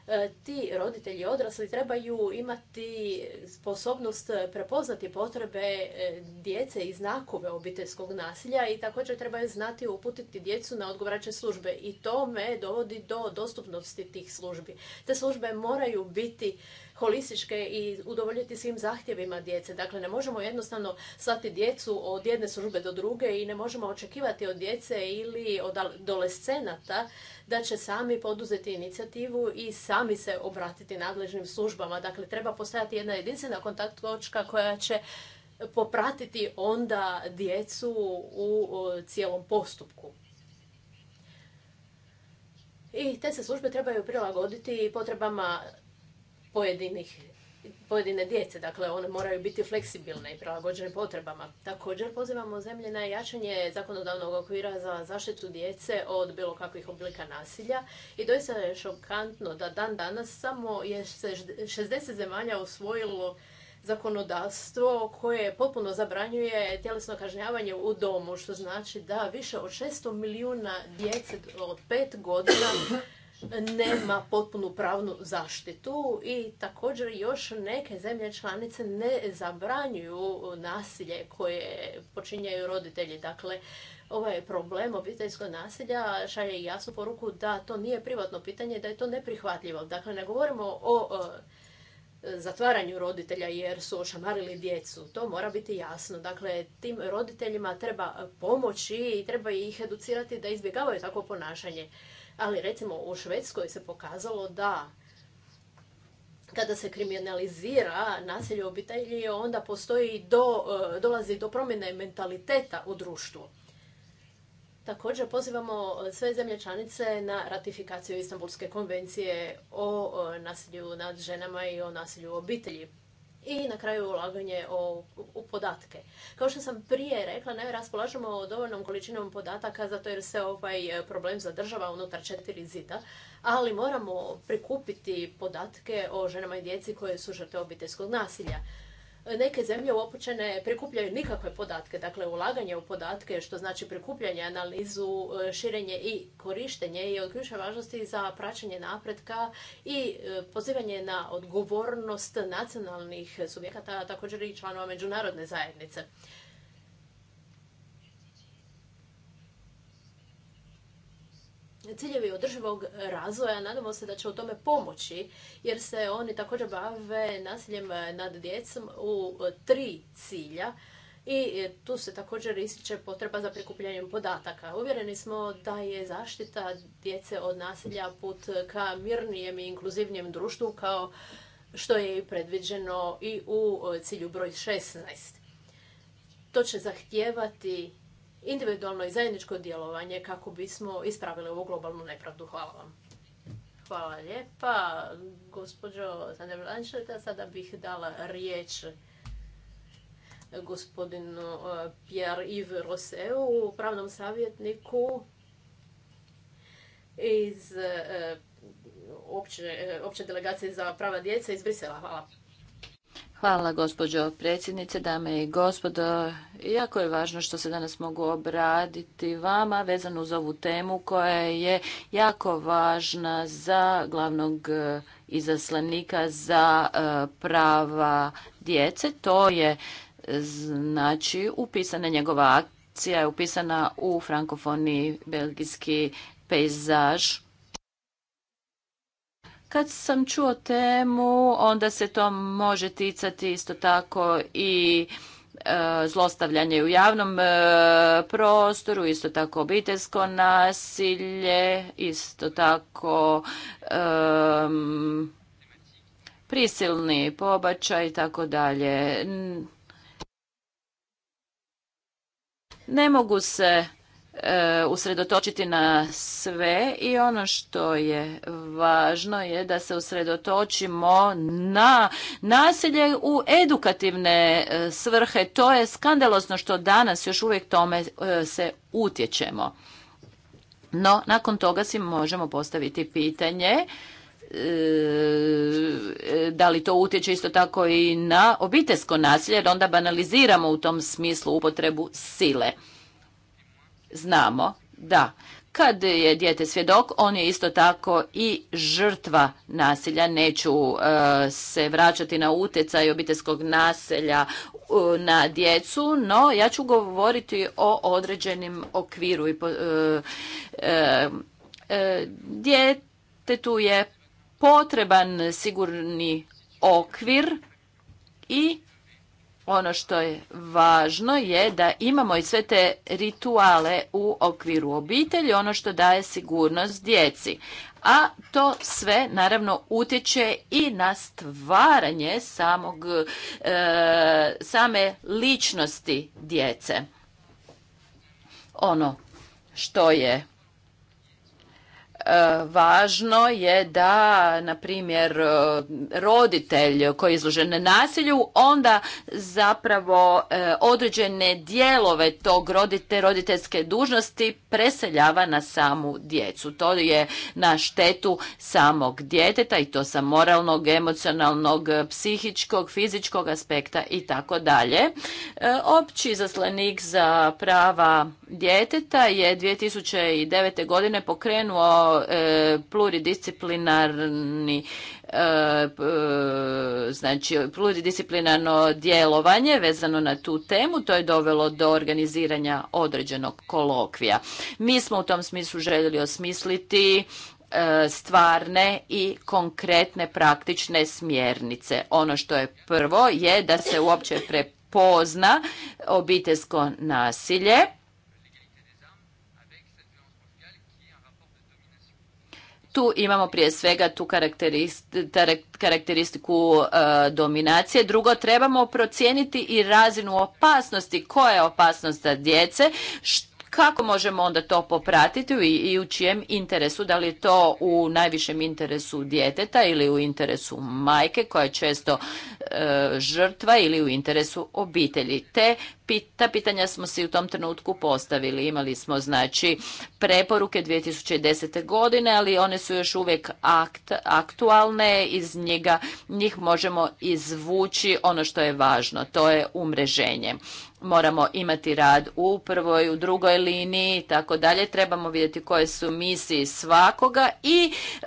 E, ti roditelji odrasli trebaju imati sposobnost prepoznati potrebe e, djece i znakove obiteljskog nasilja i također trebaju znati uputiti djecu na odgovarajuće službe i to me dovodi do dostupnosti tih službi. Te službe moraju biti holističke i udovoljiti svim zahtjevima djece. Dakle, ne možemo jednostavno slati djecu od jedne službe do druge i ne možemo očekivati od djece ili od adolescenata da će sami poduzeti inicijativu i sami se obratiti nadležnim službama. Dakle, treba postojati jedna jedinstvena kontakt točka koja će popratiti onda djecu u cijelom postupku. I te se službe trebaju prilagoditi potrebama pojedinih pojedine djece, dakle one moraju biti fleksibilne i prilagođene potrebama. Također pozivamo zemlje na jačanje zakonodavnog okvira za zaštitu djece od bilo kakvih oblika nasilja i doista je šokantno da dan danas samo je se 60 zemalja usvojilo zakonodavstvo koje potpuno zabranjuje tjelesno kažnjavanje u domu, što znači da više od 600 milijuna djece od pet godina nema potpunu pravnu zaštitu i također još neke zemlje članice ne zabranjuju nasilje koje počinjaju roditelji. Dakle, ovaj problem obiteljskog nasilja šalje jasnu poruku da to nije privatno pitanje, da je to neprihvatljivo. Dakle, ne govorimo o, zatvaranju roditelja jer su ošamarili djecu. To mora biti jasno. Dakle, tim roditeljima treba pomoći i treba ih educirati da izbjegavaju takvo ponašanje. Ali recimo u Švedskoj se pokazalo da kada se kriminalizira nasilje u obitelji, onda postoji do, e, dolazi do promjene mentaliteta u društvu. Također pozivamo sve zemlje članice na ratifikaciju Istanbulske konvencije o e, nasilju nad ženama i o nasilju u obitelji. I na kraju ulaganje u podatke. Kao što sam prije rekla, ne raspolažemo dovoljnom količinom podataka zato jer se ovaj e, problem zadržava unutar četiri zida, ali moramo prikupiti podatke o ženama i djeci koje su žrte obiteljskog nasilja. E, neke zemlje uopće ne prikupljaju nikakve podatke, dakle ulaganje u podatke, što znači prikupljanje, analizu, e, širenje i korištenje je od ključne važnosti za praćenje napretka i e, pozivanje na odgovornost nacionalnih subjekata, također i članova međunarodne zajednice. ciljevi održivog razvoja, nadamo se da će u tome pomoći, jer se oni također bave nasiljem nad djecom u tri cilja. I e, tu se također ističe potreba za prikupljanjem podataka. Uvjereni smo da je zaštita djece od nasilja put ka mirnijem i inkluzivnijem društvu kao što je i predviđeno i u e, cilju broj 16. To će zahtijevati individualno i zajedničko djelovanje kako bismo ispravili ovu globalnu nepravdu. Hvala vam. Hvala lijepa. Gospođo Sandra da sada bih dala riječ gospodinu e, Pierre-Yves u pravnom savjetniku iz e, opće, e, opće delegacije za prava djeca iz Brisela. Hvala. Hvala gospođo predsjednice, dame i gospodo. Jako je važno što se danas mogu obraditi vama vezano uz ovu temu koja je jako važna za glavnog e, izaslanika za e, prava djece. To je znači upisana njegova akcija, je upisana u frankofoni belgijski pejzaž kad sam čuo temu, onda se to može ticati isto tako i e, zlostavljanje u javnom e, prostoru, isto tako obiteljsko nasilje, isto tako prisilni pobačaj i tako dalje. Ne mogu se E, usredotočiti na sve i ono što je važno je da se usredotočimo na nasilje u edukativne e, svrhe. To je skandalozno što danas još uvijek tome e, se utječemo. No, nakon toga si možemo postaviti pitanje da li to utječe isto tako i na obiteljsko nasilje, jer onda banaliziramo u tom smislu upotrebu sile znamo da kad je dijete svjedok, on je isto tako i žrtva nasilja. Neću uh, se vraćati na utjecaj obiteljskog nasilja uh, na djecu, no ja ću govoriti o određenim okviru. i uh, um, uh je potreban sigurni okvir i ono što je važno je da imamo i sve te rituale u okviru obitelji, ono što daje sigurnost djeci. A to sve naravno utječe i na stvaranje samog, e, same ličnosti djece. Ono što je važno je da, na primjer, e, roditelj koji je izložen nasilju, onda zapravo e, određene dijelove tog rodite, roditeljske dužnosti preseljava na samu djecu. To je na štetu samog djeteta i to sa moralnog, emocionalnog, psihičkog, fizičkog aspekta i tako dalje. E, opći zaslenik za prava djeteta je 2009. godine pokrenuo E, pluridisciplinarni e, e, znači pluridisciplinarno djelovanje vezano na tu temu, to je dovelo do organiziranja određenog kolokvija. Mi smo u tom smislu željeli osmisliti stvarne i konkretne praktične smjernice. Ono što je prvo je da se uopće prepozna obiteljsko nasilje Tu imamo prije svega tu karakteristiku e, dominacije. Drugo, trebamo procijeniti i razinu opasnosti. Koja je opasnost za djece? Što kako možemo onda to popratiti i u čijem interesu, da li je to u najvišem interesu djeteta ili u interesu majke koja je često e, žrtva ili u interesu obitelji. Te ta pitanja smo si u tom trenutku postavili. Imali smo znači preporuke 2010. godine, ali one su još uvijek akt, aktualne. Iz njega, njih možemo izvući ono što je važno, to je umreženje moramo imati rad u prvoj, u drugoj liniji i tako dalje. Trebamo vidjeti koje su misije svakoga i e,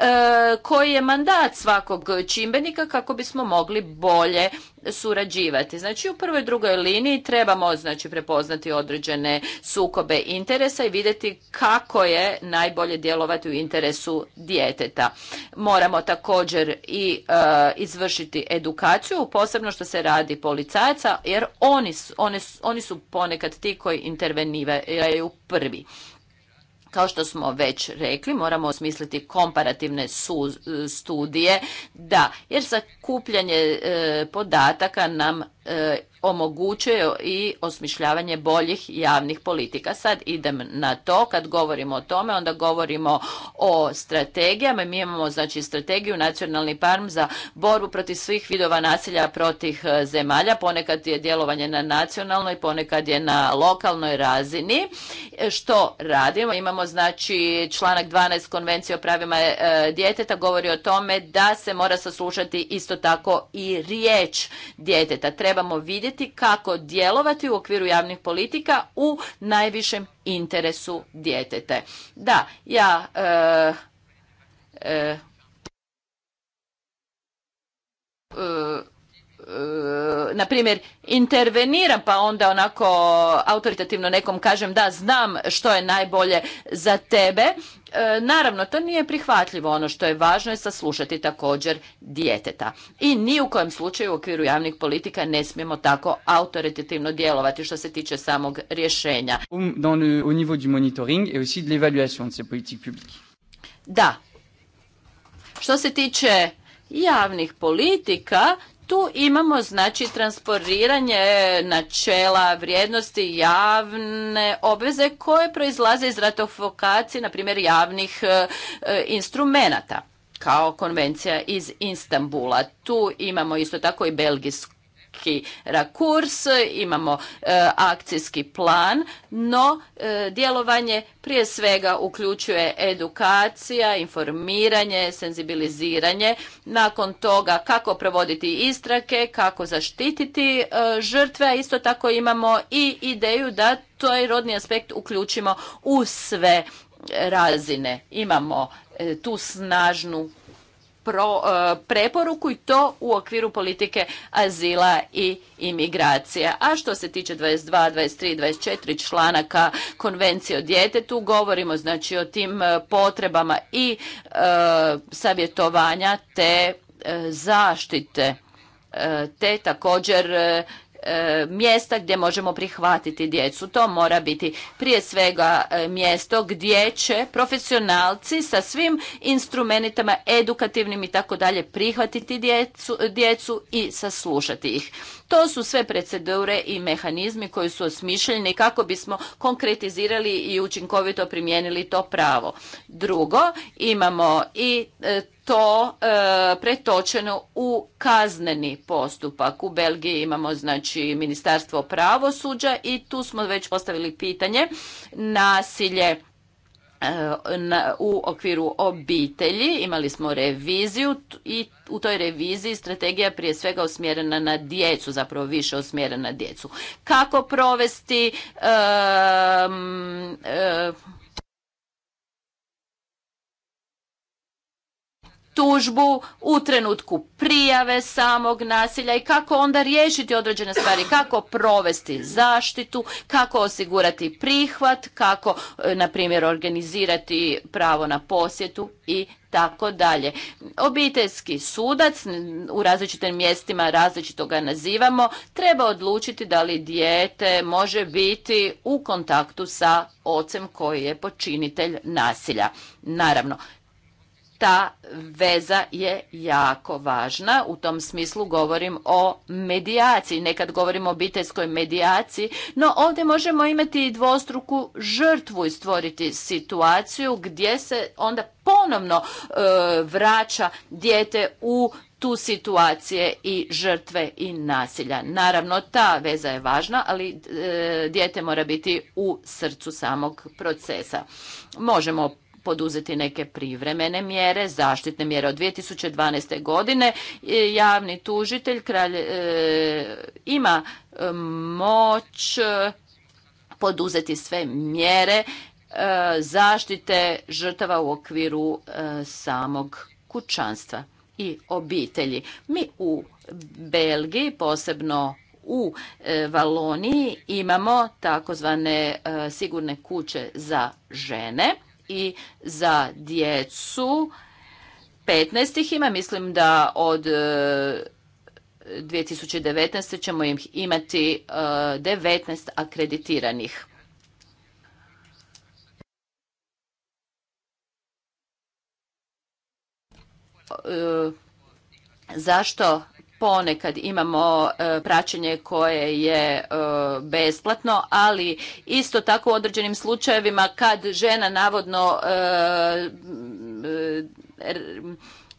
koji je mandat svakog čimbenika kako bismo mogli bolje surađivati. Znači u prvoj i drugoj liniji trebamo znači prepoznati određene sukobe interesa i vidjeti kako je najbolje djelovati u interesu djeteta. Moramo također i e, izvršiti edukaciju, posebno što se radi policajaca jer oni oni su ponekad ti koji interveniraju prvi. Kao što smo već rekli, moramo osmisliti komparativne e, studije, da, jer sakupljanje e, podataka nam e, omogućuje i osmišljavanje boljih javnih politika. Sad idem na to, kad govorimo o tome, onda govorimo o strategijama. Mi imamo znači strategiju nacionalni parm za borbu protiv svih vidova nasilja protiv e, zemalja. Ponekad je djelovanje na nacionalnoj, ponekad je na lokalnoj razini. E, što radimo? Imamo znači članak 12 konvencije o pravima e, djeteta govori o tome da se mora saslušati isto tako i riječ djeteta. Trebamo vidjeti kako djelovati u okviru javnih politika u najvišem interesu djetete. Da, ja e, e, e, E, na primjer interveniram pa onda onako autoritativno nekom kažem da znam što je najbolje za tebe e, naravno to nije prihvatljivo ono što je važno je saslušati također djeteta i ni u kojem slučaju u okviru javnih politika ne smijemo tako autoritativno djelovati što se tiče samog rješenja monitoring da što se tiče javnih politika tu imamo znači transporiranje načela vrijednosti javne obveze koje proizlaze iz ratofokacije na primjer javnih e, e, instrumenata kao konvencija iz Istambula. Tu imamo isto tako i belgijsku neki rakurs, imamo e, akcijski plan, no e, djelovanje prije svega uključuje edukacija, informiranje, senzibiliziranje, nakon toga kako provoditi istrake, kako zaštititi e, žrtve, a isto tako imamo i ideju da taj rodni aspekt uključimo u sve razine. Imamo tu snažnu E, preporuku i to u okviru politike azila i imigracije. A što se tiče 22, 23, 24 članaka konvencije o djetetu, govorimo znači o tim e, potrebama i e, savjetovanja te zaštite te također E, mjesta gdje možemo prihvatiti djecu. To mora biti prije svega e, mjesto gdje će profesionalci sa svim instrumentima edukativnim i tako dalje prihvatiti djecu, djecu i saslušati ih. To su sve procedure i mehanizmi koji su osmišljeni kako bismo konkretizirali i učinkovito primijenili to pravo. Drugo, imamo i e, to e, pretočeno u kazneni postupak. U Belgiji imamo znači Ministarstvo pravosuđa i tu smo već postavili pitanje nasilje E, u okviru obitelji imali smo reviziju i u toj reviziji strategija prije svega usmjerena na djecu, zapravo više usmjerena na djecu. Kako provesti um, tužbu u trenutku prijave samog nasilja i kako onda riješiti određene stvari, kako provesti zaštitu, kako osigurati prihvat, kako e, na primjer organizirati pravo na posjetu i tako dalje. Obiteljski sudac u različitim mjestima različito ga nazivamo, treba odlučiti da li dijete može biti u kontaktu sa ocem koji je počinitelj nasilja. Naravno, ta veza je jako važna. U tom smislu govorim o medijaciji. Nekad govorimo o obiteljskoj medijaciji, no ovdje možemo imati i dvostruku žrtvu i stvoriti situaciju gdje se onda ponovno e, vraća dijete u tu situacije i žrtve i nasilja. Naravno, ta veza je važna, ali e, dijete mora biti u srcu samog procesa. Možemo poduzeti neke privremene mjere, zaštitne mjere. Od 2012. godine e, javni tužitelj e, ima e, moć poduzeti sve mjere zaštite žrtava u okviru samog kućanstva i obitelji. Mi u Belgiji, posebno u Valoniji, imamo takozvane sigurne kuće za žene i za djecu. 15 ih ima, mislim da od 2019. E, ćemo ih imati 19 e, akreditiranih. E, zašto ponekad imamo e, praćenje koje je e, besplatno, ali isto tako u određenim slučajevima kad žena navodno e,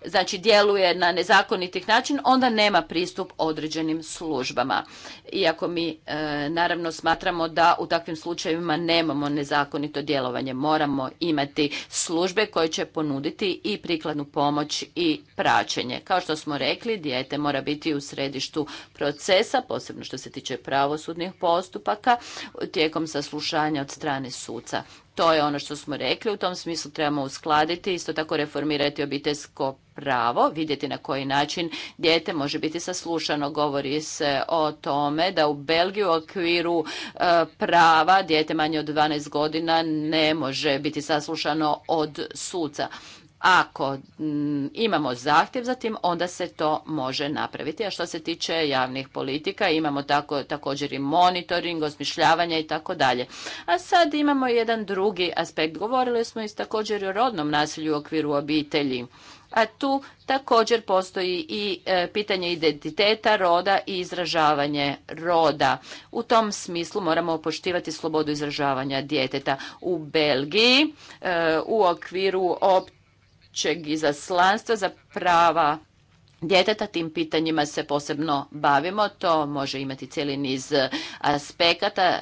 znači djeluje na nezakonitih način, onda nema pristup određenim službama. Iako mi e, naravno smatramo da u takvim slučajevima nemamo nezakonito djelovanje, moramo imati službe koje će ponuditi i prikladnu pomoć i praćenje. Kao što smo rekli, dijete mora biti u središtu procesa, posebno što se tiče pravosudnih postupaka, tijekom saslušanja od strane suca. To je ono što smo rekli, u tom smislu trebamo uskladiti, isto tako reformirati obiteljsko pravo, vidjeti na koji način dijete može biti saslušano. Govori se o tome da u Belgiju u okviru e, prava dijete manje od 12 godina ne može biti saslušano od suca. Ako mm, imamo zahtjev za tim, onda se to može napraviti. A što se tiče javnih politika, imamo tako, također i monitoring, osmišljavanje i tako dalje. A sad imamo jedan drugi aspekt. Govorili smo i također o rodnom nasilju u okviru obitelji. A tu također postoji i e, pitanje identiteta roda i izražavanje roda. U tom smislu moramo poštivati slobodu izražavanja djeteta. U Belgiji e, u okviru op općeg izaslanstva za prava djeteta. Tim pitanjima se posebno bavimo. To može imati cijeli niz aspekata. E,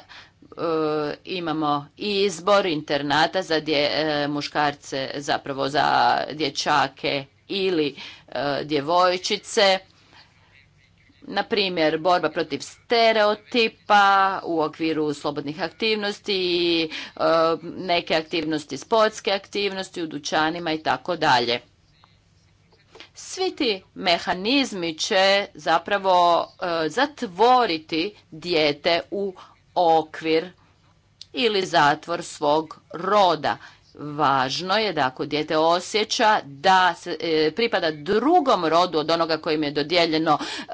imamo i izbor internata za e, muškarce, zapravo za dječake ili e, djevojčice na primjer borba protiv stereotipa u okviru slobodnih aktivnosti i e, neke aktivnosti sportske aktivnosti u dućanima i tako dalje svi ti mehanizmi će zapravo e, zatvoriti dijete u okvir ili zatvor svog roda Važno je da ako dijete osjeća da se, e, pripada drugom rodu od onoga kojim je dodijeljeno e,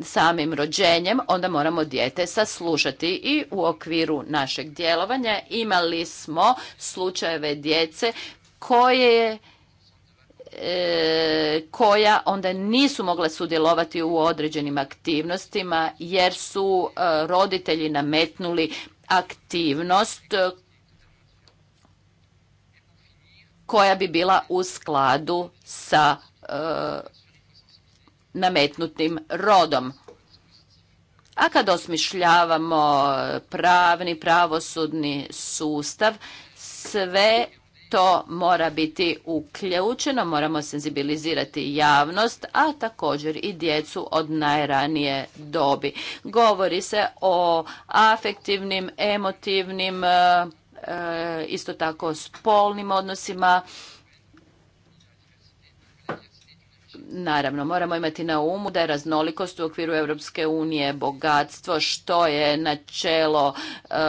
samim rođenjem, onda moramo dijete saslušati. I u okviru našeg djelovanja imali smo slučajeve djece koje e, koja onda nisu mogla sudjelovati u određenim aktivnostima jer su roditelji nametnuli aktivnost koja bi bila u skladu sa e, nametnutim rodom. A kad osmišljavamo pravni, pravosudni sustav, sve to mora biti uključeno, moramo senzibilizirati javnost, a također i djecu od najranije dobi. Govori se o afektivnim, emotivnim e, E, isto tako spolnim odnosima. Naravno, moramo imati na umu da je raznolikost u okviru Europske unije bogatstvo, što je načelo e,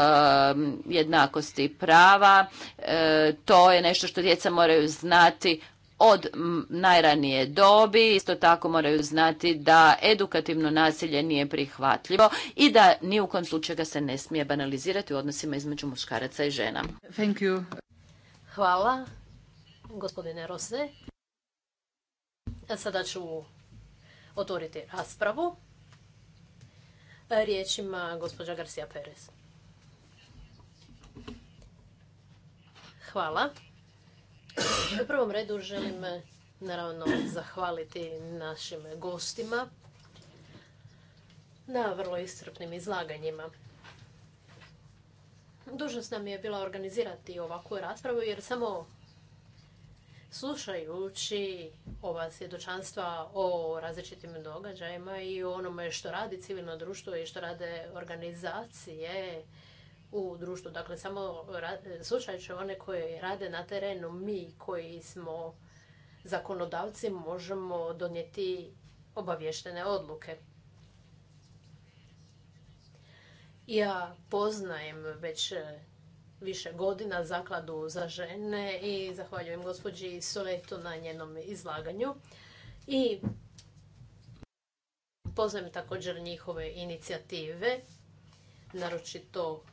jednakosti prava. E, to je nešto što djeca moraju znati od najranije dobi. Isto tako moraju znati da edukativno nasilje nije prihvatljivo i da ni u kom slučaju ga se ne smije banalizirati u odnosima između muškaraca i žena. Hvala, gospodine Rose. Sada ću otvoriti raspravu. Riječima gospođa Garcia Perez. Hvala. U prvom redu želim naravno zahvaliti našim gostima na vrlo iscrpnim izlaganjima. Dužnost nam je bila organizirati ovakvu raspravu jer samo slušajući ova svjedočanstva o različitim događajima i onome što radi civilno društvo i što rade organizacije u društvu. Dakle, samo slušajući one koje rade na terenu, mi koji smo zakonodavci možemo donijeti obavještene odluke. Ja poznajem već više godina zakladu za žene i zahvaljujem gospođi Soletu na njenom izlaganju. I poznajem također njihove inicijative, naročito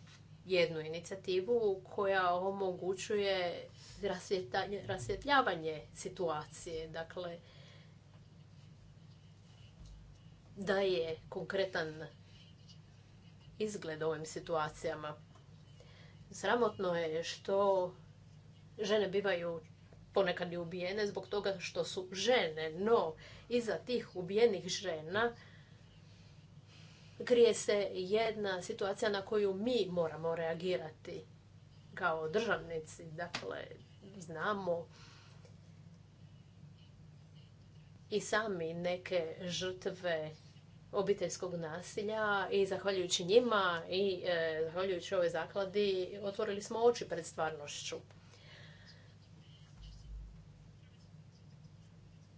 jednu inicijativu koja omogućuje rasvjetljavanje situacije. Dakle, daje konkretan izgled ovim situacijama. Sramotno je što žene bivaju ponekad i ubijene zbog toga što su žene, no iza tih ubijenih žena krije se jedna situacija na koju mi moramo reagirati kao državnici. Dakle, znamo i sami neke žrtve obiteljskog nasilja i zahvaljujući njima i e, zahvaljujući ovoj zakladi otvorili smo oči pred stvarnošću.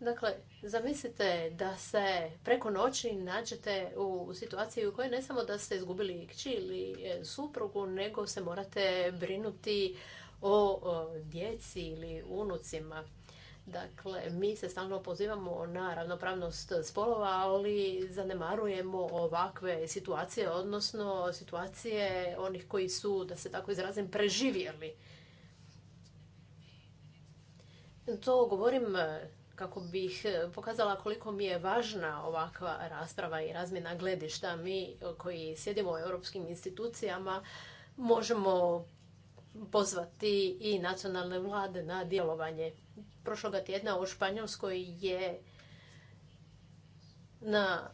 Dakle, Zamislite da se preko noći nađete u situaciji u kojoj ne samo da ste izgubili kći ili e, suprugu, nego se morate brinuti o djeci ili unucima. Dakle, mi se stalno pozivamo na ravnopravnost spolova, ali zanemarujemo ovakve situacije, odnosno situacije onih koji su, da se tako izrazim, preživjeli. To govorim kako bih e, pokazala koliko mi je važna ovakva rasprava i razmjena gledišta. Mi koji sjedimo u europskim institucijama možemo pozvati i nacionalne vlade na djelovanje. Prošloga tjedna u Španjolskoj je na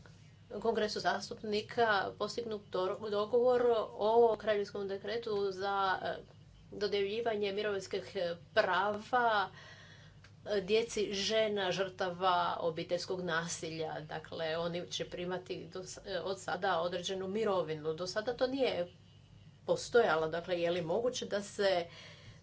Kongresu zastupnika postignut dogovor o kraljevskom dekretu za e, dodjeljivanje mirovinskih prava E, djeci žena žrtava obiteljskog nasilja. Dakle, oni će primati e, od sada određenu mirovinu. Do sada to nije postojalo. Dakle, je li moguće da se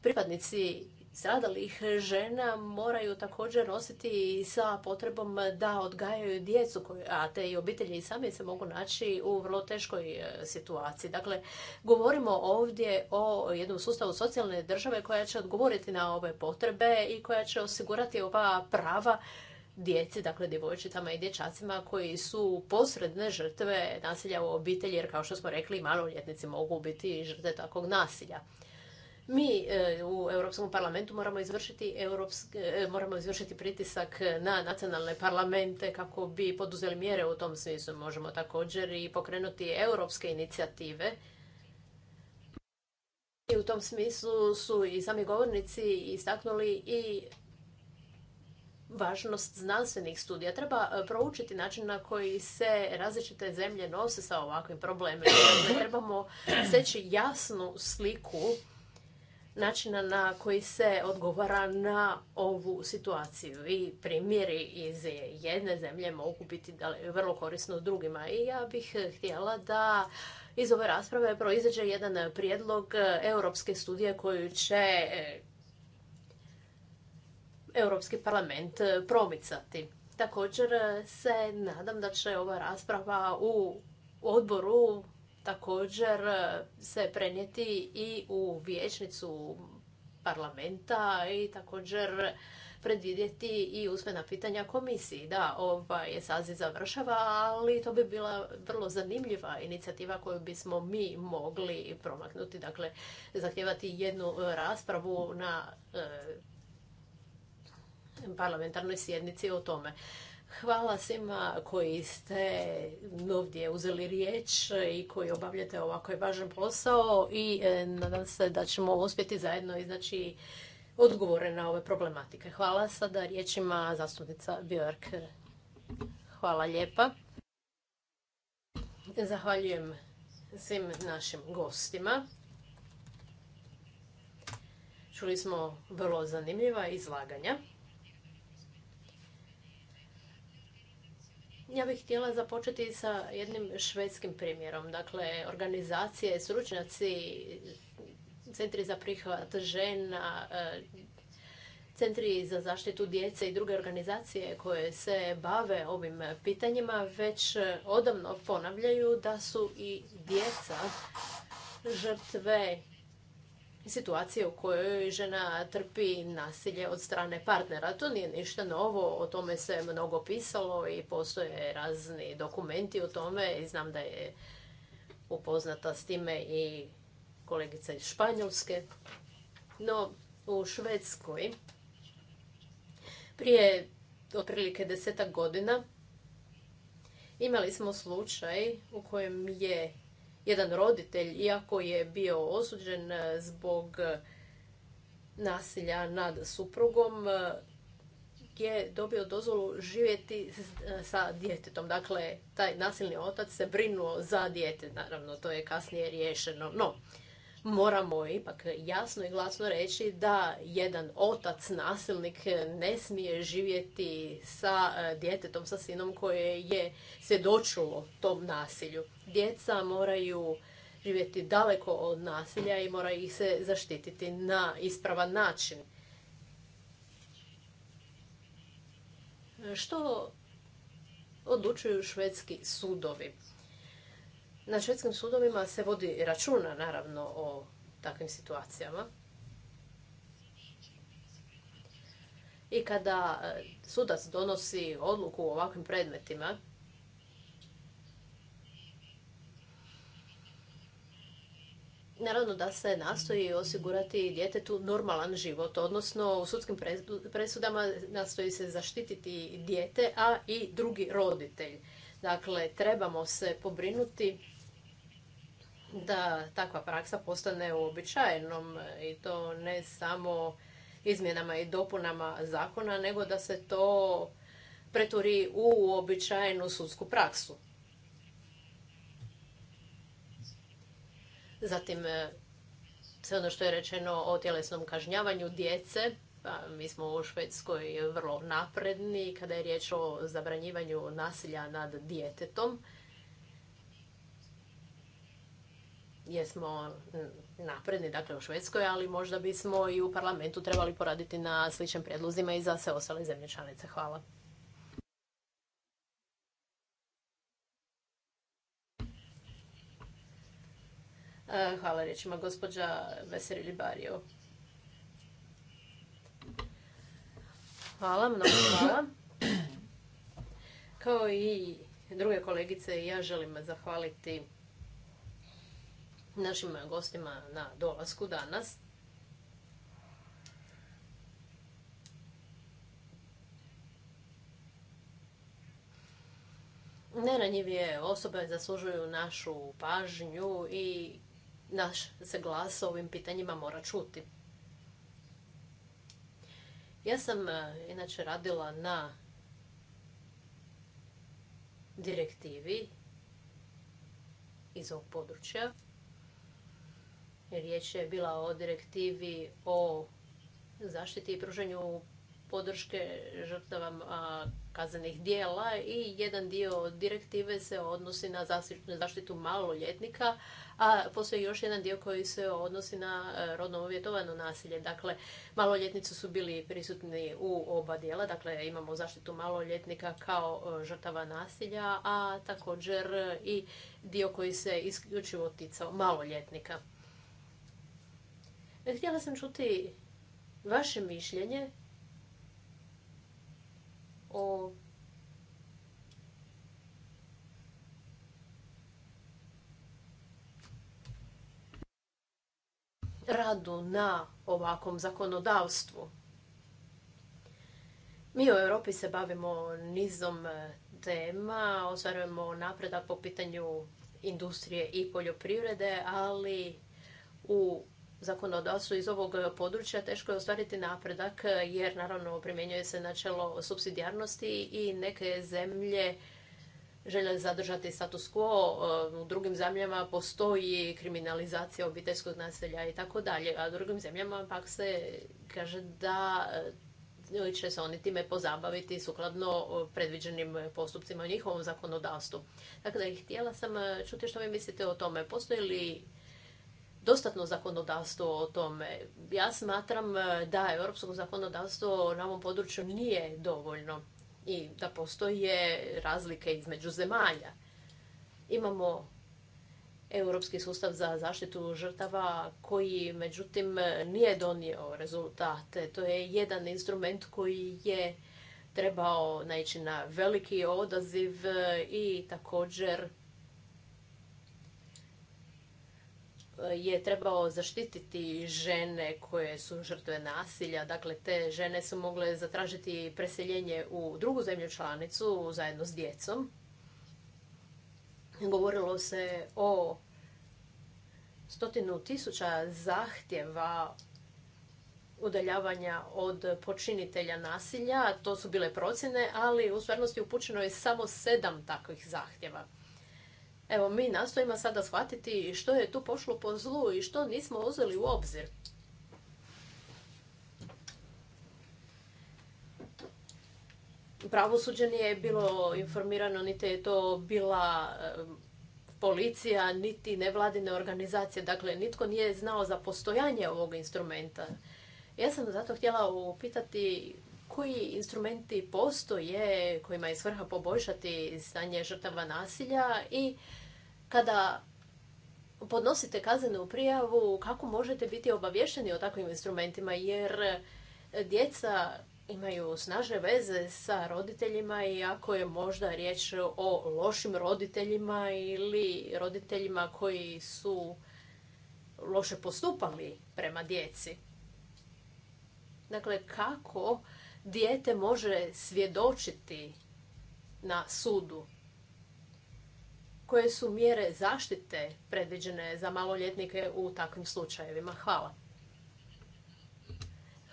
pripadnici stradalih žena moraju također nositi sa potrebom da odgajaju djecu, a te i obitelji i sami se mogu naći u vrlo teškoj e, situaciji. Dakle, govorimo ovdje o jednom sustavu socijalne države koja će odgovoriti na ove potrebe i koja će osigurati ova prava djeci, dakle djevojčicama i dječacima koji su posredne žrtve nasilja u obitelji, jer kao što smo rekli, maloljetnici mogu biti žrtve takvog nasilja. Mi e, u Europskom parlamentu moramo izvršiti, europske, e, moramo izvršiti pritisak na nacionalne parlamente kako bi poduzeli mjere u tom smislu. Možemo također i pokrenuti europske inicijative. I u tom smislu su i sami govornici istaknuli i važnost znanstvenih studija. Treba e, proučiti način na koji se različite zemlje nose sa ovakvim problemima. Dakle, trebamo steći jasnu sliku načina na koji se odgovara na ovu situaciju. I primjeri iz jedne zemlje mogu biti vrlo korisno drugima. I ja bih htjela da iz ove rasprave proizađe jedan prijedlog europske studije koju će e, Europski parlament e, promicati. Također e, se nadam da će ova rasprava u odboru također e, se prenijeti i u vijećnicu parlamenta i također predvidjeti i usmena pitanja komisiji. Da, ovaj saziv završava, ali to bi bila vrlo zanimljiva inicijativa koju bismo mi mogli promaknuti. Dakle, zahtjevati jednu e, raspravu na e, parlamentarnoj sjednici o tome. Hvala svima koji ste ovdje uzeli riječ i koji obavljate ovako je važan posao i e, nadam se da ćemo uspjeti zajedno iznaći odgovore na ove problematike. Hvala sada riječima zastupnica Björk. Hvala lijepa. Zahvaljujem svim našim gostima. Čuli smo vrlo zanimljiva izlaganja. Ja bih htjela započeti sa jednim švedskim primjerom. Dakle, organizacije, stručnjaci, centri za prihvat žena, e, centri za zaštitu djece i druge organizacije koje se bave ovim pitanjima već odavno ponavljaju da su i djeca žrtve situacije u kojoj žena trpi nasilje od strane partnera. To nije ništa novo, o tome se mnogo pisalo i postoje razni dokumenti o tome i znam da je upoznata s time i kolegica iz Španjolske. No, u Švedskoj prije otprilike desetak godina imali smo slučaj u kojem je jedan roditelj, iako je bio osuđen e, zbog e, nasilja nad suprugom, e, je dobio dozvolu živjeti sa djetetom. Dakle, taj nasilni otac se brinuo za dijete. Naravno, to je kasnije riješeno. No, moramo ipak jasno i glasno reći da jedan otac nasilnik ne smije živjeti sa e, djetetom, sa sinom koje je svjedočilo tom nasilju. Djeca moraju živjeti daleko od nasilja i mora ih se zaštititi na ispravan način. Što odlučuju švedski sudovi? Na švedskim sudovima se vodi računa, naravno, o takvim situacijama. I kada e, sudac donosi odluku u ovakvim predmetima, Naravno da se nastoji osigurati djetetu normalan život, odnosno u sudskim presudama nastoji se zaštititi dijete, a i drugi roditelj. Dakle, trebamo se pobrinuti da takva praksa postane uobičajenom i to ne samo izmjenama i dopunama zakona, nego da se to preturi u uobičajenu sudsku praksu. Zatim, e, sve ono što je rečeno o tjelesnom kažnjavanju djece, pa mi smo u Švedskoj vrlo napredni kada je riječ o zabranjivanju nasilja nad djetetom. jesmo mm, napredni, dakle u Švedskoj, ali možda bismo i u parlamentu trebali poraditi na sličnim prijedlozima i za sve ostale zemlje članice. Hvala. E, hvala gospođa Veserili Bario. Hvala, mnogo hvala. Kao i druge kolegice, ja želim zahvaliti našim gostima na dolasku danas. Neranjivije osobe zaslužuju našu pažnju i naš se glas o ovim pitanjima mora čuti. Ja sam e, inače radila na direktivi iz ovog područja. Riječ je bila o direktivi o zaštiti i pružanju podrške žrtavam kaznenih dijela i jedan dio direktive se odnosi na zaštitu maloljetnika, a postoji još jedan dio koji se odnosi na e, rodno uvjetovano nasilje. Dakle, maloljetnici su bili prisutni u oba dijela, dakle imamo zaštitu maloljetnika kao e, žrtava nasilja, a također i dio koji se isključivo ticao maloljetnika. E, htjela sam čuti vaše mišljenje o radu na ovakvom zakonodavstvu. Mi u Europi se bavimo nizom e, tema, ostvarujemo napredak po pitanju industrije i poljoprivrede, ali u zakonodavstvu iz ovog e, područja teško je ostvariti napredak e, jer naravno primjenjuje se načelo subsidijarnosti i neke zemlje žele zadržati status quo, e, u drugim zemljama postoji kriminalizacija obiteljskog naselja i tako dalje, a u drugim zemljama pak se kaže da će se oni time pozabaviti sukladno predviđenim postupcima u njihovom zakonodavstvu. Dakle, htjela sam čuti što vi mislite o tome. Postoji li dostatno zakonodavstvo o tome. Ja smatram e, da europsko zakonodavstvo na ovom području nije dovoljno i da postoje razlike između zemalja. Imamo europski sustav za zaštitu žrtava koji međutim nije donio rezultate. To je jedan instrument koji je trebao naići na veliki odaziv e, i također je trebao zaštititi žene koje su žrtve nasilja. Dakle, te žene su mogle zatražiti preseljenje u drugu zemlju članicu zajedno s djecom. Govorilo se o stotinu tisuća zahtjeva udaljavanja od počinitelja nasilja. To su bile procjene, ali u stvarnosti upućeno je samo sedam takvih zahtjeva. Evo, mi nastojimo sada shvatiti što je tu pošlo po zlu i što nismo uzeli u obzir. Pravosuđe nije bilo informirano, niti je to bila policija, niti nevladine organizacije. Dakle, nitko nije znao za postojanje ovog instrumenta. Ja sam zato htjela upitati koji instrumenti postoje kojima je svrha poboljšati stanje žrtava nasilja i kada podnosite kaznenu prijavu, kako možete biti obavješteni o takvim instrumentima, jer djeca imaju snažne veze sa roditeljima i ako je možda riječ o lošim roditeljima ili roditeljima koji su loše postupali prema djeci. Dakle, kako dijete može svjedočiti na sudu? Koje su mjere zaštite predviđene za maloljetnike u takvim slučajevima? Hvala.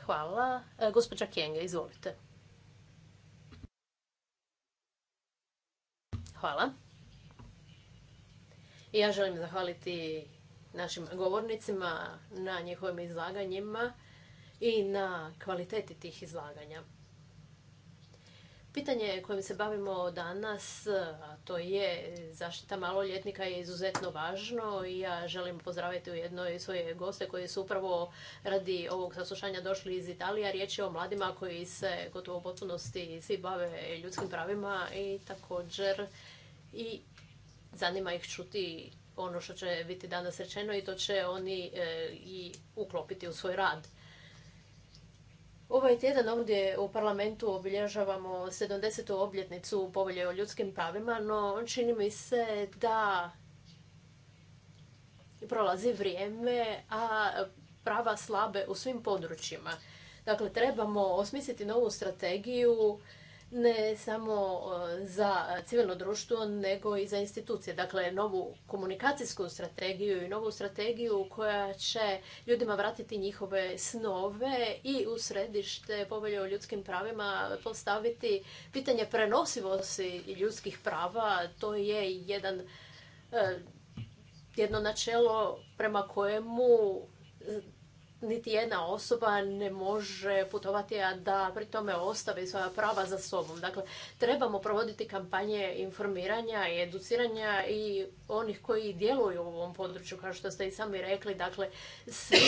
Hvala. E, gospođa Kjenge, izvolite. Hvala. I ja želim zahvaliti našim govornicima na njihovim izlaganjima i na kvaliteti tih izlaganja. Pitanje kojim se bavimo danas, a to je zaštita maloljetnika je izuzetno važno i ja želim pozdraviti u jednoj svoje goste koji su upravo radi ovog saslušanja došli iz Italije. Riječ je o mladima koji se gotovo u potpunosti svi bave ljudskim pravima i također i zanima ih čuti ono što će biti danas rečeno i to će oni e, i uklopiti u svoj rad. Ovaj tjedan ovdje u parlamentu obilježavamo 70. obljetnicu povelje o ljudskim pravima, no čini mi se da prolazi vrijeme, a prava slabe u svim područjima. Dakle, trebamo osmisliti novu strategiju ne samo e, za civilno društvo, nego i za institucije. Dakle, novu komunikacijsku strategiju i novu strategiju koja će ljudima vratiti njihove snove i u središte povelje o ljudskim pravima postaviti pitanje prenosivosti ljudskih prava. To je jedan e, jedno načelo prema kojemu niti jedna osoba ne može putovati, a da pri tome ostavi svoja prava za sobom. Dakle, trebamo provoditi kampanje informiranja i educiranja i onih koji djeluju u ovom području, kao što ste i sami rekli. Dakle, svi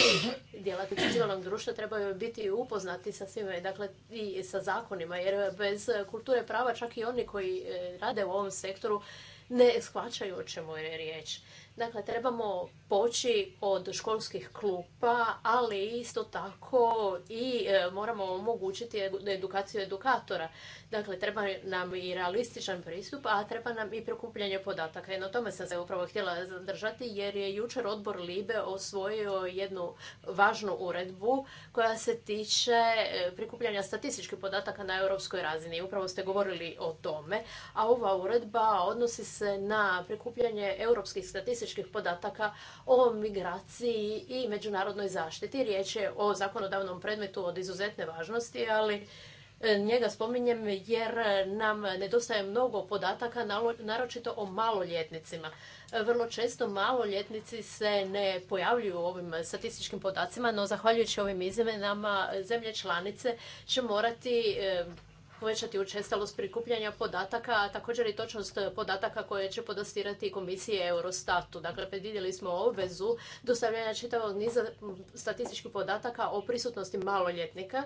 djelatnici civilnog društva trebaju biti upoznati sa svime, dakle, i sa zakonima, jer bez kulture prava čak i oni koji eh, rade u ovom sektoru ne shvaćaju o čemu je riječ. Dakle, trebamo poći od školskih klupa, ali isto tako i e, moramo omogućiti edukaciju edukatora. Dakle, treba nam i realističan pristup, a treba nam i prikupljanje podataka. I na tome sam se upravo htjela zadržati jer je jučer odbor Libe osvojio jednu važnu uredbu koja se tiče e, prikupljanja statističkih podataka na europskoj razini. Upravo ste govorili o tome, a ova uredba odnosi se na prikupljanje europskih statističkih statističkih podataka o migraciji i međunarodnoj zaštiti. Riječ je o zakonodavnom predmetu od izuzetne važnosti, ali e, njega spominjem jer nam nedostaje mnogo podataka, naročito o maloljetnicima. E, vrlo često maloljetnici se ne pojavljuju u ovim statističkim podacima, no zahvaljujući ovim izmenama zemlje članice će morati e, povećati učestalost prikupljanja podataka, a također i točnost podataka koje će podastirati komisije Eurostatu. Dakle, predvidjeli smo obvezu dostavljanja čitavog niza statističkih podataka o prisutnosti maloljetnika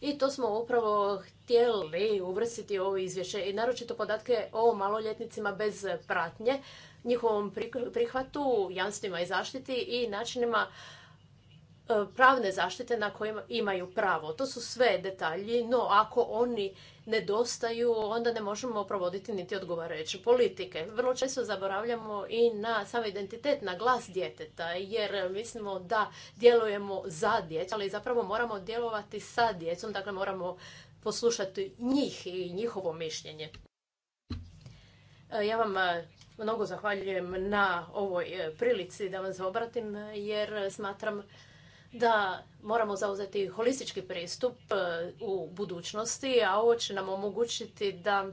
i to smo upravo htjeli uvrstiti u ovo izvješće i naročito podatke o maloljetnicima bez pratnje, njihovom prihvatu, jamstvima i zaštiti i načinima E, pravne zaštite na kojima imaju pravo. To su sve detalji, no ako oni nedostaju, onda ne možemo provoditi niti odgovarajuće politike. Vrlo često zaboravljamo i na sam identitet, na glas djeteta, jer mislimo da djelujemo za djecu, ali zapravo moramo djelovati sa djecom, dakle moramo poslušati njih i njihovo mišljenje. E, ja vam e, mnogo zahvaljujem na ovoj prilici da vam se obratim, jer smatram da moramo zauzeti holistički pristup e, u budućnosti, a ovo će nam omogućiti da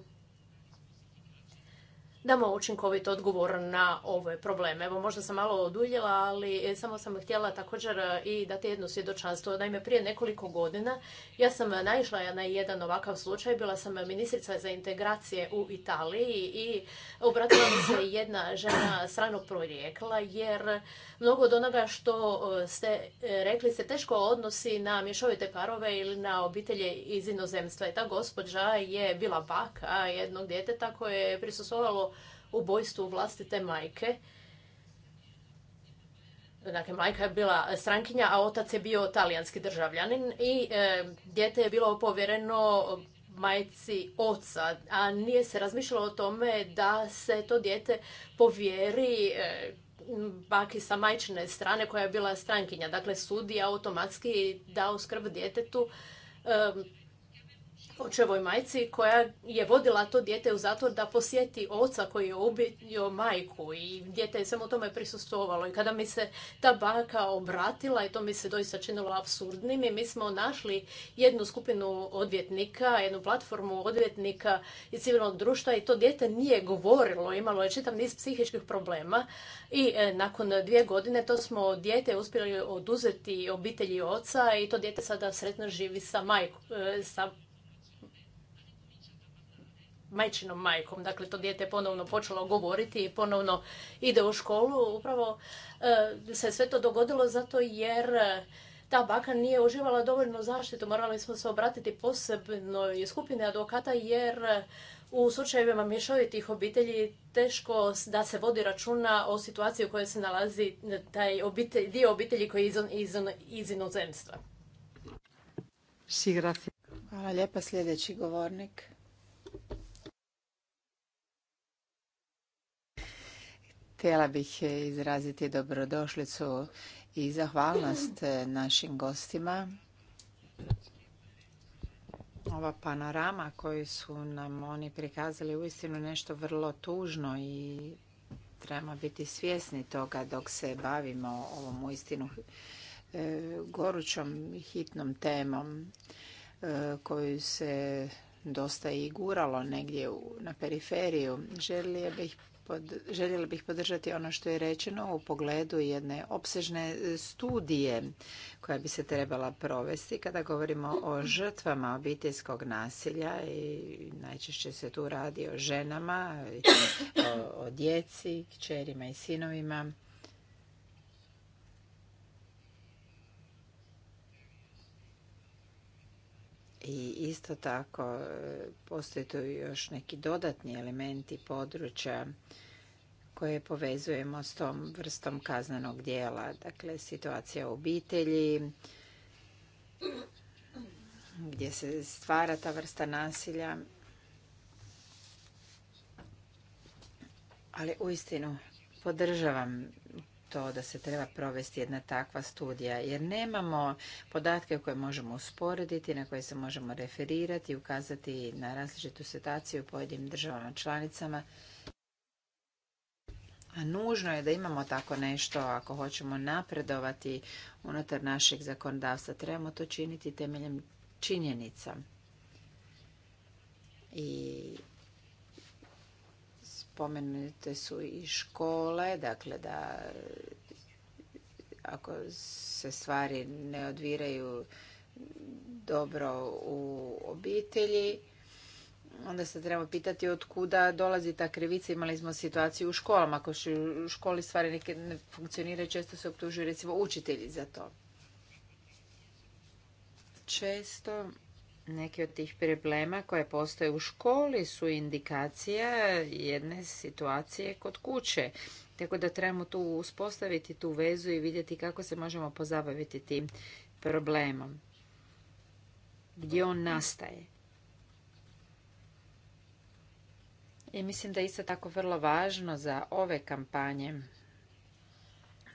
damo učinkovit odgovor na ove probleme. Evo možda sam malo oduljila, ali e, samo sam htjela također e, i dati jedno svjedočanstvo. Naime, prije nekoliko godina ja sam naišla na jedan ovakav slučaj. Bila sam ministrica za integracije u Italiji i obratila mi se jedna žena stranog projekla, jer mnogo od onoga što e, ste rekli se teško odnosi na mješovite parove ili na obitelje iz inozemstva. I ta gospođa je bila baka jednog djeteta koje je prisustvovalo ubojstvu vlastite majke. Dakle, majka je bila strankinja, a otac je bio talijanski državljanin i e, dijete je bilo povjereno majci oca, a nije se razmišljalo o tome da se to dijete povjeri e, baki sa majčine strane koja je bila strankinja. Dakle, sud je automatski dao skrb djetetu e, očevoj majci koja je vodila to dijete u zatvor da posjeti oca koji je ubio majku i dijete je samo tome prisustvovalo. I kada mi se ta baka obratila i to mi se doista činilo absurdnim i mi smo našli jednu skupinu odvjetnika, jednu platformu odvjetnika i civilnog društva i to dijete nije govorilo, imalo je čitav niz psihičkih problema i e, nakon dvije godine to smo dijete uspjeli oduzeti obitelji oca i to dijete sada sretno živi sa, majkom e, sa majčinom majkom. Dakle, to dijete ponovno počelo govoriti i ponovno ide u školu. Upravo e, se sve to dogodilo zato jer e, ta baka nije uživala dovoljno zaštitu. Morali smo se obratiti posebnoj skupini advokata jer e, u slučajevima mješovitih obitelji teško da se vodi računa o situaciji u kojoj se nalazi taj dio obitelji koji je iz, iz inozemstva. Hvala lijepa sljedeći govornik. Htjela bih izraziti dobrodošlicu i zahvalnost e, našim gostima. Ova panorama koju su nam oni prikazali uistinu nešto vrlo tužno i trebamo biti svjesni toga dok se bavimo ovom istinu e, gorućom i hitnom temom e, koju se dosta i guralo negdje na periferiju. Želio bih pod, željela bih podržati ono što je rečeno u pogledu jedne opsežne studije koja bi se trebala provesti kada govorimo o žrtvama obiteljskog nasilja i najčešće se tu radi o ženama, o, o djeci, kćerima i sinovima. I isto tako e, postoje tu još neki dodatni elementi područja koje povezujemo s tom vrstom kaznenog dijela. Dakle, situacija u obitelji, gdje se stvara ta vrsta nasilja. Ali uistinu podržavam to da se treba provesti jedna takva studija, jer nemamo podatke koje možemo usporediti, na koje se možemo referirati, ukazati na različitu situaciju u pojedinim državama članicama. A nužno je da imamo tako nešto ako hoćemo napredovati unutar našeg zakonodavstva. Trebamo to činiti temeljem činjenica. I spomenute su i škole, dakle da ako se stvari ne odviraju dobro u obitelji, onda se trebamo pitati od kuda dolazi ta krivica. Imali smo situaciju u školama. Ako u školi stvari neke ne funkcioniraju, često se optužuju recimo učitelji za to. Često neki od tih problema koje postoje u školi su indikacija jedne situacije kod kuće. Tako da trebamo tu uspostaviti tu vezu i vidjeti kako se možemo pozabaviti tim problemom. Gdje on nastaje. I mislim da je isto tako vrlo važno za ove kampanje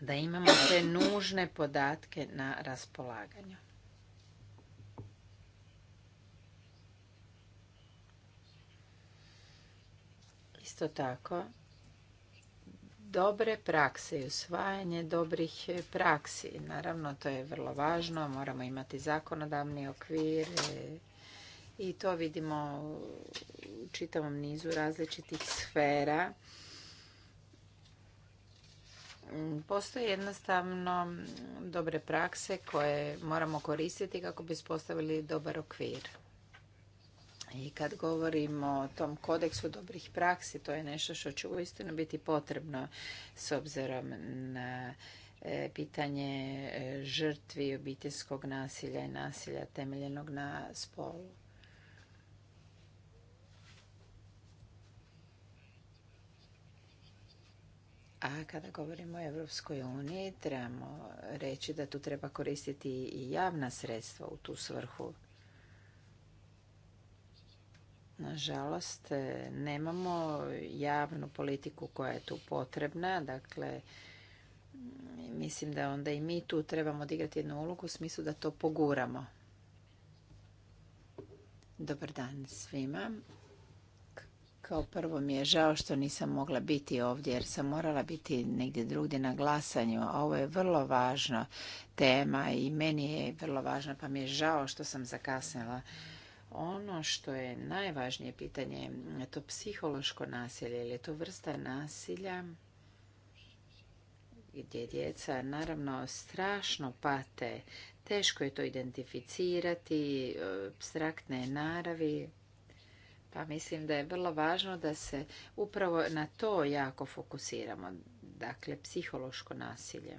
da imamo te nužne podatke na raspolaganju. Isto tako, dobre prakse i usvajanje dobrih praksi. Naravno, to je vrlo važno, moramo imati zakonodavni okvir e, i to vidimo u čitavom nizu različitih sfera. Postoje jednostavno dobre prakse koje moramo koristiti kako bi spostavili dobar okvir. I kad govorimo o tom kodeksu dobrih praksi, to je nešto što će uistinu biti potrebno s obzirom na e, pitanje e, žrtvi obiteljskog nasilja i nasilja temeljenog na spolu. A kada govorimo o Europskoj uniji, trebamo reći da tu treba koristiti i javna sredstva u tu svrhu. Nažalost, e, nemamo javnu politiku koja je tu potrebna, dakle, mislim da onda i mi tu trebamo odigrati jednu ulogu u smislu da to poguramo. Dobar dan svima. Kao prvo mi je žao što nisam mogla biti ovdje jer sam morala biti negdje drugdje na glasanju, ovo je vrlo važna tema i meni je vrlo važna pa mi je žao što sam zakasnila ono što je najvažnije pitanje, je to psihološko nasilje ili je to vrsta nasilja gdje djeca naravno strašno pate, teško je to identificirati, e, abstraktne naravi, pa mislim da je vrlo važno da se upravo na to jako fokusiramo, dakle psihološko nasilje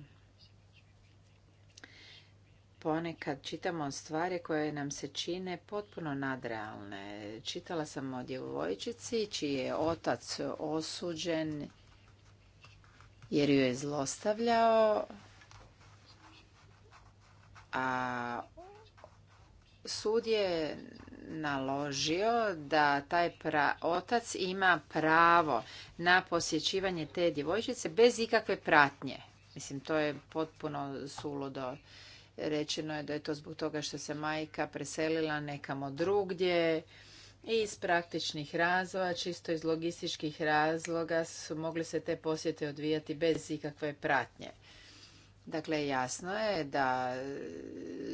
ponekad čitamo stvari koje nam se čine potpuno nadrealne. Čitala sam o djevojčici čiji je otac osuđen jer ju je zlostavljao, a sud je naložio da taj otac ima pravo na posjećivanje te djevojčice bez ikakve pratnje. Mislim, to je potpuno suludo Rečeno je da je to zbog toga što se majka preselila nekamo drugdje i iz praktičnih razloga, čisto iz logističkih razloga su mogli se te posjete odvijati bez ikakve pratnje. Dakle, jasno je da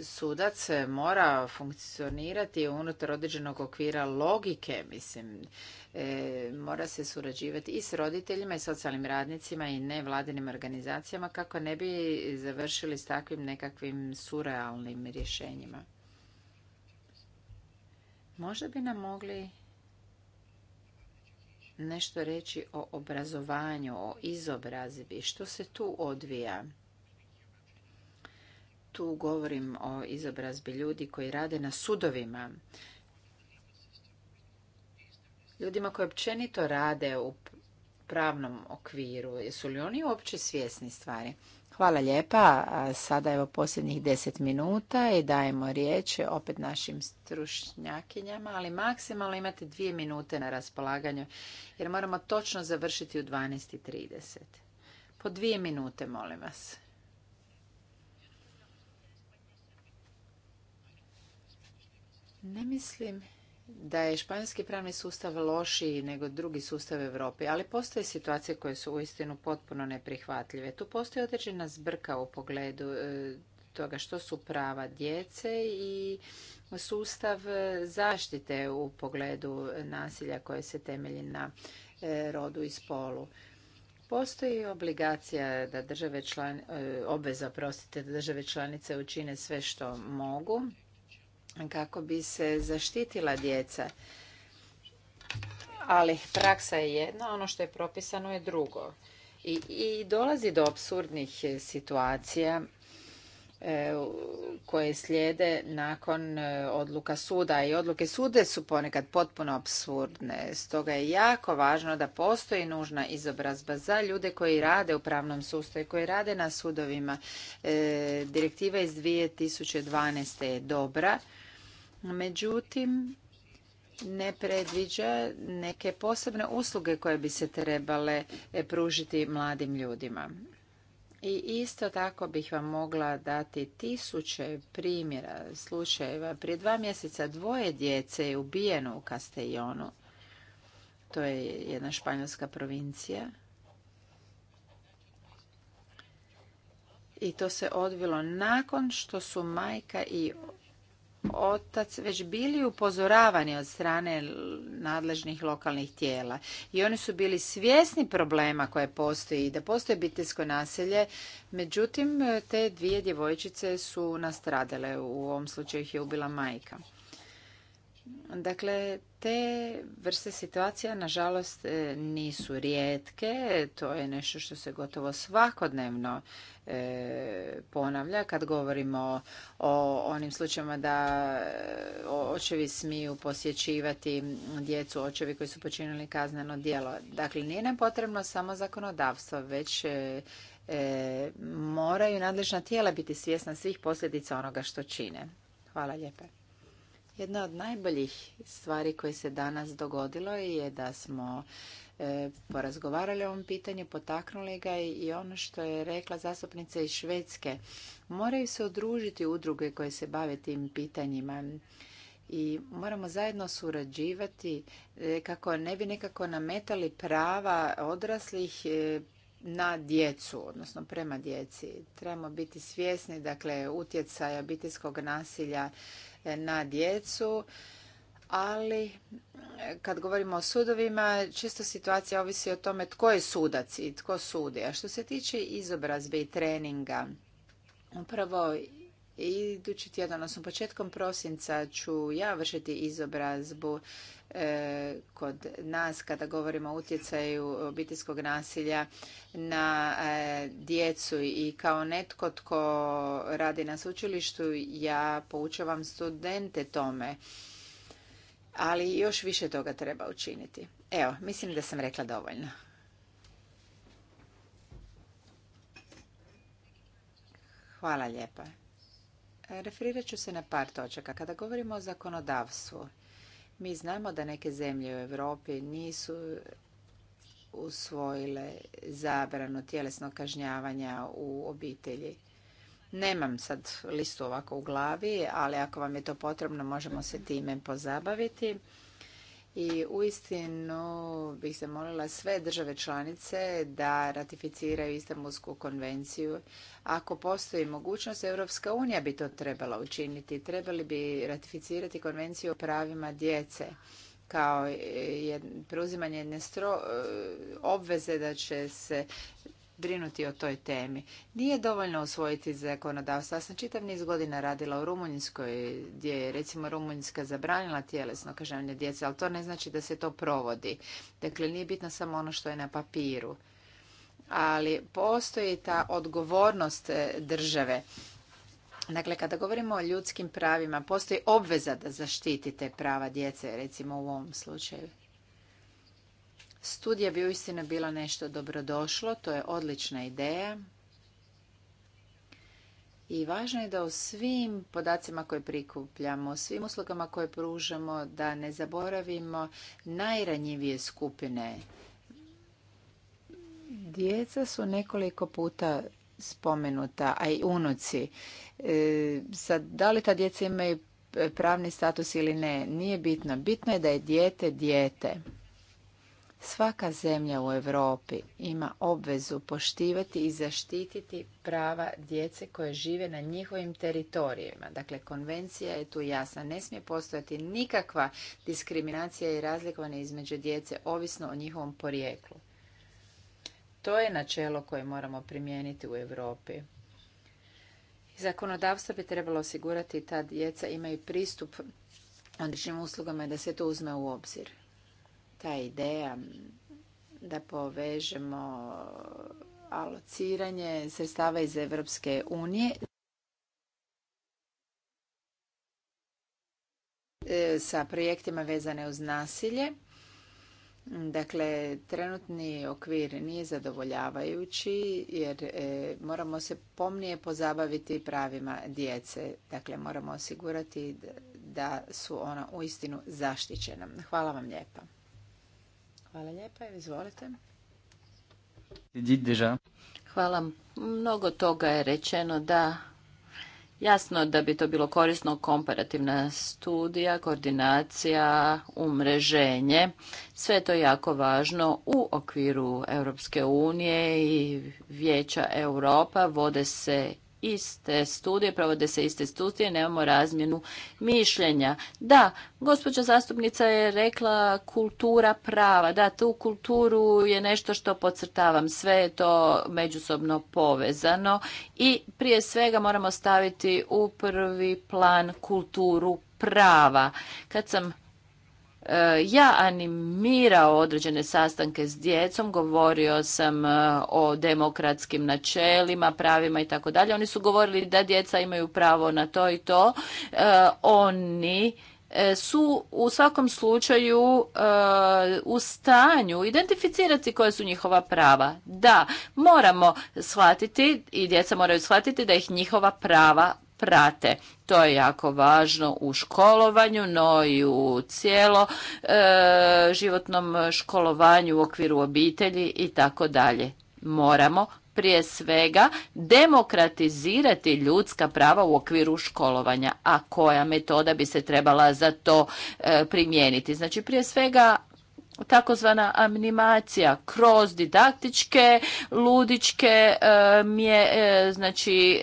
sudac mora funkcionirati unutar određenog okvira logike, mislim, e, mora se surađivati i s roditeljima i socijalnim radnicima i nevladinim organizacijama kako ne bi završili s takvim nekakvim surrealnim rješenjima. Možda bi nam mogli nešto reći o obrazovanju, o izobrazbi, što se tu odvija? Tu govorim o izobrazbi ljudi koji rade na sudovima, ljudima koji općenito rade u pravnom okviru. Jesu li oni uopće svjesni stvari? Hvala lijepa. Sada evo posljednjih deset minuta i dajemo riječ opet našim stručnjakinjama, ali maksimalno imate dvije minute na raspolaganju jer moramo točno završiti u 12.30. Po dvije minute, molim vas. Ne mislim da je španjolski pravni sustav lošiji nego drugi sustav Europe, ali postoje situacije koje su uistinu potpuno neprihvatljive. Tu postoji određena zbrka u pogledu e, toga što su prava djece i sustav e, zaštite u pogledu nasilja koje se temelji na e, rodu i spolu. Postoji obligacija da države član, obveza, prostite, da države članice učine sve što mogu kako bi se zaštitila djeca. Ali praksa je jedna, ono što je propisano je drugo. I, dolazi do absurdnih situacija e, koje slijede nakon e, odluka suda i odluke sude su ponekad potpuno absurdne. Stoga je jako važno da postoji nužna izobrazba za ljude koji rade u pravnom sustavu i koji rade na sudovima. E, direktiva iz 2012. je dobra Međutim, ne predviđa neke posebne usluge koje bi se trebale e, pružiti mladim ljudima. I isto tako bih vam mogla dati tisuće primjera slučajeva. Prije dva mjeseca dvoje djece je ubijeno u Castellonu. To je jedna španjolska provincija. I to se odvilo nakon što su majka i otac već bili upozoravani od strane nadležnih lokalnih tijela i oni su bili svjesni problema koje postoji i da postoji obiteljsko naselje, međutim te dvije djevojčice su nastradale, u ovom slučaju ih je ubila majka. Dakle, te vrste situacija, nažalost, e, nisu rijetke. To je nešto što se gotovo svakodnevno e, ponavlja kad govorimo o onim slučajevima da e, očevi smiju posjećivati djecu, očevi koji su počinili kazneno djelo. Dakle, nije nam potrebno samo zakonodavstvo, već moraju nadležna tijela biti svjesna svih posljedica onoga što čine. Hvala lijepa. Jedna od najboljih stvari koje se danas dogodilo je da smo e, porazgovarali o ovom pitanju, potaknuli ga i ono što je rekla zastupnica iz Švedske. Moraju se udružiti udruge koje se bave tim pitanjima i moramo zajedno surađivati e, kako ne bi nekako nametali prava odraslih e, na djecu, odnosno prema djeci. Trebamo biti svjesni, dakle, utjecaja obiteljskog nasilja na djecu, ali kad govorimo o sudovima, čisto situacija ovisi o tome tko je sudac i tko sudi. A što se tiče izobrazbe i treninga, upravo i idući tjedan, odnosno početkom prosinca ću ja vršiti izobrazbu e, kod nas kada govorimo o utjecaju obiteljskog nasilja na e, djecu i kao netko tko radi na sučilištu ja poučavam studente tome. Ali još više toga treba učiniti. Evo, mislim da sam rekla dovoljno. Hvala lijepa. Referirat ću se na par točaka. Kada govorimo o zakonodavstvu, mi znamo da neke zemlje u Europi nisu usvojile zabranu tjelesnog kažnjavanja u obitelji. Nemam sad listu ovako u glavi, ali ako vam je to potrebno možemo se time pozabaviti i uistinu bih se molila sve države članice da ratificiraju Istanbulsku konvenciju. Ako postoji mogućnost, Europska unija bi to trebala učiniti. Trebali bi ratificirati konvenciju o pravima djece kao preuzimanje jedne eh, obveze da će se brinuti o toj temi. Nije dovoljno usvojiti zakonodavstvo. Ja sam čitav niz godina radila u Rumunjskoj, gdje je recimo Rumunjska zabranila tjelesno kažnjavanje djece, ali to ne znači da se to provodi. Dakle, nije bitno samo ono što je na papiru. Ali postoji ta odgovornost e, države. Dakle, kada govorimo o ljudskim pravima, postoji obveza da zaštitite prava djece, recimo u ovom slučaju. Studija bi uistinu bila nešto dobrodošlo, to je odlična ideja. I važno je da u svim podacima koje prikupljamo, svim uslugama koje pružamo, da ne zaboravimo najranjivije skupine. Djeca su nekoliko puta spomenuta, a i unuci. E, sad, da li ta djeca imaju pravni status ili ne, nije bitno. Bitno je da je dijete dijete. Svaka zemlja u Europi ima obvezu poštivati i zaštititi prava djece koje žive na njihovim teritorijima. Dakle, konvencija je tu jasna. Ne smije postojati nikakva diskriminacija i razlikovanje između djece ovisno o njihovom porijeklu. To je načelo koje moramo primijeniti u Europi. Zakonodavstvo bi trebalo osigurati da djeca imaju pristup odličnim uslugama i da se to uzme u obzir ta ideja da povežemo alociranje sredstava iz Evropske unije e, sa projektima vezane uz nasilje. Dakle, trenutni okvir nije zadovoljavajući jer e, moramo se pomnije pozabaviti pravima djece. Dakle, moramo osigurati da su ona uistinu zaštićena. Hvala vam lijepa. Hvala lijepa, izvolite. Hvala. Mnogo toga je rečeno da jasno da bi to bilo korisno komparativna studija, koordinacija, umreženje. Sve to je jako važno u okviru Europske unije i Vijeća Europa vode se iste studije, provode se iste studije, nemamo razmjenu mišljenja. Da, gospođa zastupnica je rekla kultura prava. Da, tu kulturu je nešto što podcrtavam. Sve je to međusobno povezano i prije svega moramo staviti u prvi plan kulturu prava. Kad sam E, ja animirao određene sastanke s djecom, govorio sam e, o demokratskim načelima, pravima i tako dalje. Oni su govorili da djeca imaju pravo na to i to. E, oni su u svakom slučaju u stanju identificirati koje su njihova prava. Da, moramo shvatiti i djeca moraju shvatiti da ih njihova prava prate. To je jako važno u školovanju, no i u cijelo e, životnom školovanju u okviru obitelji i tako dalje. Moramo prije svega demokratizirati ljudska prava u okviru školovanja, a koja metoda bi se trebala za to e, primijeniti. Znači prije svega takozvana animacija kroz didaktičke, ludičke mje, e, znači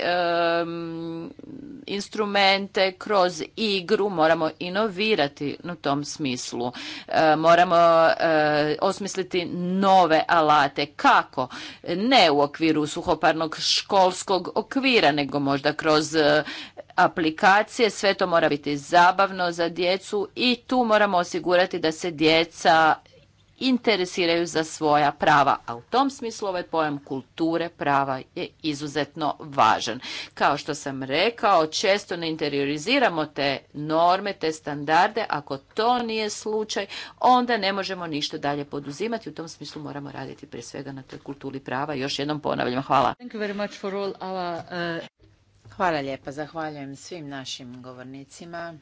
instrumente, kroz igru moramo inovirati u tom smislu. E, moramo e, osmisliti nove alate. Kako? Ne u okviru suhoparnog školskog okvira, nego možda kroz aplikacije, sve to mora biti zabavno za djecu i tu moramo osigurati da se djeca interesiraju za svoja prava, a u tom smislu ovaj pojam kulture prava je izuzetno važan. Kao što sam rekao, često ne interioriziramo te norme, te standarde. Ako to nije slučaj, onda ne možemo ništa dalje poduzimati. U tom smislu moramo raditi prije svega na toj kulturi prava. Još jednom ponavljam, hvala. Uh, hvala lijepa, zahvaljujem svim našim govornicima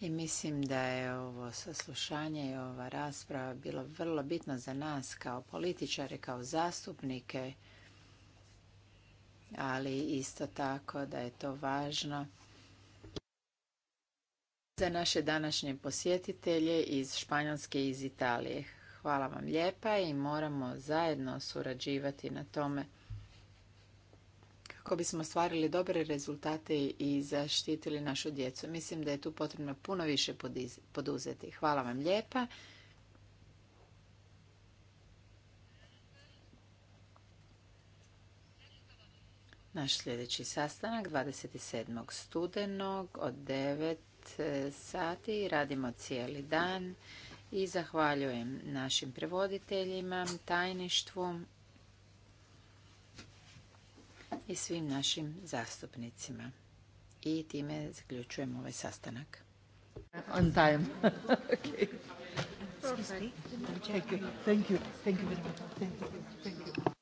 i mislim da je ovo saslušanje i ova rasprava bilo vrlo bitno za nas kao političare, kao zastupnike, ali isto tako da je to važno za naše današnje posjetitelje iz Španjolske i iz Italije. Hvala vam lijepa i moramo zajedno surađivati na tome kako bismo stvarili dobre rezultate i zaštitili našu djecu. Mislim da je tu potrebno puno više poduzeti. Hvala vam lijepa. Naš sljedeći sastanak 27. studenog od 9 e, sati. Radimo cijeli dan i zahvaljujem našim prevoditeljima, tajništvu i svim našim zastupnicima. I time zaključujem ovaj sastanak. On time. okay. Thank you. Thank you. Thank you very much. Thank you. Thank you.